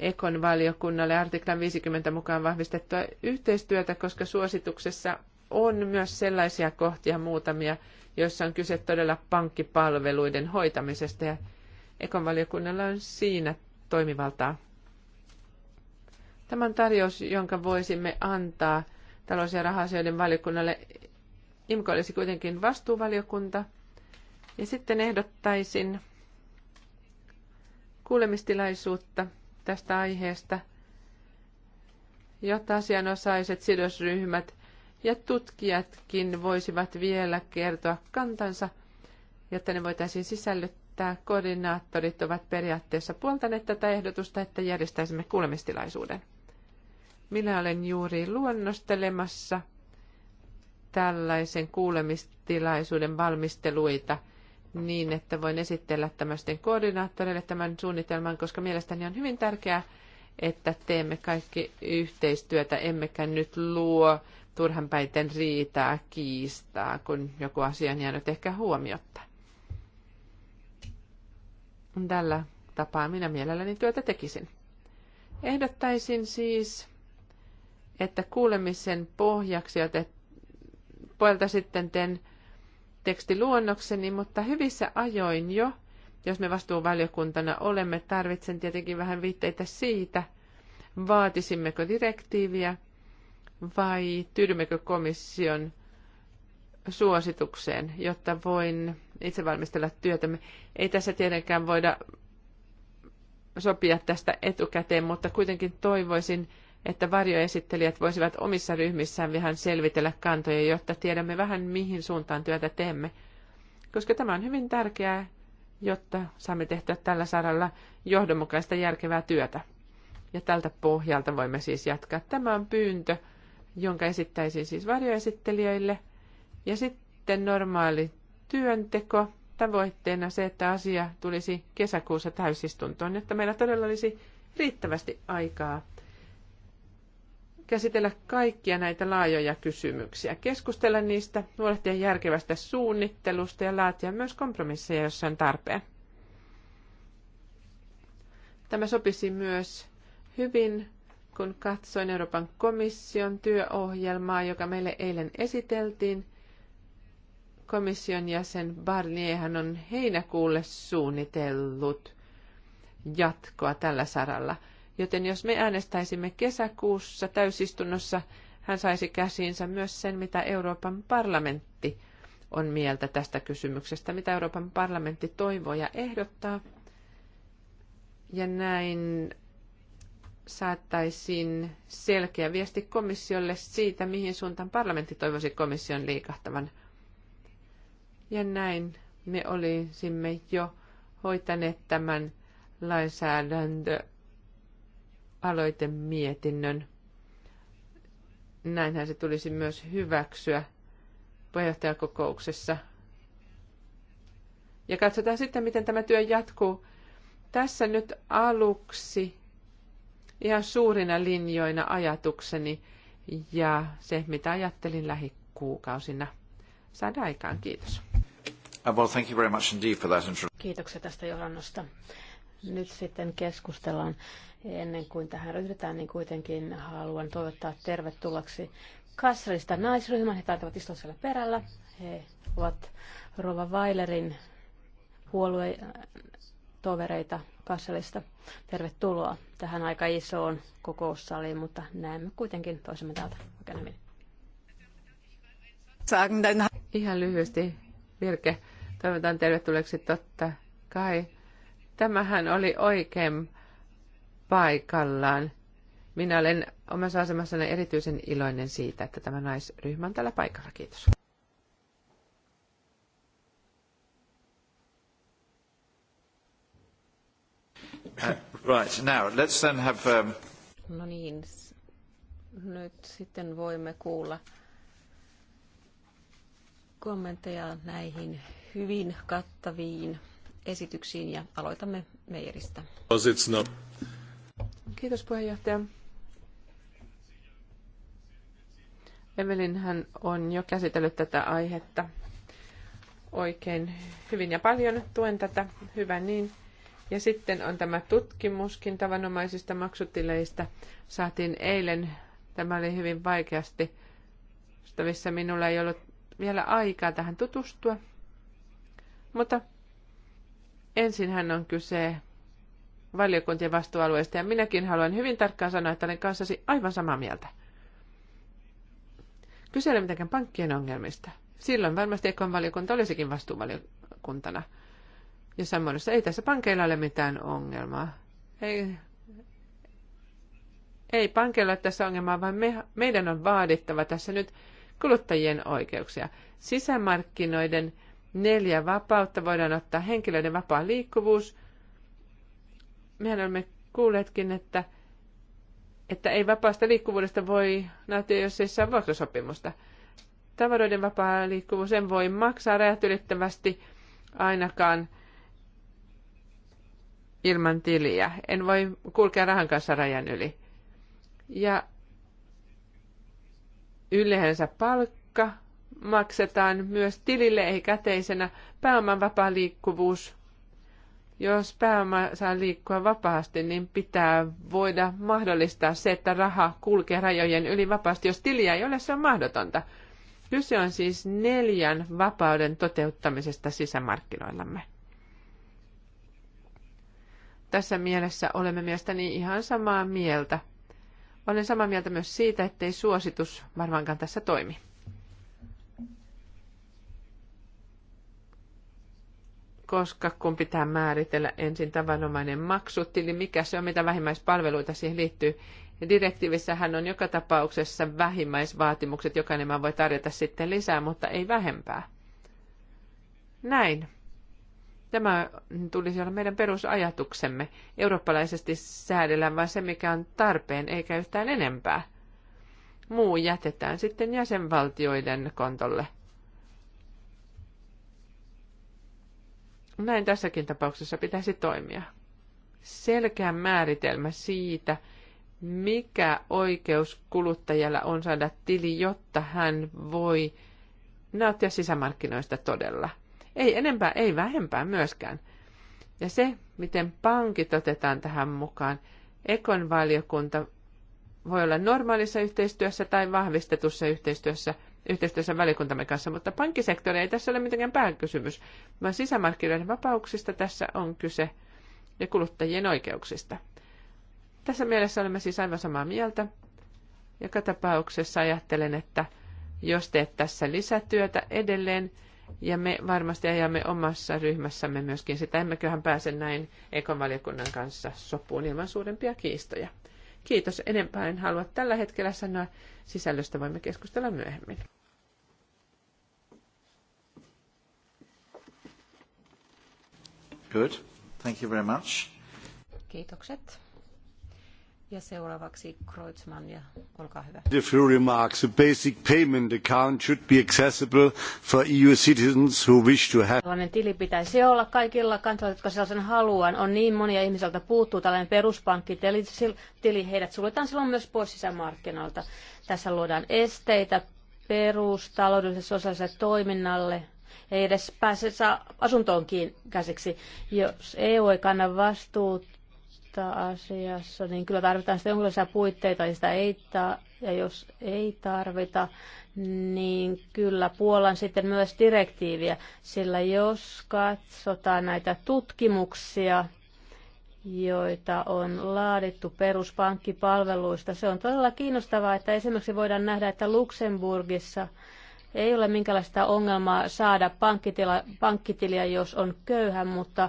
B: Ekon valiokunnalle artiklan 50 mukaan vahvistettua yhteistyötä, koska suosituksessa on myös sellaisia kohtia muutamia, joissa on kyse todella pankkipalveluiden hoitamisesta ja Ekon valiokunnalla on siinä toimivaltaa. Tämän tarjous, jonka voisimme antaa talous- ja rahasioiden valiokunnalle, IMKO olisi kuitenkin vastuuvaliokunta. Ja sitten ehdottaisin kuulemistilaisuutta – tästä aiheesta, jotta asianosaiset sidosryhmät ja tutkijatkin voisivat vielä kertoa kantansa, jotta ne voitaisiin sisällyttää. Koordinaattorit ovat periaatteessa puoltaneet tätä ehdotusta, että järjestäisimme kuulemistilaisuuden. Minä olen juuri luonnostelemassa tällaisen kuulemistilaisuuden valmisteluita – niin, että voin esitellä tämmöisten koordinaattoreille tämän suunnitelman, koska mielestäni on hyvin tärkeää, että teemme kaikki yhteistyötä, emmekä nyt luo turhanpäiten riitaa, kiistaa, kun joku asia on jäänyt ehkä huomiotta. Tällä tapaa minä mielelläni työtä tekisin. Ehdottaisin siis, että kuulemisen pohjaksi että puolta sitten teen tekstiluonnokseni, mutta hyvissä ajoin jo, jos me vastuuvaliokuntana olemme, tarvitsen tietenkin vähän viitteitä siitä, vaatisimmeko direktiiviä vai tyydymmekö komission suositukseen, jotta voin itse valmistella työtämme. Ei tässä tietenkään voida sopia tästä etukäteen, mutta kuitenkin toivoisin, että varjoesittelijät voisivat omissa ryhmissään vähän selvitellä kantoja, jotta tiedämme vähän mihin suuntaan työtä teemme. Koska tämä on hyvin tärkeää, jotta saamme tehtyä tällä saralla johdonmukaista järkevää työtä. Ja tältä pohjalta voimme siis jatkaa. Tämä on pyyntö, jonka esittäisin siis varjoesittelijöille. Ja sitten normaali työnteko tavoitteena se, että asia tulisi kesäkuussa täysistuntoon, jotta meillä todella olisi riittävästi aikaa käsitellä kaikkia näitä laajoja kysymyksiä, keskustella niistä, huolehtia järkevästä suunnittelusta ja laatia myös kompromisseja, jos on tarpeen. Tämä sopisi myös hyvin, kun katsoin Euroopan komission työohjelmaa, joka meille eilen esiteltiin. Komission jäsen Barnierhan on heinäkuulle suunnitellut jatkoa tällä saralla – Joten jos me äänestäisimme kesäkuussa täysistunnossa, hän saisi käsiinsä myös sen, mitä Euroopan parlamentti on mieltä tästä kysymyksestä, mitä Euroopan parlamentti toivoo ja ehdottaa. Ja näin saattaisin selkeä viesti komissiolle siitä, mihin suuntaan parlamentti toivoisi komission liikahtavan. Ja näin me olisimme jo hoitaneet tämän lainsäädäntö aloitemietinnön. Näinhän se tulisi myös hyväksyä puheenjohtajakokouksessa. Ja katsotaan sitten, miten tämä työ jatkuu. Tässä nyt aluksi ihan suurina linjoina ajatukseni ja se, mitä ajattelin lähikuukausina saada aikaan. Kiitos.
A: Uh, well, thank you very much indeed for that
E: Kiitoksia tästä johdannosta. Nyt sitten keskustellaan Ennen kuin tähän ryhdytään, niin kuitenkin haluan toivottaa tervetulleeksi Kasselista naisryhmän. He taitavat istua siellä perällä. He ovat Rova Weilerin puoluetovereita Kasselista. Tervetuloa tähän aika isoon kokoussaliin, mutta näemme kuitenkin toisemme täältä oikein
B: Ihan lyhyesti virke. Toivotan tervetulleeksi totta kai. Tämähän oli oikein paikallaan. Minä olen omassa asemassani erityisen iloinen siitä, että tämä naisryhmä on täällä paikalla.
A: Kiitos. Uh, right, now let's then have... Um...
C: No niin, nyt sitten voimme kuulla kommentteja näihin hyvin kattaviin esityksiin ja aloitamme Meijeristä. Kiitos puheenjohtaja.
B: Evelin hän on jo käsitellyt tätä aihetta oikein hyvin ja paljon. Tuen tätä. Hyvä niin. Ja sitten on tämä tutkimuskin tavanomaisista maksutileistä. Saatiin eilen. Tämä oli hyvin vaikeasti saatavissa. Minulla ei ollut vielä aikaa tähän tutustua. Mutta ensin hän on kyse valiokuntien vastuualueista ja minäkin haluan hyvin tarkkaan sanoa, että olen kanssasi aivan samaa mieltä. Kyse ei mitenkään pankkien ongelmista. Silloin varmasti Ekon valiokunta olisikin vastuuvaliokuntana. Jossain muodossa ei tässä pankeilla ole mitään ongelmaa. Ei, ei pankeilla ole tässä ongelmaa, vaan me, meidän on vaadittava tässä nyt kuluttajien oikeuksia. Sisämarkkinoiden neljä vapautta voidaan ottaa henkilöiden vapaa liikkuvuus – me olemme kuulleetkin, että, että ei vapaasta liikkuvuudesta voi nauttia, jos ei saa vuokrasopimusta. Tavaroiden vapaa liikkuvuus en voi maksaa rajat ylittävästi ainakaan ilman tiliä. En voi kulkea rahan kanssa rajan yli. Ja yleensä palkka maksetaan myös tilille ei käteisenä. Pääoman vapaa liikkuvuus jos pääoma saa liikkua vapaasti, niin pitää voida mahdollistaa se, että raha kulkee rajojen yli vapaasti. Jos tiliä ei ole, se on mahdotonta. Kyse on siis neljän vapauden toteuttamisesta sisämarkkinoillamme. Tässä mielessä olemme mielestäni ihan samaa mieltä. Olen samaa mieltä myös siitä, ettei suositus varmaankaan tässä toimi. koska kun pitää määritellä ensin tavanomainen maksutili, mikä se on, mitä vähimmäispalveluita siihen liittyy. Ja direktiivissähän on joka tapauksessa vähimmäisvaatimukset, jokainen maa voi tarjota sitten lisää, mutta ei vähempää. Näin. Tämä tulisi olla meidän perusajatuksemme. Eurooppalaisesti säädellään vain se, mikä on tarpeen, eikä yhtään enempää. Muu jätetään sitten jäsenvaltioiden kontolle – Näin tässäkin tapauksessa pitäisi toimia. Selkeä määritelmä siitä, mikä oikeus kuluttajalla on saada tili, jotta hän voi nauttia sisämarkkinoista todella. Ei enempää, ei vähempää myöskään. Ja se, miten pankit otetaan tähän mukaan, Ekon valiokunta voi olla normaalissa yhteistyössä tai vahvistetussa yhteistyössä – yhteistyössä välikuntamme kanssa, mutta pankkisektori ei tässä ole mitenkään pääkysymys, vaan sisämarkkinoiden vapauksista tässä on kyse ja kuluttajien oikeuksista. Tässä mielessä olemme siis aivan samaa mieltä. Joka tapauksessa ajattelen, että jos teet tässä lisätyötä edelleen, ja me varmasti ajamme omassa ryhmässämme myöskin sitä, emmeköhän pääse näin ekonvaliokunnan kanssa sopuun ilman suurempia kiistoja. Kiitos. Enempää en halua tällä hetkellä sanoa sisällöstä voimme keskustella myöhemmin.
A: Good. Thank you very much.
C: Kiitokset. Ja seuraavaksi Kreutzmann, ja olkaa hyvä.
A: The few remarks. A basic payment account should be accessible for EU citizens who wish to have...
E: Tällainen tili pitäisi olla kaikilla kansalaisilla, jotka sellaisen haluan. On niin monia ihmisiltä puuttuu tällainen peruspankkitili, tili heidät suljetaan silloin myös pois sisämarkkinoilta. Tässä luodaan esteitä perustaloudelliselle sosiaaliselle toiminnalle, ei edes pääse saa asuntoonkin käsiksi. Jos EU ei kanna vastuuta asiassa, niin kyllä tarvitaan sitä jonkinlaisia puitteita, ja niin sitä ei ta- ja jos ei tarvita, niin kyllä puolan sitten myös direktiiviä, sillä jos katsotaan näitä tutkimuksia, joita on laadittu peruspankkipalveluista. Se on todella kiinnostavaa, että esimerkiksi voidaan nähdä, että Luxemburgissa ei ole minkälaista ongelmaa saada pankkitila, pankkitiliä, jos on köyhä, mutta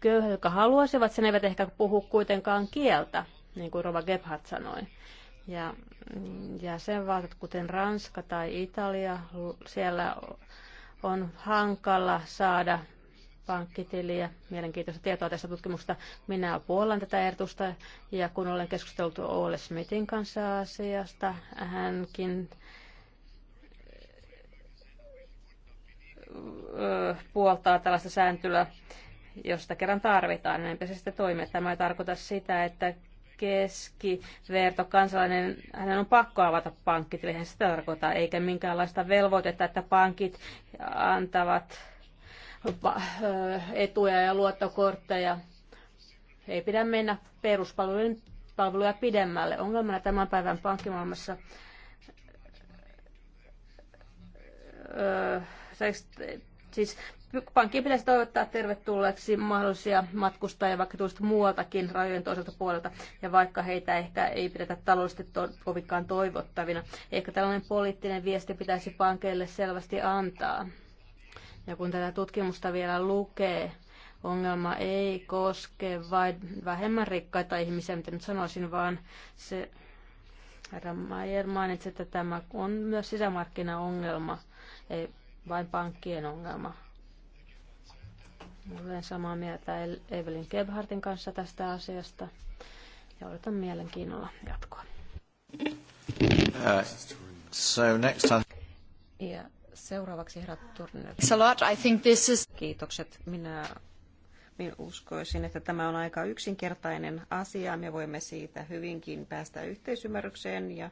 E: köyhä, jotka haluaisivat, sen eivät ehkä puhu kuitenkaan kieltä, niin kuin Rova Gebhardt sanoi. Ja sen jäsenvaltiot, kuten Ranska tai Italia, siellä on hankala saada pankkitiliä. Mielenkiintoista tietoa tästä tutkimuksesta. Minä puollan tätä ehdotusta ja kun olen keskustellut Ole Smithin kanssa asiasta, hänkin puoltaa tällaista sääntelyä, josta kerran tarvitaan. Näinpä se sitten toimii. Tämä ei tarkoita sitä, että keskiverto kansalainen, hänen on pakko avata pankkitili, hän sitä tarkoittaa, eikä minkäänlaista velvoitetta, että pankit antavat etuja ja luottokortteja. Ei pidä mennä palveluja pidemmälle. Ongelmana tämän päivän pankkimaailmassa siis, siis pankkiin pitäisi toivottaa tervetulleeksi mahdollisia matkustajia vaikka tuosta muualtakin rajojen toiselta puolelta, ja vaikka heitä ehkä ei pidetä taloudellisesti to- kovinkaan toivottavina. Ehkä tällainen poliittinen viesti pitäisi pankeille selvästi antaa. Ja kun tätä tutkimusta vielä lukee, ongelma ei koske vain vähemmän rikkaita ihmisiä, mitä nyt sanoisin, vaan se, herra Mayer mainitsi, että tämä on myös sisämarkkinaongelma, ei vain pankkien ongelma. Olen samaa mieltä Evelyn Gebhardin kanssa tästä asiasta ja odotan mielenkiinnolla
C: jatkoa.
A: Uh, so next time.
C: Yeah. Seuraavaksi herra Turner. Kiitokset. Minä minä uskoisin, että tämä on aika yksinkertainen asia. Me voimme siitä hyvinkin päästä yhteisymmärrykseen ja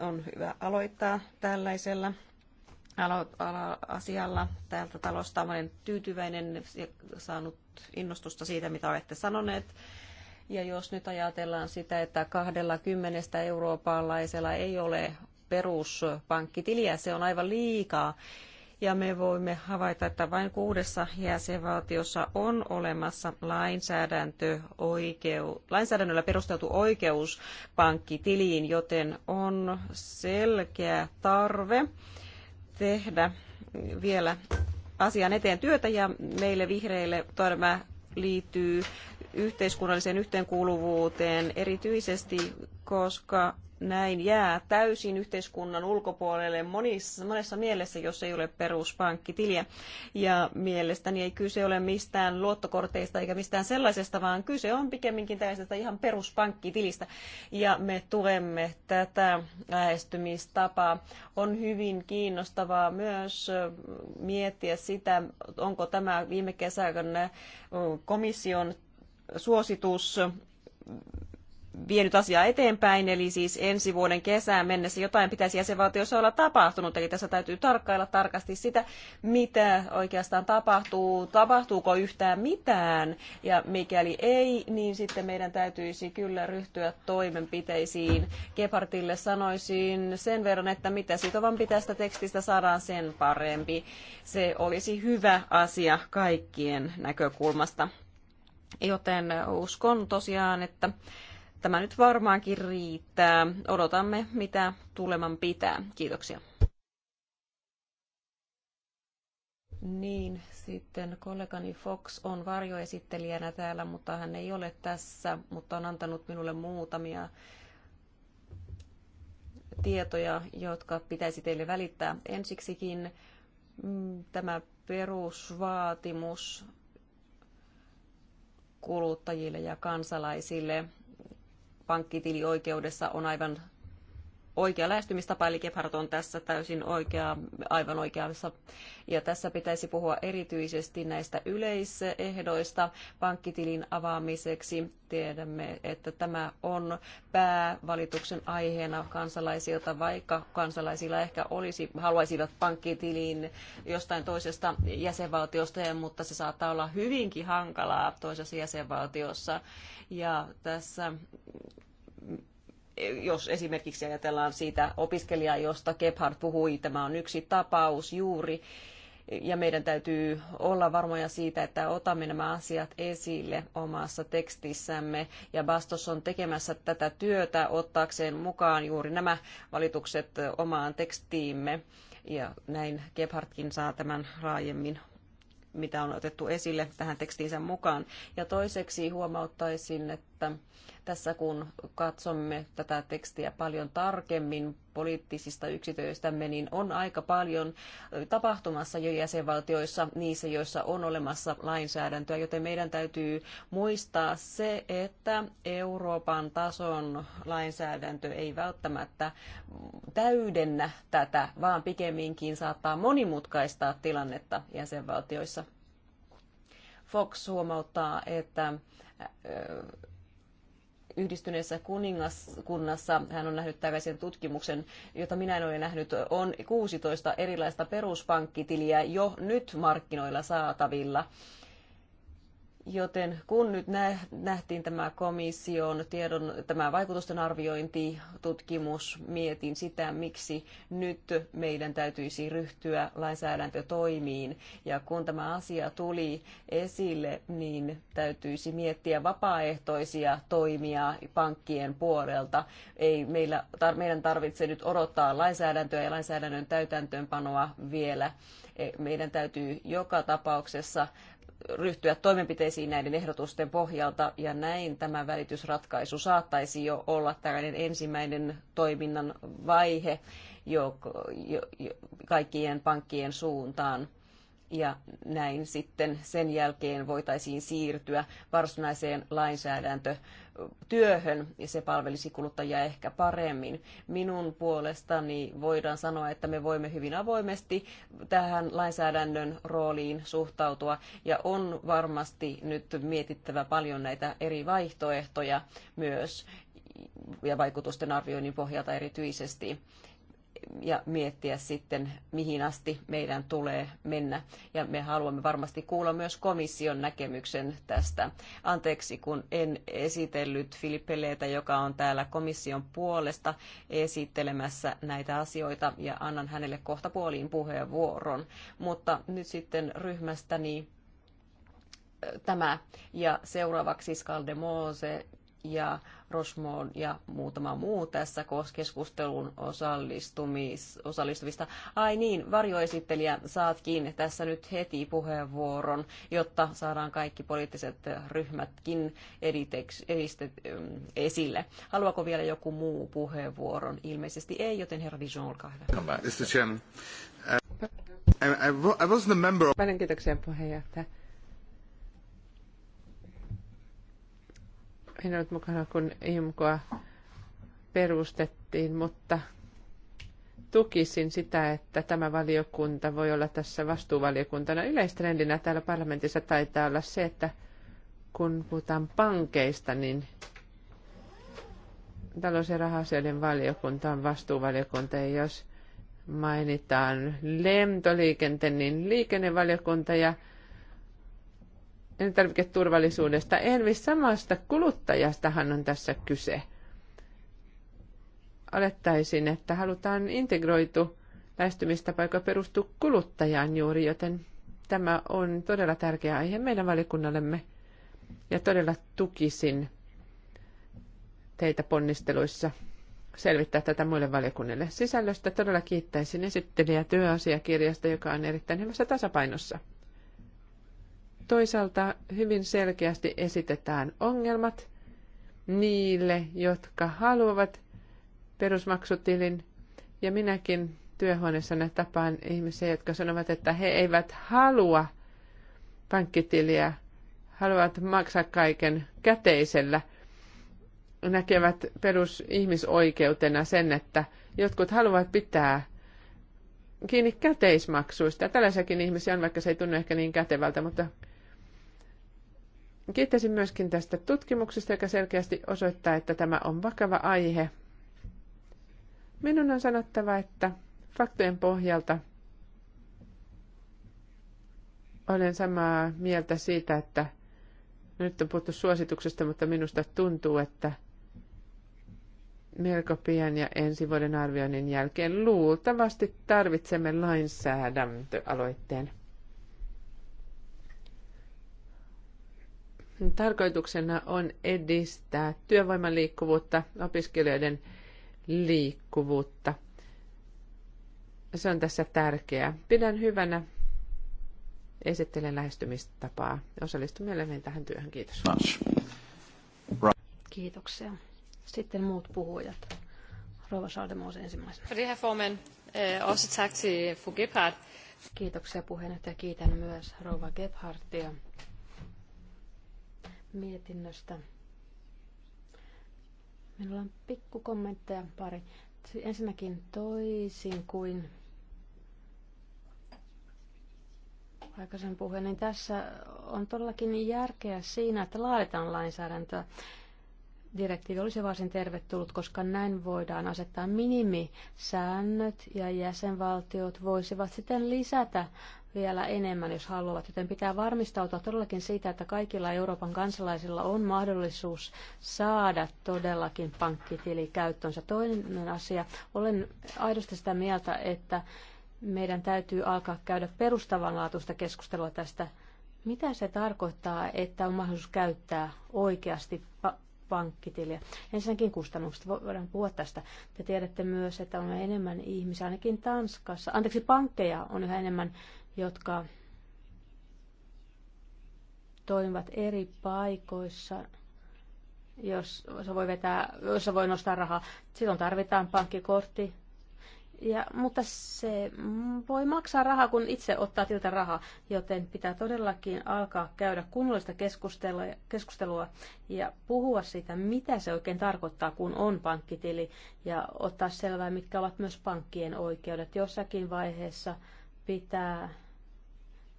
C: on hyvä aloittaa tällaisella asialla täältä talosta. Olen tyytyväinen ja saanut innostusta siitä, mitä olette sanoneet. Ja jos nyt ajatellaan sitä, että kahdella kymmenestä eurooppalaisella ei ole peruspankkitiliä. Se on aivan liikaa. Ja me voimme havaita, että vain kuudessa jäsenvaltiossa on olemassa lainsäädäntö oikeu, lainsäädännöllä perusteltu oikeus pankkitiliin, joten on selkeä tarve tehdä vielä asian eteen työtä ja meille vihreille tämä liittyy yhteiskunnalliseen yhteenkuuluvuuteen erityisesti, koska näin jää täysin yhteiskunnan ulkopuolelle monissa, monessa mielessä, jos ei ole peruspankkitiliä. Ja mielestäni ei kyse ole mistään luottokorteista eikä mistään sellaisesta, vaan kyse on pikemminkin tällaisesta ihan peruspankkitilistä. Ja me tuemme tätä lähestymistapaa. On hyvin kiinnostavaa myös miettiä sitä, onko tämä viime kesäkön komission suositus vienyt asiaa eteenpäin, eli siis ensi vuoden kesään mennessä jotain pitäisi jäsenvaltiossa olla tapahtunut, eli tässä täytyy tarkkailla tarkasti sitä, mitä oikeastaan tapahtuu, tapahtuuko yhtään mitään, ja mikäli ei, niin sitten meidän täytyisi kyllä ryhtyä toimenpiteisiin. Gepartille sanoisin sen verran, että mitä sitovampi tästä tekstistä saadaan, sen parempi. Se olisi hyvä asia kaikkien näkökulmasta. Joten uskon tosiaan, että Tämä nyt varmaankin riittää. Odotamme, mitä tuleman pitää. Kiitoksia. Niin, sitten kollegani Fox on varjoesittelijänä täällä, mutta hän ei ole tässä, mutta on antanut minulle muutamia tietoja, jotka pitäisi teille välittää. Ensiksikin mm, tämä perusvaatimus kuluttajille ja kansalaisille pankkitilioikeudessa on aivan oikea lähestymistapa, eli Gebhardt on tässä täysin oikea, aivan oikeassa. Ja tässä pitäisi puhua erityisesti näistä yleisehdoista pankkitilin avaamiseksi. Tiedämme, että tämä on päävalituksen aiheena kansalaisilta, vaikka kansalaisilla ehkä olisi, haluaisivat pankkitilin jostain toisesta jäsenvaltiosta, mutta se saattaa olla hyvinkin hankalaa toisessa jäsenvaltiossa. Ja tässä jos esimerkiksi ajatellaan siitä opiskelijaa, josta Gebhard puhui, tämä on yksi tapaus juuri, ja meidän täytyy olla varmoja siitä, että otamme nämä asiat esille omassa tekstissämme. Ja Bastos on tekemässä tätä työtä ottaakseen mukaan juuri nämä valitukset omaan tekstiimme. Ja näin Gebhardkin saa tämän laajemmin mitä on otettu esille tähän tekstiinsä mukaan. Ja toiseksi huomauttaisin, että tässä kun katsomme tätä tekstiä paljon tarkemmin poliittisista yksityistämme, niin on aika paljon tapahtumassa jo jäsenvaltioissa, niissä joissa on olemassa lainsäädäntöä, joten meidän täytyy muistaa se, että Euroopan tason lainsäädäntö ei välttämättä täydennä tätä, vaan pikemminkin saattaa monimutkaistaa tilannetta jäsenvaltioissa. Fox huomauttaa, että yhdistyneessä kuningaskunnassa, hän on nähnyt tällaisen tutkimuksen, jota minä en ole nähnyt, on 16 erilaista peruspankkitiliä jo nyt markkinoilla saatavilla Joten kun nyt nähtiin tämä komission tiedon, tämä vaikutusten arviointi, tutkimus, mietin sitä, miksi nyt meidän täytyisi ryhtyä lainsäädäntötoimiin. Ja kun tämä asia tuli esille, niin täytyisi miettiä vapaaehtoisia toimia pankkien puolelta. Ei meillä, tar, meidän tarvitse nyt odottaa lainsäädäntöä ja lainsäädännön täytäntöönpanoa vielä. E, meidän täytyy joka tapauksessa ryhtyä toimenpiteisiin näiden ehdotusten pohjalta, ja näin tämä välitysratkaisu saattaisi jo olla tällainen ensimmäinen toiminnan vaihe jo, jo, jo kaikkien pankkien suuntaan. Ja näin sitten sen jälkeen voitaisiin siirtyä varsinaiseen lainsäädäntö työhön ja se palvelisi kuluttajia ehkä paremmin. Minun puolestani voidaan sanoa, että me voimme hyvin avoimesti tähän lainsäädännön rooliin suhtautua ja on varmasti nyt mietittävä paljon näitä eri vaihtoehtoja myös ja vaikutusten arvioinnin pohjalta erityisesti ja miettiä sitten, mihin asti meidän tulee mennä. Ja me haluamme varmasti kuulla myös komission näkemyksen tästä. Anteeksi, kun en esitellyt Filippe Leetä, joka on täällä komission puolesta esittelemässä näitä asioita, ja annan hänelle kohta puoliin puheenvuoron. Mutta nyt sitten ryhmästäni tämä. Ja seuraavaksi Skalde Moose, ja Rosmoon ja muutama muu tässä keskustelun osallistumis, osallistuvista. Ai niin, varjoesittelijä, saatkin tässä nyt heti puheenvuoron, jotta saadaan kaikki poliittiset ryhmätkin editeks, edistet, mm, esille. Haluaako vielä joku muu puheenvuoron? Ilmeisesti ei, joten herra Dijon, olkaa hyvä.
A: Mä Chairman,
B: uh, I, member kiitoksia puheenjohtaja. en ollut mukana, kun IMKOa perustettiin, mutta tukisin sitä, että tämä valiokunta voi olla tässä vastuuvaliokuntana. Yleistrendinä täällä parlamentissa taitaa olla se, että kun puhutaan pankeista, niin talous- ja rahasioiden valiokunta on vastuuvaliokunta, ja jos mainitaan lentoliikenteen, niin liikennevaliokunta ja elintarviketurvallisuudesta. Elvis, samasta kuluttajastahan on tässä kyse. Olettaisin, että halutaan integroitu lähestymistapa, joka perustuu kuluttajaan juuri, joten tämä on todella tärkeä aihe meidän valikunnallemme ja todella tukisin teitä ponnisteluissa selvittää tätä muille valiokunnille. Sisällöstä todella kiittäisin esittelijä työasiakirjasta, joka on erittäin hyvässä tasapainossa. Toisaalta hyvin selkeästi esitetään ongelmat niille, jotka haluavat perusmaksutilin. Ja minäkin työhuoneessani tapaan ihmisiä, jotka sanovat, että he eivät halua pankkitiliä, haluavat maksaa kaiken käteisellä. Näkevät perusihmisoikeutena sen, että jotkut haluavat pitää kiinni käteismaksuista. Tällaisiakin ihmisiä on, vaikka se ei tunnu ehkä niin kätevältä, mutta Kiittäisin myöskin tästä tutkimuksesta, joka selkeästi osoittaa, että tämä on vakava aihe. Minun on sanottava, että faktojen pohjalta olen samaa mieltä siitä, että nyt on puhuttu suosituksesta, mutta minusta tuntuu, että melko pian ja ensi vuoden arvioinnin jälkeen luultavasti tarvitsemme lainsäädäntöaloitteen. Tarkoituksena on edistää työvoiman liikkuvuutta, opiskelijoiden liikkuvuutta. Se on tässä tärkeää. Pidän hyvänä esittelen lähestymistapaa. Osallistu mielelläni tähän työhön. Kiitos. Kiitoksia. Sitten muut
E: puhujat. Rova Saldemoos ensimmäisenä. Eh, Kiitoksia puheenjohtaja. Kiitän myös Rova Gebhardtia mietinnöstä. Minulla on pikku kommentteja pari. Ensinnäkin toisin kuin aikaisen puheen, niin tässä on todellakin järkeä siinä, että laaditaan lainsäädäntöä. Direktiivi olisi varsin tervetullut, koska näin voidaan asettaa minimisäännöt ja jäsenvaltiot voisivat sitten lisätä vielä enemmän, jos haluavat. Joten pitää varmistautua todellakin siitä, että kaikilla Euroopan kansalaisilla on mahdollisuus saada todellakin pankkitili käyttöönsä. Toinen asia, olen aidosti sitä mieltä, että meidän täytyy alkaa käydä perustavanlaatuista keskustelua tästä, mitä se tarkoittaa, että on mahdollisuus käyttää oikeasti pankkitiliä. Ensinnäkin kustannukset, voidaan puhua tästä. Te tiedätte myös, että on enemmän ihmisiä, ainakin Tanskassa, anteeksi pankkeja on yhä enemmän, jotka toimivat eri paikoissa, jos se voi vetää, jos se voi nostaa rahaa. Silloin tarvitaan pankkikortti. Ja, mutta se voi maksaa rahaa, kun itse ottaa tiltä rahaa, joten pitää todellakin alkaa käydä kunnollista keskustelua, keskustelua ja puhua siitä, mitä se oikein tarkoittaa, kun on pankkitili, ja ottaa selvää, mitkä ovat myös pankkien oikeudet. Jossakin vaiheessa pitää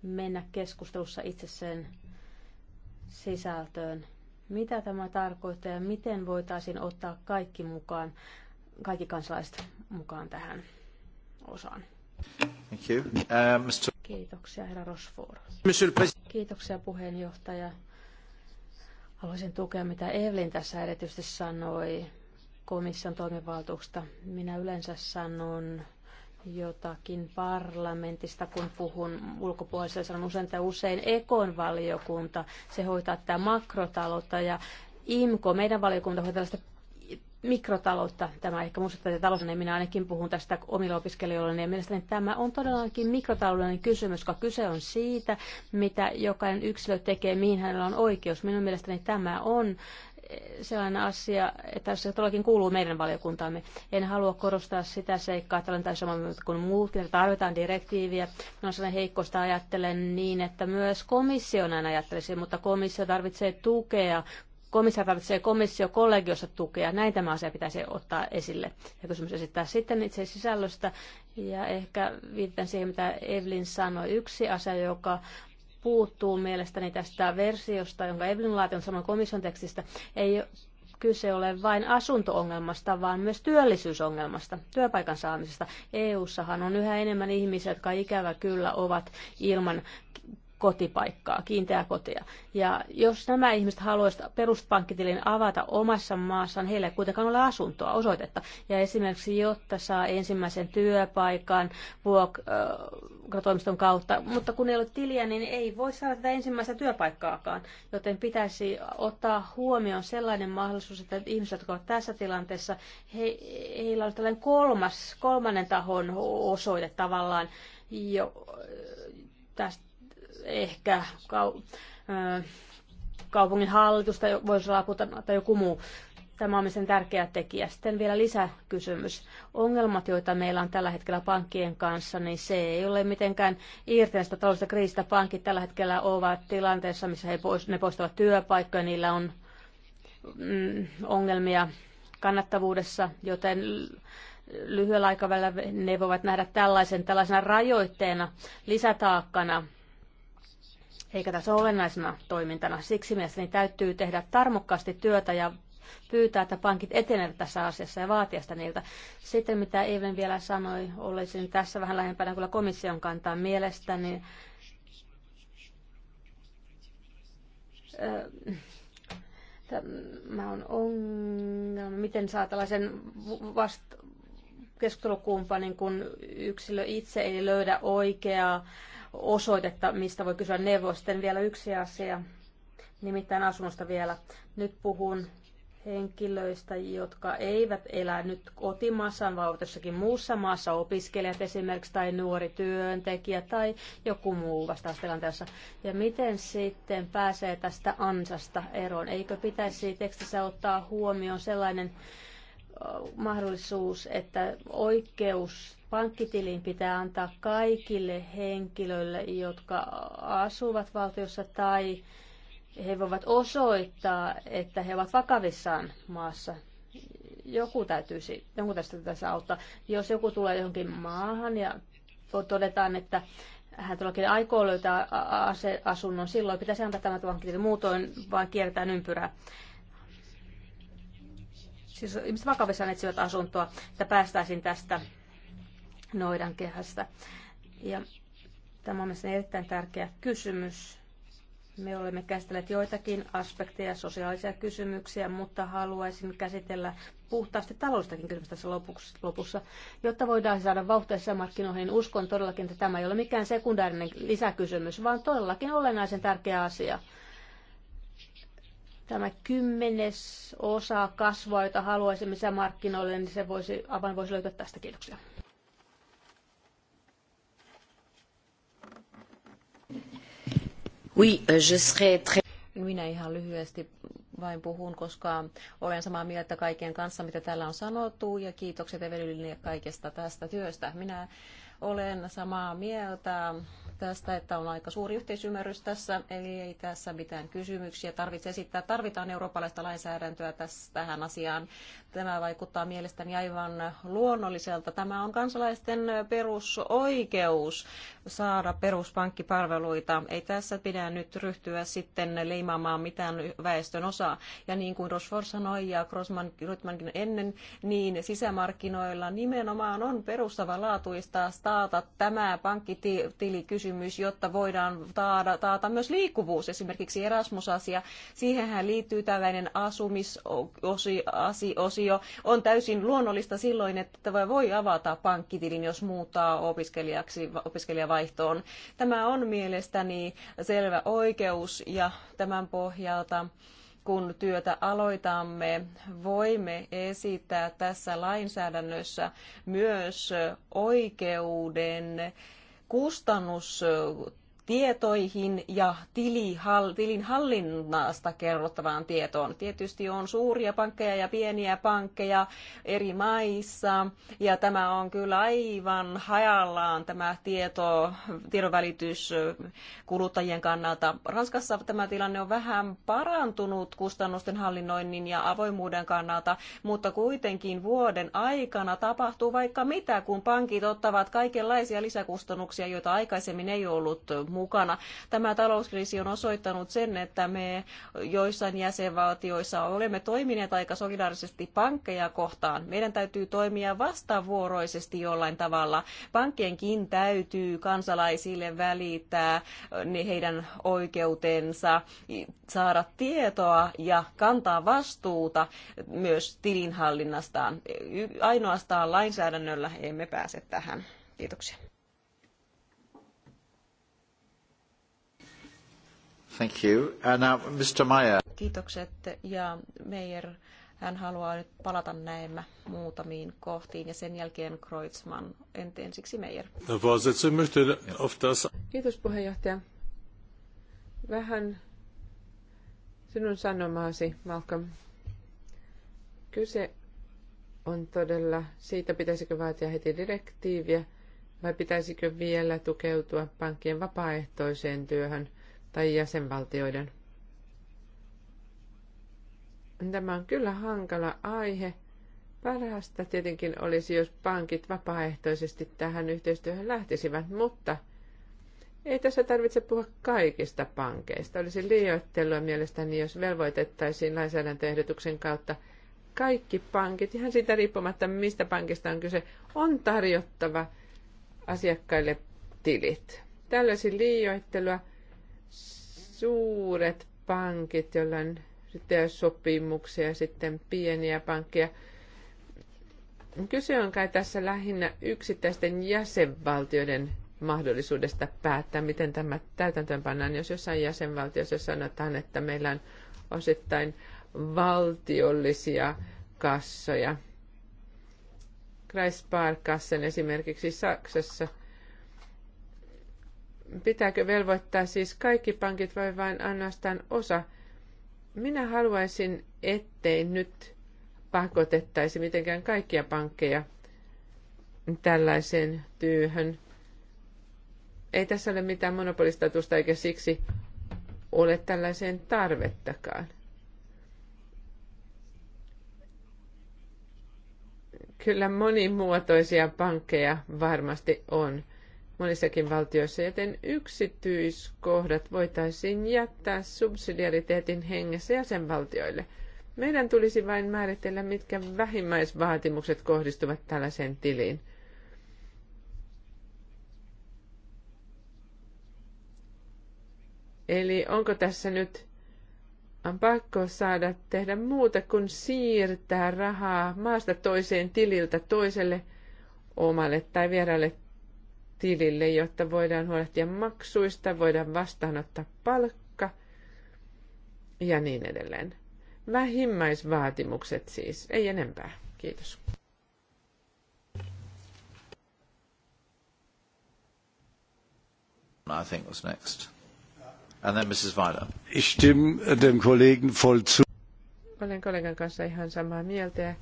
E: mennä keskustelussa itse sen sisältöön. Mitä tämä tarkoittaa ja miten voitaisiin ottaa kaikki mukaan, kaikki kansalaiset mukaan tähän osaan?
A: Thank you. Uh, Mr.
E: Kiitoksia, herra Rosfor. Kiitoksia, puheenjohtaja. Haluaisin tukea, mitä Evelin tässä erityisesti sanoi komission toimivaltuuksista. Minä yleensä sanon jotakin parlamentista, kun puhun ulkopuolisella, sanon usein, että usein Ekon valiokunta, se hoitaa tämä makrotaloutta ja IMKO, meidän valiokunta hoitaa tällaista mikrotaloutta. Tämä ehkä muistuttaa tätä talous, niin minä ainakin puhun tästä omilla opiskelijoilla, Ja mielestäni tämä on todellakin mikrotaloudellinen kysymys, koska kyse on siitä, mitä jokainen yksilö tekee, mihin hänellä on oikeus. Minun mielestäni tämä on sellainen asia, että se todellakin kuuluu meidän valiokuntaamme. En halua korostaa sitä seikkaa, että olen täysin samaa kuin muutkin, että tarvitaan direktiiviä. Minä on sellainen heikkoista ajattelen niin, että myös komissio näin ajattelisi, mutta komissio tarvitsee tukea komissio tarvitsee komissio kollegiossa tukea. Näin tämä asia pitäisi ottaa esille ja kysymys esittää sitten itse sisällöstä. Ja ehkä viitän siihen, mitä Evelyn sanoi. Yksi asia, joka puuttuu mielestäni tästä versiosta, jonka Evelyn on saman komission tekstistä, ei kyse ole vain asuntoongelmasta, vaan myös työllisyysongelmasta, työpaikan saamisesta. EU-sahan on yhä enemmän ihmisiä, jotka ikävä kyllä ovat ilman kotipaikkaa, kiinteää kotia. Ja jos nämä ihmiset haluaisivat peruspankkitilin avata omassa maassaan, heillä ei kuitenkaan ole asuntoa, osoitetta. Ja esimerkiksi, jotta saa ensimmäisen työpaikan vuokratoimiston kautta, mutta kun ei ole tiliä, niin ei voi saada tätä ensimmäistä työpaikkaakaan. Joten pitäisi ottaa huomioon sellainen mahdollisuus, että ihmiset, jotka ovat tässä tilanteessa, he, heillä on tällainen kolmas, kolmannen tahon osoite tavallaan, jo, tästä ehkä kau- kaupungin hallitusta voisi olla tai joku muu. Tämä on sen tärkeä tekijä. Sitten vielä lisäkysymys. Ongelmat, joita meillä on tällä hetkellä pankkien kanssa, niin se ei ole mitenkään irteistä taloudellisesta kriisistä. Pankit tällä hetkellä ovat tilanteessa, missä he pois, ne poistavat työpaikkoja, niillä on mm, ongelmia kannattavuudessa, joten lyhyellä aikavälillä ne voivat nähdä tällaisen tällaisena rajoitteena, lisätaakkana eikä tässä ole olennaisena toimintana. Siksi mielestäni täytyy tehdä tarmokkaasti työtä ja pyytää, että pankit etenevät tässä asiassa ja vaatia sitä niiltä. Sitten mitä Evelyn vielä sanoi, olisin tässä vähän lähempänä kyllä komission kantaa mielestäni. Tämä on ongelma. Miten saa tällaisen vast- keskustelukumppanin, kun yksilö itse ei löydä oikeaa osoitetta, mistä voi kysyä neuvoa. Sitten vielä yksi asia, nimittäin asunnosta vielä. Nyt puhun henkilöistä, jotka eivät elä nyt kotimaassa, vaan jossakin muussa maassa, opiskelijat esimerkiksi, tai nuori työntekijä, tai joku muu vastaustilanteessa. Ja miten sitten pääsee tästä ansasta eroon? Eikö pitäisi tekstissä ottaa huomioon sellainen mahdollisuus, että oikeus pankkitiliin pitää antaa kaikille henkilöille, jotka asuvat valtiossa tai he voivat osoittaa, että he ovat vakavissaan maassa. Joku täytyy, jonkun tästä tässä auttaa. Jos joku tulee johonkin maahan ja todetaan, että hän todellakin aikoo löytää asunnon, silloin pitäisi antaa tämä pankkitili. Muutoin vaan kiertää ympyrää siis ihmiset vakavissaan etsivät asuntoa, että päästäisiin tästä noidan kehästä. Ja tämä on mielestäni erittäin tärkeä kysymys. Me olemme käsitelleet joitakin aspekteja, sosiaalisia kysymyksiä, mutta haluaisin käsitellä puhtaasti taloustakin kysymystä tässä lopussa, jotta voidaan saada vauhtia markkinoihin niin Uskon todellakin, että tämä ei ole mikään sekundäärinen lisäkysymys, vaan todellakin olennaisen tärkeä asia tämä kymmenes osa kasvua, jota haluaisimme sen markkinoille, niin se voisi, avain voisi löytyä tästä. Kiitoksia.
D: Oui, euh, je
C: serai très... Minä ihan lyhyesti vain puhun, koska olen samaa mieltä kaiken kanssa, mitä täällä on sanottu, ja kiitokset Evelynille kaikesta tästä työstä. Minä olen samaa mieltä tästä, että on aika suuri yhteisymmärrys tässä, eli ei tässä mitään kysymyksiä tarvitse esittää. Tarvitaan eurooppalaista lainsäädäntöä tässä, tähän asiaan. Tämä vaikuttaa mielestäni aivan luonnolliselta. Tämä on kansalaisten perusoikeus saada peruspankkipalveluita. Ei tässä pidä nyt ryhtyä sitten leimaamaan mitään väestön osaa. Ja niin kuin Rosford sanoi ja Grossman Rytmankin ennen, niin sisämarkkinoilla nimenomaan on perustavanlaatuista staata tämä pankkitilikysymys, jotta voidaan taada, taata myös liikkuvuus, esimerkiksi Erasmus-asia. Siihenhän liittyy tällainen asumisosio osio on täysin luonnollista silloin, että voi avata pankkitilin, jos muuttaa opiskelijaksi, opiskelijavaihtoon. Tämä on mielestäni selvä oikeus ja tämän pohjalta kun työtä aloitamme, voimme esittää tässä lainsäädännössä myös oikeuden kustannus tietoihin ja tilin hallinnasta kerrottavaan tietoon. Tietysti on suuria pankkeja ja pieniä pankkeja eri maissa, ja tämä on kyllä aivan hajallaan tämä tieto, tiedonvälitys kuluttajien kannalta. Ranskassa tämä tilanne on vähän parantunut kustannusten hallinnoinnin ja avoimuuden kannalta, mutta kuitenkin vuoden aikana tapahtuu vaikka mitä, kun pankit ottavat kaikenlaisia lisäkustannuksia, joita aikaisemmin ei ollut mukana. Tämä talouskriisi on osoittanut sen, että me joissain jäsenvaltioissa olemme toimineet aika solidaarisesti pankkeja kohtaan. Meidän täytyy toimia vastavuoroisesti jollain tavalla. Pankkienkin täytyy kansalaisille välittää heidän oikeutensa saada tietoa ja kantaa vastuuta myös tilinhallinnastaan. Ainoastaan lainsäädännöllä emme pääse tähän. Kiitoksia.
A: Uh,
C: Kiitokset. Ja Meyer, hän haluaa nyt palata näemmä muutamiin kohtiin ja sen jälkeen Kreutzmann. Entä ensiksi Meijer? Kiitos puheenjohtaja. Vähän
B: sinun sanomaasi, Malcolm. Kyse on todella siitä, pitäisikö vaatia heti direktiiviä vai pitäisikö vielä tukeutua pankkien vapaaehtoiseen työhön – tai jäsenvaltioiden. Tämä on kyllä hankala aihe. Parasta tietenkin olisi, jos pankit vapaaehtoisesti tähän yhteistyöhön lähtisivät, mutta ei tässä tarvitse puhua kaikista pankeista. Olisi liioittelua mielestäni, jos velvoitettaisiin lainsäädäntöehdotuksen kautta kaikki pankit, ihan siitä riippumatta, mistä pankista on kyse, on tarjottava asiakkaille tilit. Tällaisi liioittelua suuret pankit, joilla on sopimuksia sitten pieniä pankkeja. Kyse on kai tässä lähinnä yksittäisten jäsenvaltioiden mahdollisuudesta päättää, miten tämä täytäntöön pannaan. Jos jossain jäsenvaltiossa sanotaan, että meillä on osittain valtiollisia kassoja, Kreissparkassen esimerkiksi Saksassa – Pitääkö velvoittaa siis kaikki pankit vai vain ainoastaan osa? Minä haluaisin, ettei nyt pakotettaisi mitenkään kaikkia pankkeja tällaiseen työhön. Ei tässä ole mitään monopolistatusta eikä siksi ole tällaiseen tarvettakaan. Kyllä monimuotoisia pankkeja varmasti on monissakin valtioissa, joten yksityiskohdat voitaisiin jättää subsidiariteetin hengessä jäsenvaltioille. Meidän tulisi vain määritellä, mitkä vähimmäisvaatimukset kohdistuvat tällaiseen tiliin. Eli onko tässä nyt on pakko saada tehdä muuta kuin siirtää rahaa maasta toiseen tililtä toiselle omalle tai vieraalle tilille, jotta voidaan huolehtia maksuista, voidaan vastaanottaa palkka ja niin edelleen. Vähimmäisvaatimukset siis, ei enempää. Kiitos.
A: I think was next. And then Mrs. Weiler. Ich stimme dem Kollegen voll zu.
B: Olen kollegan kanssa ihan samaa mieltä ja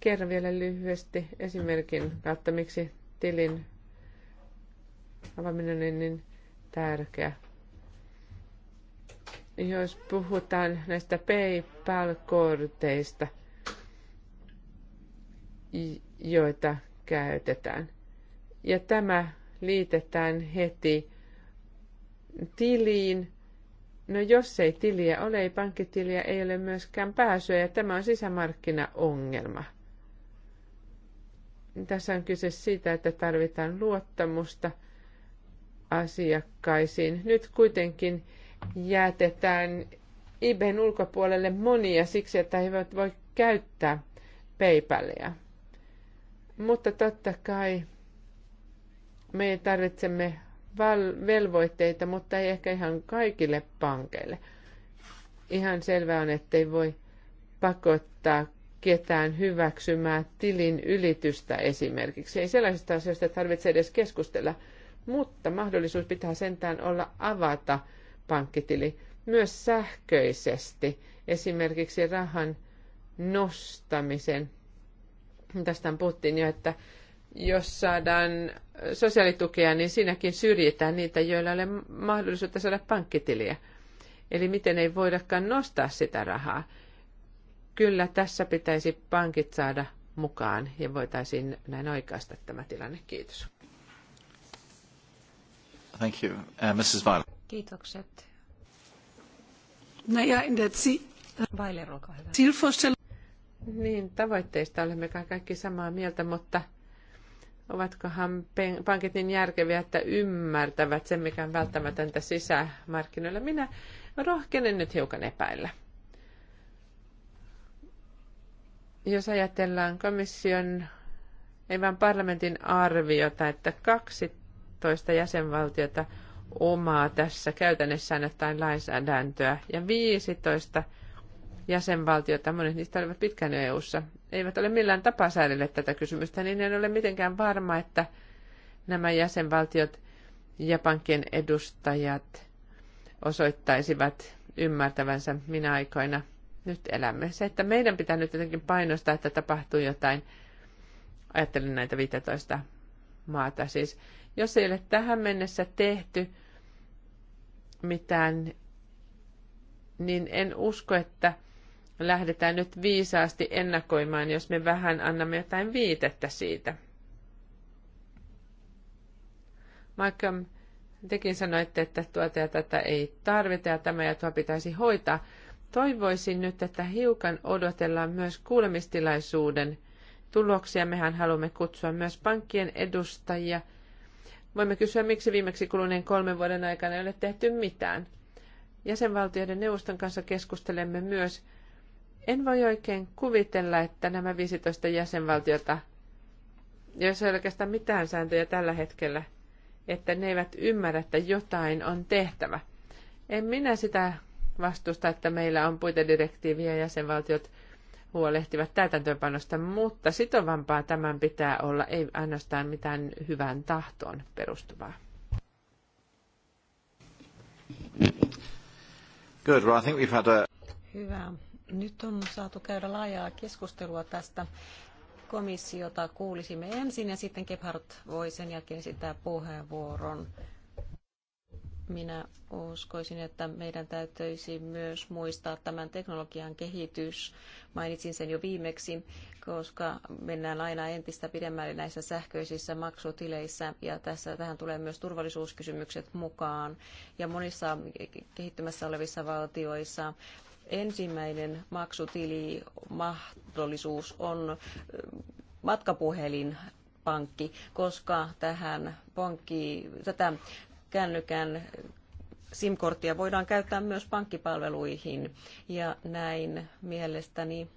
B: kerron vielä lyhyesti esimerkin kautta, miksi tilin avaaminen on niin, niin tärkeä. Jos puhutaan näistä PayPal-korteista, joita käytetään. Ja tämä liitetään heti tiliin. No jos ei tiliä ole, ei pankkitiliä, ei ole myöskään pääsyä ja tämä on sisämarkkinaongelma. Tässä on kyse siitä, että tarvitaan luottamusta – asiakkaisiin. Nyt kuitenkin jätetään IBEN ulkopuolelle monia siksi, että he eivät voi käyttää PayPalia. Mutta totta kai me tarvitsemme val- velvoitteita, mutta ei ehkä ihan kaikille pankeille. Ihan selvää on, että ei voi pakottaa ketään hyväksymään tilin ylitystä esimerkiksi. Ei sellaisista asioista tarvitse edes keskustella mutta mahdollisuus pitää sentään olla avata pankkitili myös sähköisesti, esimerkiksi rahan nostamisen. Tästä puhuttiin jo, että jos saadaan sosiaalitukea, niin siinäkin syrjitään niitä, joilla ei ole mahdollisuutta saada pankkitiliä. Eli miten ei voidakaan nostaa sitä rahaa. Kyllä tässä pitäisi pankit saada mukaan ja voitaisiin näin oikaista tämä tilanne. Kiitos.
A: Uh,
B: niin, tavoitteista olemme kaikki samaa mieltä, mutta ovatkohan pankit niin järkeviä, että ymmärtävät sen, mikä on välttämätöntä sisämarkkinoilla. Minä rohkenen nyt hiukan epäillä. Jos ajatellaan komission, ei vaan parlamentin arviota, että kaksi 15 jäsenvaltiota omaa tässä käytännössä annettain lainsäädäntöä ja 15 jäsenvaltiota, monet niistä olivat pitkään EU-ssa, eivät ole millään tapaa säädelleet tätä kysymystä, niin en ole mitenkään varma, että nämä jäsenvaltiot ja pankkien edustajat osoittaisivat ymmärtävänsä minä aikoina nyt elämme. Se, että meidän pitää nyt jotenkin painostaa, että tapahtuu jotain, ajattelin näitä 15 maata siis, jos ei ole tähän mennessä tehty mitään, niin en usko, että lähdetään nyt viisaasti ennakoimaan, jos me vähän annamme jotain viitettä siitä. Vaikka tekin sanoitte, että tuota ja tätä ei tarvita ja tämä ja tuo pitäisi hoitaa. Toivoisin nyt, että hiukan odotellaan myös kuulemistilaisuuden tuloksia. Mehän haluamme kutsua myös pankkien edustajia – Voimme kysyä, miksi viimeksi kuluneen kolmen vuoden aikana ei ole tehty mitään. Jäsenvaltioiden neuvoston kanssa keskustelemme myös. En voi oikein kuvitella, että nämä 15 jäsenvaltiota, joissa ei oikeastaan mitään sääntöjä tällä hetkellä, että ne eivät ymmärrä, että jotain on tehtävä. En minä sitä vastusta, että meillä on puitedirektiiviä ja jäsenvaltiot huolehtivat täytäntöönpanosta, mutta sitovampaa tämän pitää olla, ei ainoastaan mitään hyvän tahtoon perustuvaa.
A: Good. Well, I think we've had a...
C: Hyvä. Nyt on saatu käydä laajaa keskustelua tästä komissiota. Kuulisimme ensin ja sitten Gebhardt voi sen jälkeen esittää puheenvuoron. Minä uskoisin, että meidän täytyisi myös muistaa tämän teknologian kehitys. Mainitsin sen jo viimeksi, koska mennään aina entistä pidemmälle näissä sähköisissä maksutileissä ja tässä tähän tulee myös turvallisuuskysymykset mukaan. Ja monissa kehittymässä olevissa valtioissa ensimmäinen maksutili mahdollisuus on matkapuhelin pankki, koska tähän pankki, tätä kännykän SIM-korttia voidaan käyttää myös pankkipalveluihin ja näin mielestäni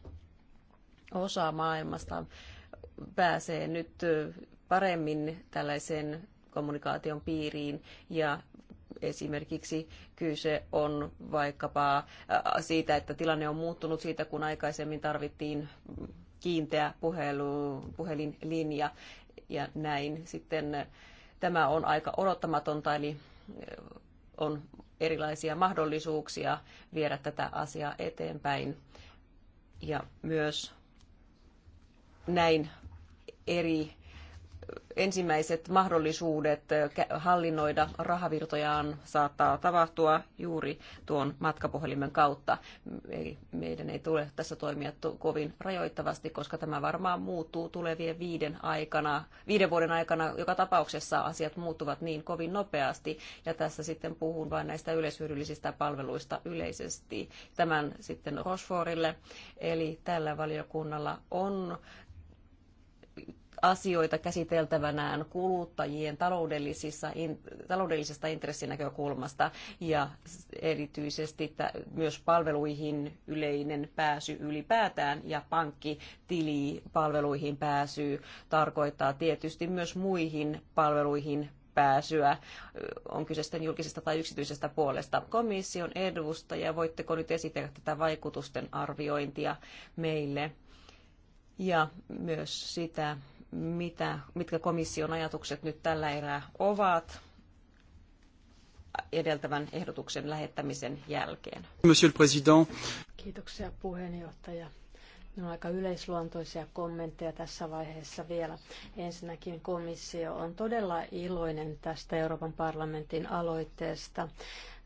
C: osa maailmasta pääsee nyt paremmin tällaisen kommunikaation piiriin ja esimerkiksi kyse on vaikkapa äh, siitä, että tilanne on muuttunut siitä, kun aikaisemmin tarvittiin kiinteä puhelu, puhelinlinja ja näin sitten Tämä on aika odottamatonta, eli eh, on erilaisia mahdollisuuksia viedä tätä asiaa eteenpäin. Ja myös näin eri ensimmäiset mahdollisuudet hallinnoida rahavirtojaan saattaa tapahtua juuri tuon matkapuhelimen kautta. Eli meidän ei tule tässä toimia kovin rajoittavasti, koska tämä varmaan muuttuu tulevien viiden, aikana, viiden vuoden aikana. Joka tapauksessa asiat muuttuvat niin kovin nopeasti. Ja tässä sitten puhun vain näistä yleishyödyllisistä palveluista yleisesti. Tämän sitten Rosforille. Eli tällä valiokunnalla on asioita käsiteltävänään kuluttajien taloudellisissa, in, taloudellisesta intressinäkökulmasta ja erityisesti myös palveluihin yleinen pääsy ylipäätään ja pankkitilipalveluihin pääsy tarkoittaa tietysti myös muihin palveluihin pääsyä, on kyse sitten julkisesta tai yksityisestä puolesta. Komission edustaja, voitteko nyt esitellä tätä vaikutusten arviointia meille ja myös sitä, mitä, mitkä komission ajatukset nyt tällä erää ovat edeltävän ehdotuksen lähettämisen jälkeen.
D: Monsieur
A: le Président.
C: Kiitoksia
E: puheenjohtaja. on aika yleisluontoisia kommentteja tässä vaiheessa vielä. Ensinnäkin komissio on todella iloinen tästä Euroopan parlamentin aloitteesta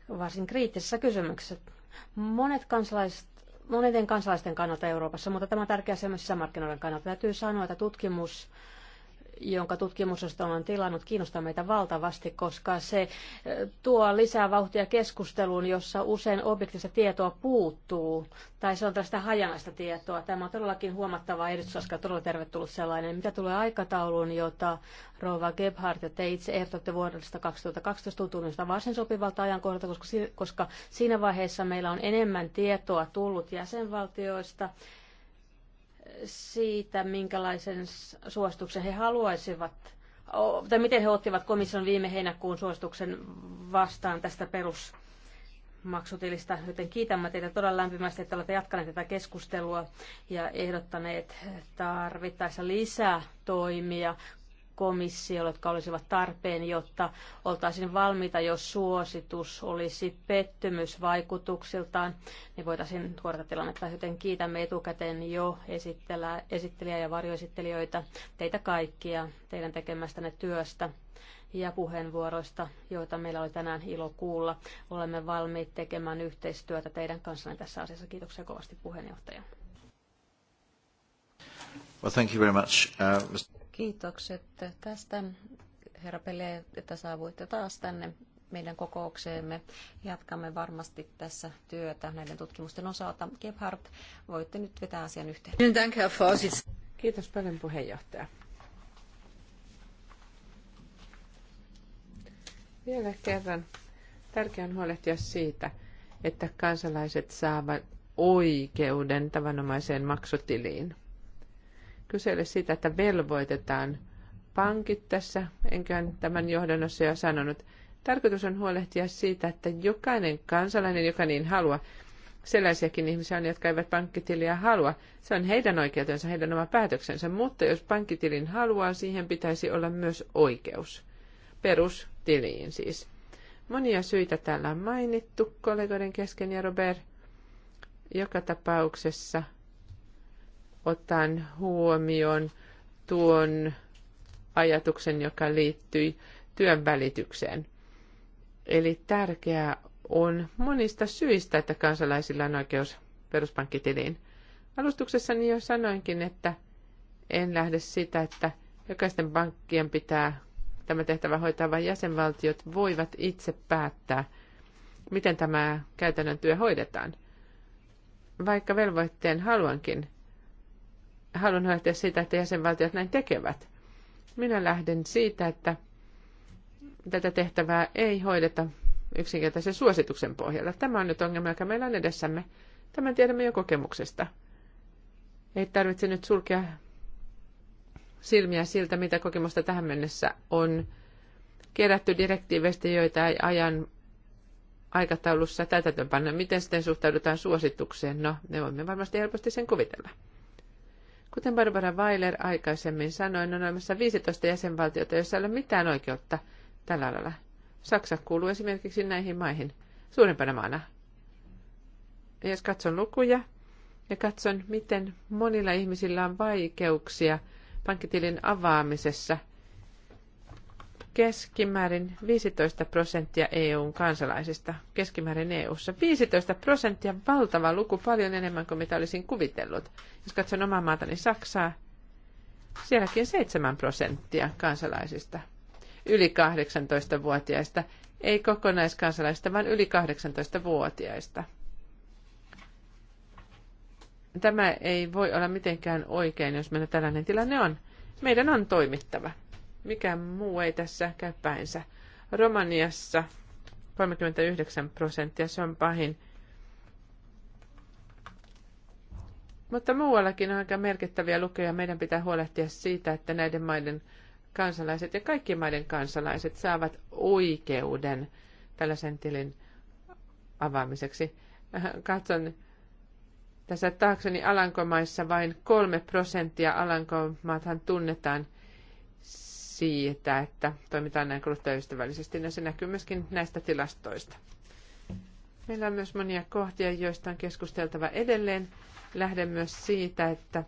E: varsin kriittisessä kysymyksessä. Monet kansalaiset monien kansalaisten kannalta Euroopassa, mutta tämä on tärkeä asia myös sisämarkkinoiden kannalta. Täytyy sanoa, että tutkimus jonka tutkimusosasto on tilannut, kiinnostaa meitä valtavasti, koska se eh, tuo lisää vauhtia keskusteluun, jossa usein objektista tietoa puuttuu, tai se on tällaista hajanaista tietoa. Tämä on todellakin huomattava edistysaskel, todella tervetullut sellainen. Mitä tulee aikatauluun, jota Rova Gebhardt ja te itse ehdotatte vuodesta 2012, tutunnosta varsin sopivalta ajankohdalta, koska siinä vaiheessa meillä on enemmän tietoa tullut jäsenvaltioista, siitä, minkälaisen suosituksen he haluaisivat, tai miten he ottivat komission viime heinäkuun suosituksen vastaan tästä perus maksutilista, joten kiitämme teitä todella lämpimästi, että olette jatkaneet tätä keskustelua ja ehdottaneet tarvittaessa lisää toimia komissiolle, jotka olisivat tarpeen, jotta oltaisiin valmiita, jos suositus olisi pettymys vaikutuksiltaan, niin voitaisiin korjata tilannetta. Joten kiitämme etukäteen jo esittelijä ja varjoesittelijöitä, teitä kaikkia, teidän tekemästänne työstä ja puheenvuoroista, joita meillä oli tänään ilo kuulla. Olemme valmiit tekemään yhteistyötä teidän kanssanne tässä asiassa. Kiitoksia kovasti puheenjohtaja.
A: Well, thank you very much. Uh,
C: Kiitokset tästä, herra Pele, että saavuitte taas tänne meidän kokoukseemme. Jatkamme varmasti tässä työtä näiden tutkimusten osalta. Gebhardt, voitte nyt vetää asian yhteen. Kiitos
B: paljon puheenjohtaja. Vielä kerran. Tärkeää on huolehtia siitä, että kansalaiset saavat oikeuden tavanomaiseen maksutiliin kysele sitä, siitä, että velvoitetaan pankit tässä, enkä tämän johdannossa jo sanonut. Tarkoitus on huolehtia siitä, että jokainen kansalainen, joka niin haluaa, sellaisiakin ihmisiä on, jotka eivät pankkitiliä halua. Se on heidän oikeutensa, heidän oma päätöksensä, mutta jos pankkitilin haluaa, siihen pitäisi olla myös oikeus. Perustiliin siis. Monia syitä täällä on mainittu kollegoiden kesken ja Robert. Joka tapauksessa – Otan huomioon tuon ajatuksen, joka liittyi työn välitykseen. Eli tärkeää on monista syistä, että kansalaisilla on oikeus peruspankkitiliin. Alustuksessani jo sanoinkin, että en lähde sitä, että jokaisten pankkien pitää tämä tehtävä hoitaa, vaan jäsenvaltiot voivat itse päättää, miten tämä käytännön työ hoidetaan. Vaikka velvoitteen haluankin, haluan huolehtia siitä, että jäsenvaltiot näin tekevät. Minä lähden siitä, että tätä tehtävää ei hoideta yksinkertaisen suosituksen pohjalta. Tämä on nyt ongelma, joka meillä on edessämme. Tämän tiedämme jo kokemuksesta. Ei tarvitse nyt sulkea silmiä siltä, mitä kokemusta tähän mennessä on kerätty direktiiveistä, joita ei ajan aikataulussa täytäntöönpanna. Miten sitten suhtaudutaan suositukseen? No, ne voimme varmasti helposti sen kuvitella. Kuten Barbara Weiler aikaisemmin sanoi, on olemassa 15 jäsenvaltiota, joissa ei ole mitään oikeutta tällä alalla. Saksa kuuluu esimerkiksi näihin maihin suurimpana maana. Ja jos katson lukuja ja katson, miten monilla ihmisillä on vaikeuksia pankkitilin avaamisessa – keskimäärin 15 prosenttia EUn kansalaisista, keskimäärin EUssa. 15 prosenttia, valtava luku, paljon enemmän kuin mitä olisin kuvitellut. Jos katson omaa maatani Saksaa, sielläkin 7 prosenttia kansalaisista, yli 18-vuotiaista, ei kokonaiskansalaisista, vaan yli 18-vuotiaista. Tämä ei voi olla mitenkään oikein, jos meillä tällainen tilanne on. Meidän on toimittava mikä muu ei tässä käy päinsä. Romaniassa 39 prosenttia, se on pahin. Mutta muuallakin on aika merkittäviä lukuja. Meidän pitää huolehtia siitä, että näiden maiden kansalaiset ja kaikki maiden kansalaiset saavat oikeuden tällaisen tilin avaamiseksi. Katson tässä taakseni Alankomaissa vain kolme prosenttia. Alankomaathan tunnetaan siitä, että toimitaan näin kuluttajaystävällisesti, ja se näkyy myöskin näistä tilastoista. Meillä on myös monia kohtia, joista on keskusteltava edelleen. Lähden myös siitä, että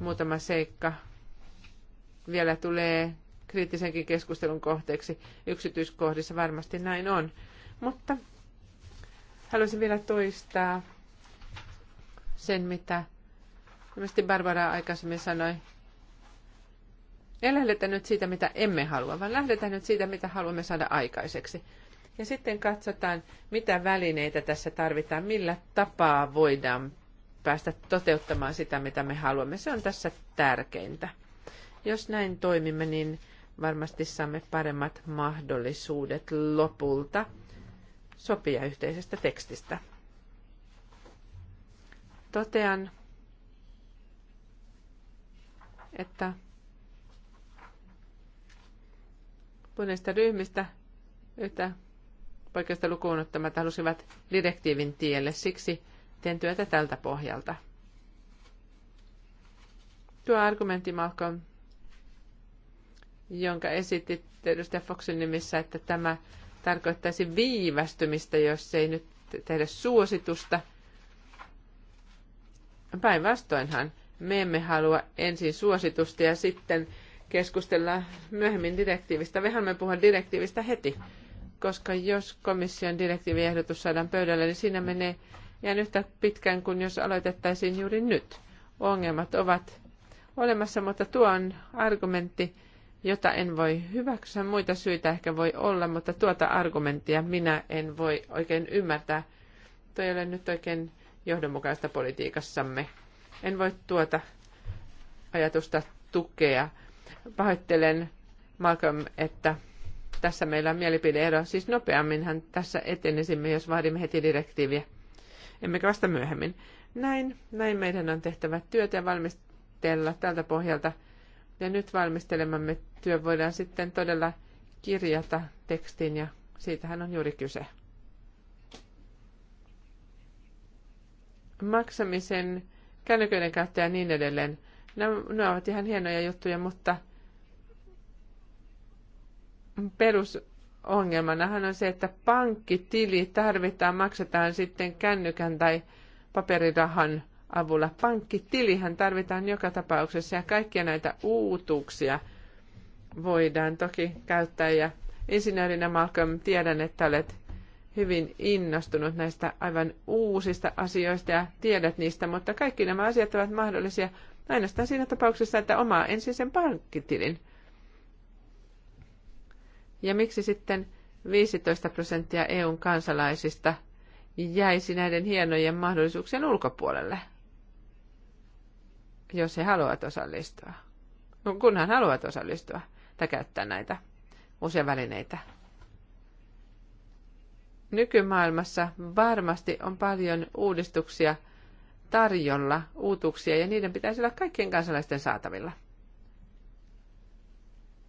B: muutama seikka vielä tulee kriittisenkin keskustelun kohteeksi. Yksityiskohdissa varmasti näin on. Mutta haluaisin vielä toistaa sen, mitä ilmeisesti Barbara aikaisemmin sanoi ei lähdetä nyt siitä, mitä emme halua, vaan lähdetään nyt siitä, mitä haluamme saada aikaiseksi. Ja sitten katsotaan, mitä välineitä tässä tarvitaan, millä tapaa voidaan päästä toteuttamaan sitä, mitä me haluamme. Se on tässä tärkeintä. Jos näin toimimme, niin varmasti saamme paremmat mahdollisuudet lopulta sopia yhteisestä tekstistä. Totean, että punaisista ryhmistä yhtä poikkeusta lukuun ottamatta halusivat direktiivin tielle. Siksi teen työtä tältä pohjalta. Tuo argumentti, Malcolm, jonka esitti edustaja Foxin nimissä, että tämä tarkoittaisi viivästymistä, jos ei nyt tehdä suositusta. Päinvastoinhan me emme halua ensin suositusta ja sitten keskustella myöhemmin direktiivistä. Vähän me puhua direktiivistä heti, koska jos komission direktiiviehdotus saadaan pöydälle, niin siinä menee ihan yhtä pitkään kuin jos aloitettaisiin juuri nyt. Ongelmat ovat olemassa, mutta tuo on argumentti, jota en voi hyväksyä. Muita syitä ehkä voi olla, mutta tuota argumenttia minä en voi oikein ymmärtää. Tuo ei ole nyt oikein johdonmukaista politiikassamme. En voi tuota ajatusta tukea Pahoittelen, Malcolm, että tässä meillä on mielipideero. Siis nopeamminhan tässä etenisimme, jos vaadimme heti direktiiviä. Emmekä vasta myöhemmin. Näin, näin meidän on tehtävä työtä ja valmistella tältä pohjalta. Ja nyt valmistelemamme työ voidaan sitten todella kirjata tekstiin ja siitähän on juuri kyse. Maksamisen, kännyköiden kautta ja niin edelleen – Nämä no, ovat ihan hienoja juttuja, mutta perusongelmanahan on se, että pankkitili tarvitaan, maksetaan sitten kännykän tai paperirahan avulla. Pankkitilihän tarvitaan joka tapauksessa ja kaikkia näitä uutuuksia voidaan toki käyttää. Ja insinöörinä Malcolm, tiedän, että olet hyvin innostunut näistä aivan uusista asioista ja tiedät niistä, mutta kaikki nämä asiat ovat mahdollisia Ainoastaan siinä tapauksessa, että omaa ensin sen pankkitilin. Ja miksi sitten 15 prosenttia EUn kansalaisista jäisi näiden hienojen mahdollisuuksien ulkopuolelle, jos he haluavat osallistua? No, kunhan haluavat osallistua tai käyttää näitä uusia välineitä. Nykymaailmassa varmasti on paljon uudistuksia – tarjolla uutuuksia ja niiden pitäisi olla kaikkien kansalaisten saatavilla.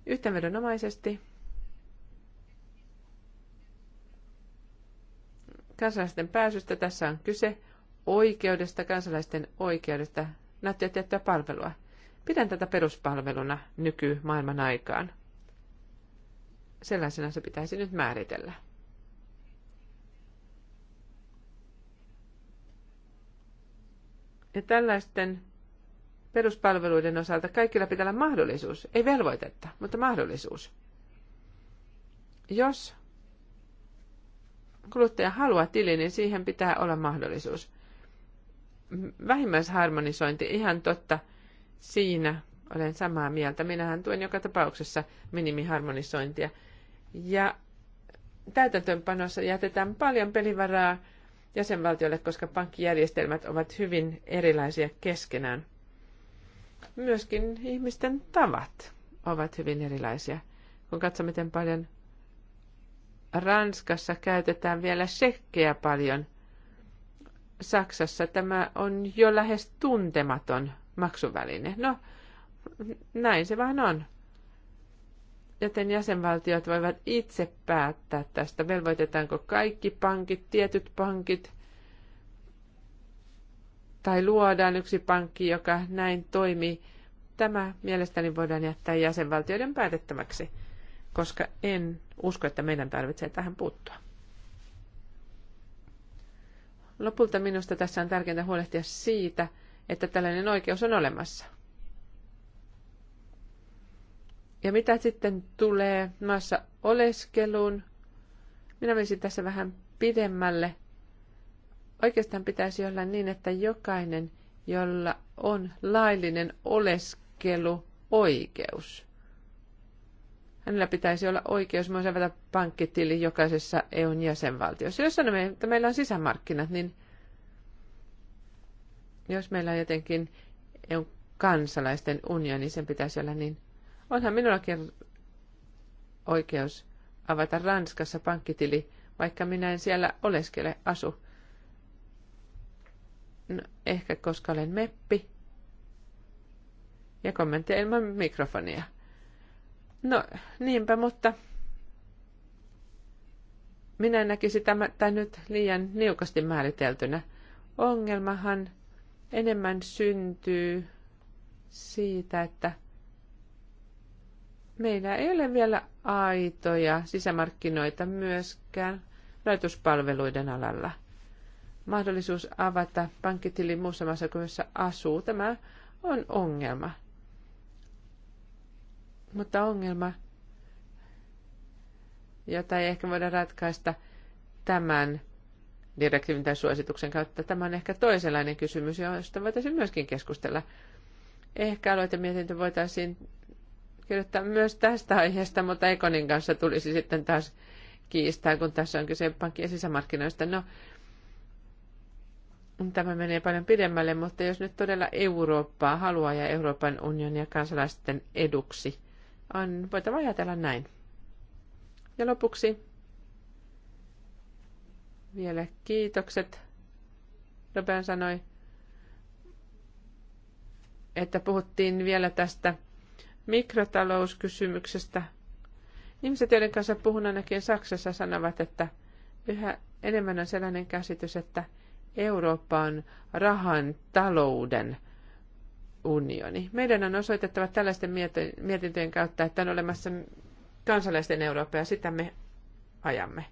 B: Yhtenvedonomaisesti kansalaisten pääsystä tässä on kyse oikeudesta, kansalaisten oikeudesta nauttia tiettyä palvelua. Pidän tätä peruspalveluna nykymaailman aikaan. Sellaisena se pitäisi nyt määritellä. Ja tällaisten peruspalveluiden osalta kaikilla pitää olla mahdollisuus, ei velvoitetta, mutta mahdollisuus. Jos kuluttaja haluaa tili, niin siihen pitää olla mahdollisuus. Vähimmäisharmonisointi, ihan totta, siinä olen samaa mieltä. Minähän tuen joka tapauksessa minimiharmonisointia. Ja täytäntöönpanossa jätetään paljon pelivaraa jäsenvaltioille, koska pankkijärjestelmät ovat hyvin erilaisia keskenään. Myöskin ihmisten tavat ovat hyvin erilaisia. Kun katsomme, miten paljon Ranskassa käytetään vielä sekkejä paljon, Saksassa tämä on jo lähes tuntematon maksuväline. No, näin se vaan on joten jäsenvaltiot voivat itse päättää tästä, velvoitetaanko kaikki pankit, tietyt pankit, tai luodaan yksi pankki, joka näin toimii. Tämä mielestäni voidaan jättää jäsenvaltioiden päätettäväksi, koska en usko, että meidän tarvitsee tähän puuttua. Lopulta minusta tässä on tärkeintä huolehtia siitä, että tällainen oikeus on olemassa. Ja mitä sitten tulee maassa oleskeluun, minä menisin tässä vähän pidemmälle. Oikeastaan pitäisi olla niin, että jokainen, jolla on laillinen oleskeluoikeus, hänellä pitäisi olla oikeus myös avata pankkitili jokaisessa EUn jäsenvaltiossa. Jos sanomme, että meillä on sisämarkkinat, niin jos meillä on jotenkin EUn kansalaisten unioni, niin sen pitäisi olla niin Onhan minullakin oikeus avata Ranskassa pankkitili, vaikka minä en siellä oleskele asu. No, ehkä koska olen meppi. Ja kommentti ilman mikrofonia. No, niinpä, mutta minä näkisin tämä nyt liian niukasti määriteltynä. Ongelmahan enemmän syntyy siitä, että – Meillä ei ole vielä aitoja sisämarkkinoita myöskään rahoituspalveluiden alalla. Mahdollisuus avata pankkitili muussa maassa kuin jossa asuu, tämä on ongelma. Mutta ongelma, jota ei ehkä voida ratkaista tämän direktiivin tai suosituksen kautta. Tämä on ehkä toisenlainen kysymys, josta voitaisiin myöskin keskustella. Ehkä aloitemietintö voitaisiin kirjoittaa myös tästä aiheesta, mutta Ekonin kanssa tulisi sitten taas kiistää kun tässä on kyse pankkien sisämarkkinoista. No, tämä menee paljon pidemmälle, mutta jos nyt todella Eurooppaa haluaa ja Euroopan unionia kansalaisten eduksi, on voitava ajatella näin. Ja lopuksi vielä kiitokset. Robin sanoi, että puhuttiin vielä tästä mikrotalouskysymyksestä. Ihmiset, joiden kanssa puhun ainakin Saksassa, sanovat, että yhä enemmän on sellainen käsitys, että Eurooppa on rahan talouden unioni. Meidän on osoitettava tällaisten mietintöjen kautta, että on olemassa kansalaisten Eurooppa ja sitä me ajamme.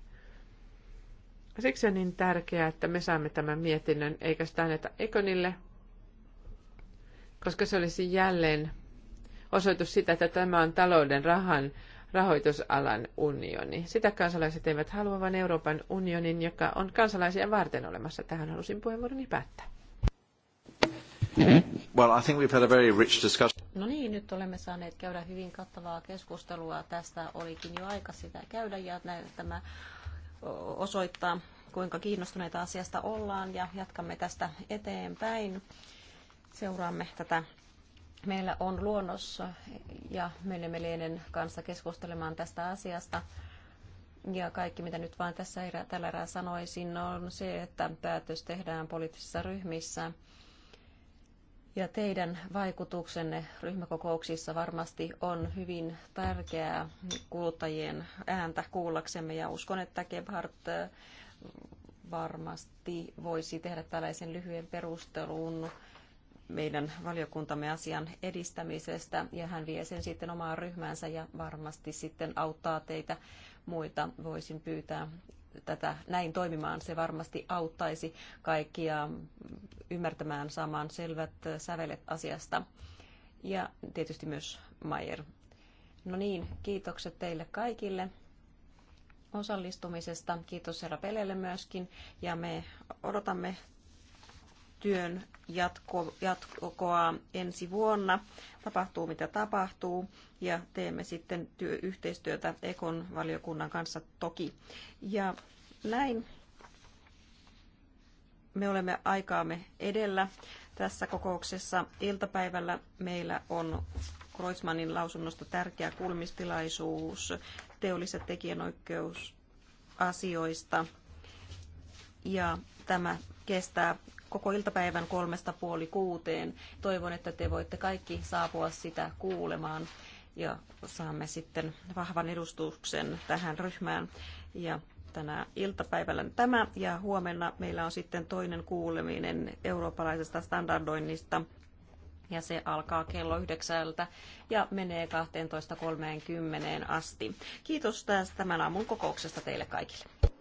B: Siksi on niin tärkeää, että me saamme tämän mietinnön, eikä sitä anneta Ekonille, koska se olisi jälleen osoitus sitä, että tämä on talouden rahan rahoitusalan unioni. Sitä kansalaiset eivät halua, vaan Euroopan unionin, joka on kansalaisia varten olemassa. Tähän halusin puheenvuoroni
C: päättää.
A: Well, I think we've had a very rich discussion.
C: No niin, nyt olemme saaneet käydä hyvin kattavaa keskustelua. Tästä olikin jo aika sitä käydä ja tämä osoittaa, kuinka kiinnostuneita asiasta ollaan ja jatkamme tästä eteenpäin. Seuraamme tätä Meillä on luonnossa ja menemme Leenen kanssa keskustelemaan tästä asiasta. Ja kaikki, mitä nyt vain tässä erä, tällä erää sanoisin, on se, että päätös tehdään poliittisissa ryhmissä. Ja teidän vaikutuksenne ryhmäkokouksissa varmasti on hyvin tärkeää kuluttajien ääntä kuullaksemme. Ja uskon, että Gebhardt äh, varmasti voisi tehdä tällaisen lyhyen perustelun meidän valiokuntamme asian edistämisestä ja hän vie sen sitten omaan ryhmäänsä ja varmasti sitten auttaa teitä muita. Voisin pyytää tätä näin toimimaan. Se varmasti auttaisi kaikkia ymmärtämään saamaan selvät sävelet asiasta. Ja tietysti myös Mayer. No niin, kiitokset teille kaikille osallistumisesta. Kiitos herra Pelelle myöskin ja me odotamme työn jatko, jatkoa ensi vuonna. Tapahtuu mitä tapahtuu ja teemme sitten työ, yhteistyötä Ekon valiokunnan kanssa toki. Ja näin me olemme aikaamme edellä tässä kokouksessa. Iltapäivällä meillä on Kreutzmannin lausunnosta tärkeä kulmistilaisuus teolliset
D: tekijänoikeusasioista.
C: Ja tämä kestää koko iltapäivän kolmesta puoli kuuteen. Toivon, että te voitte kaikki saapua sitä kuulemaan ja saamme sitten vahvan edustuksen tähän ryhmään. Ja tänä iltapäivällä tämä ja huomenna meillä on sitten toinen kuuleminen eurooppalaisesta standardoinnista ja se alkaa kello yhdeksältä ja menee 12.30 asti. Kiitos tästä tämän aamun kokouksesta
D: teille kaikille.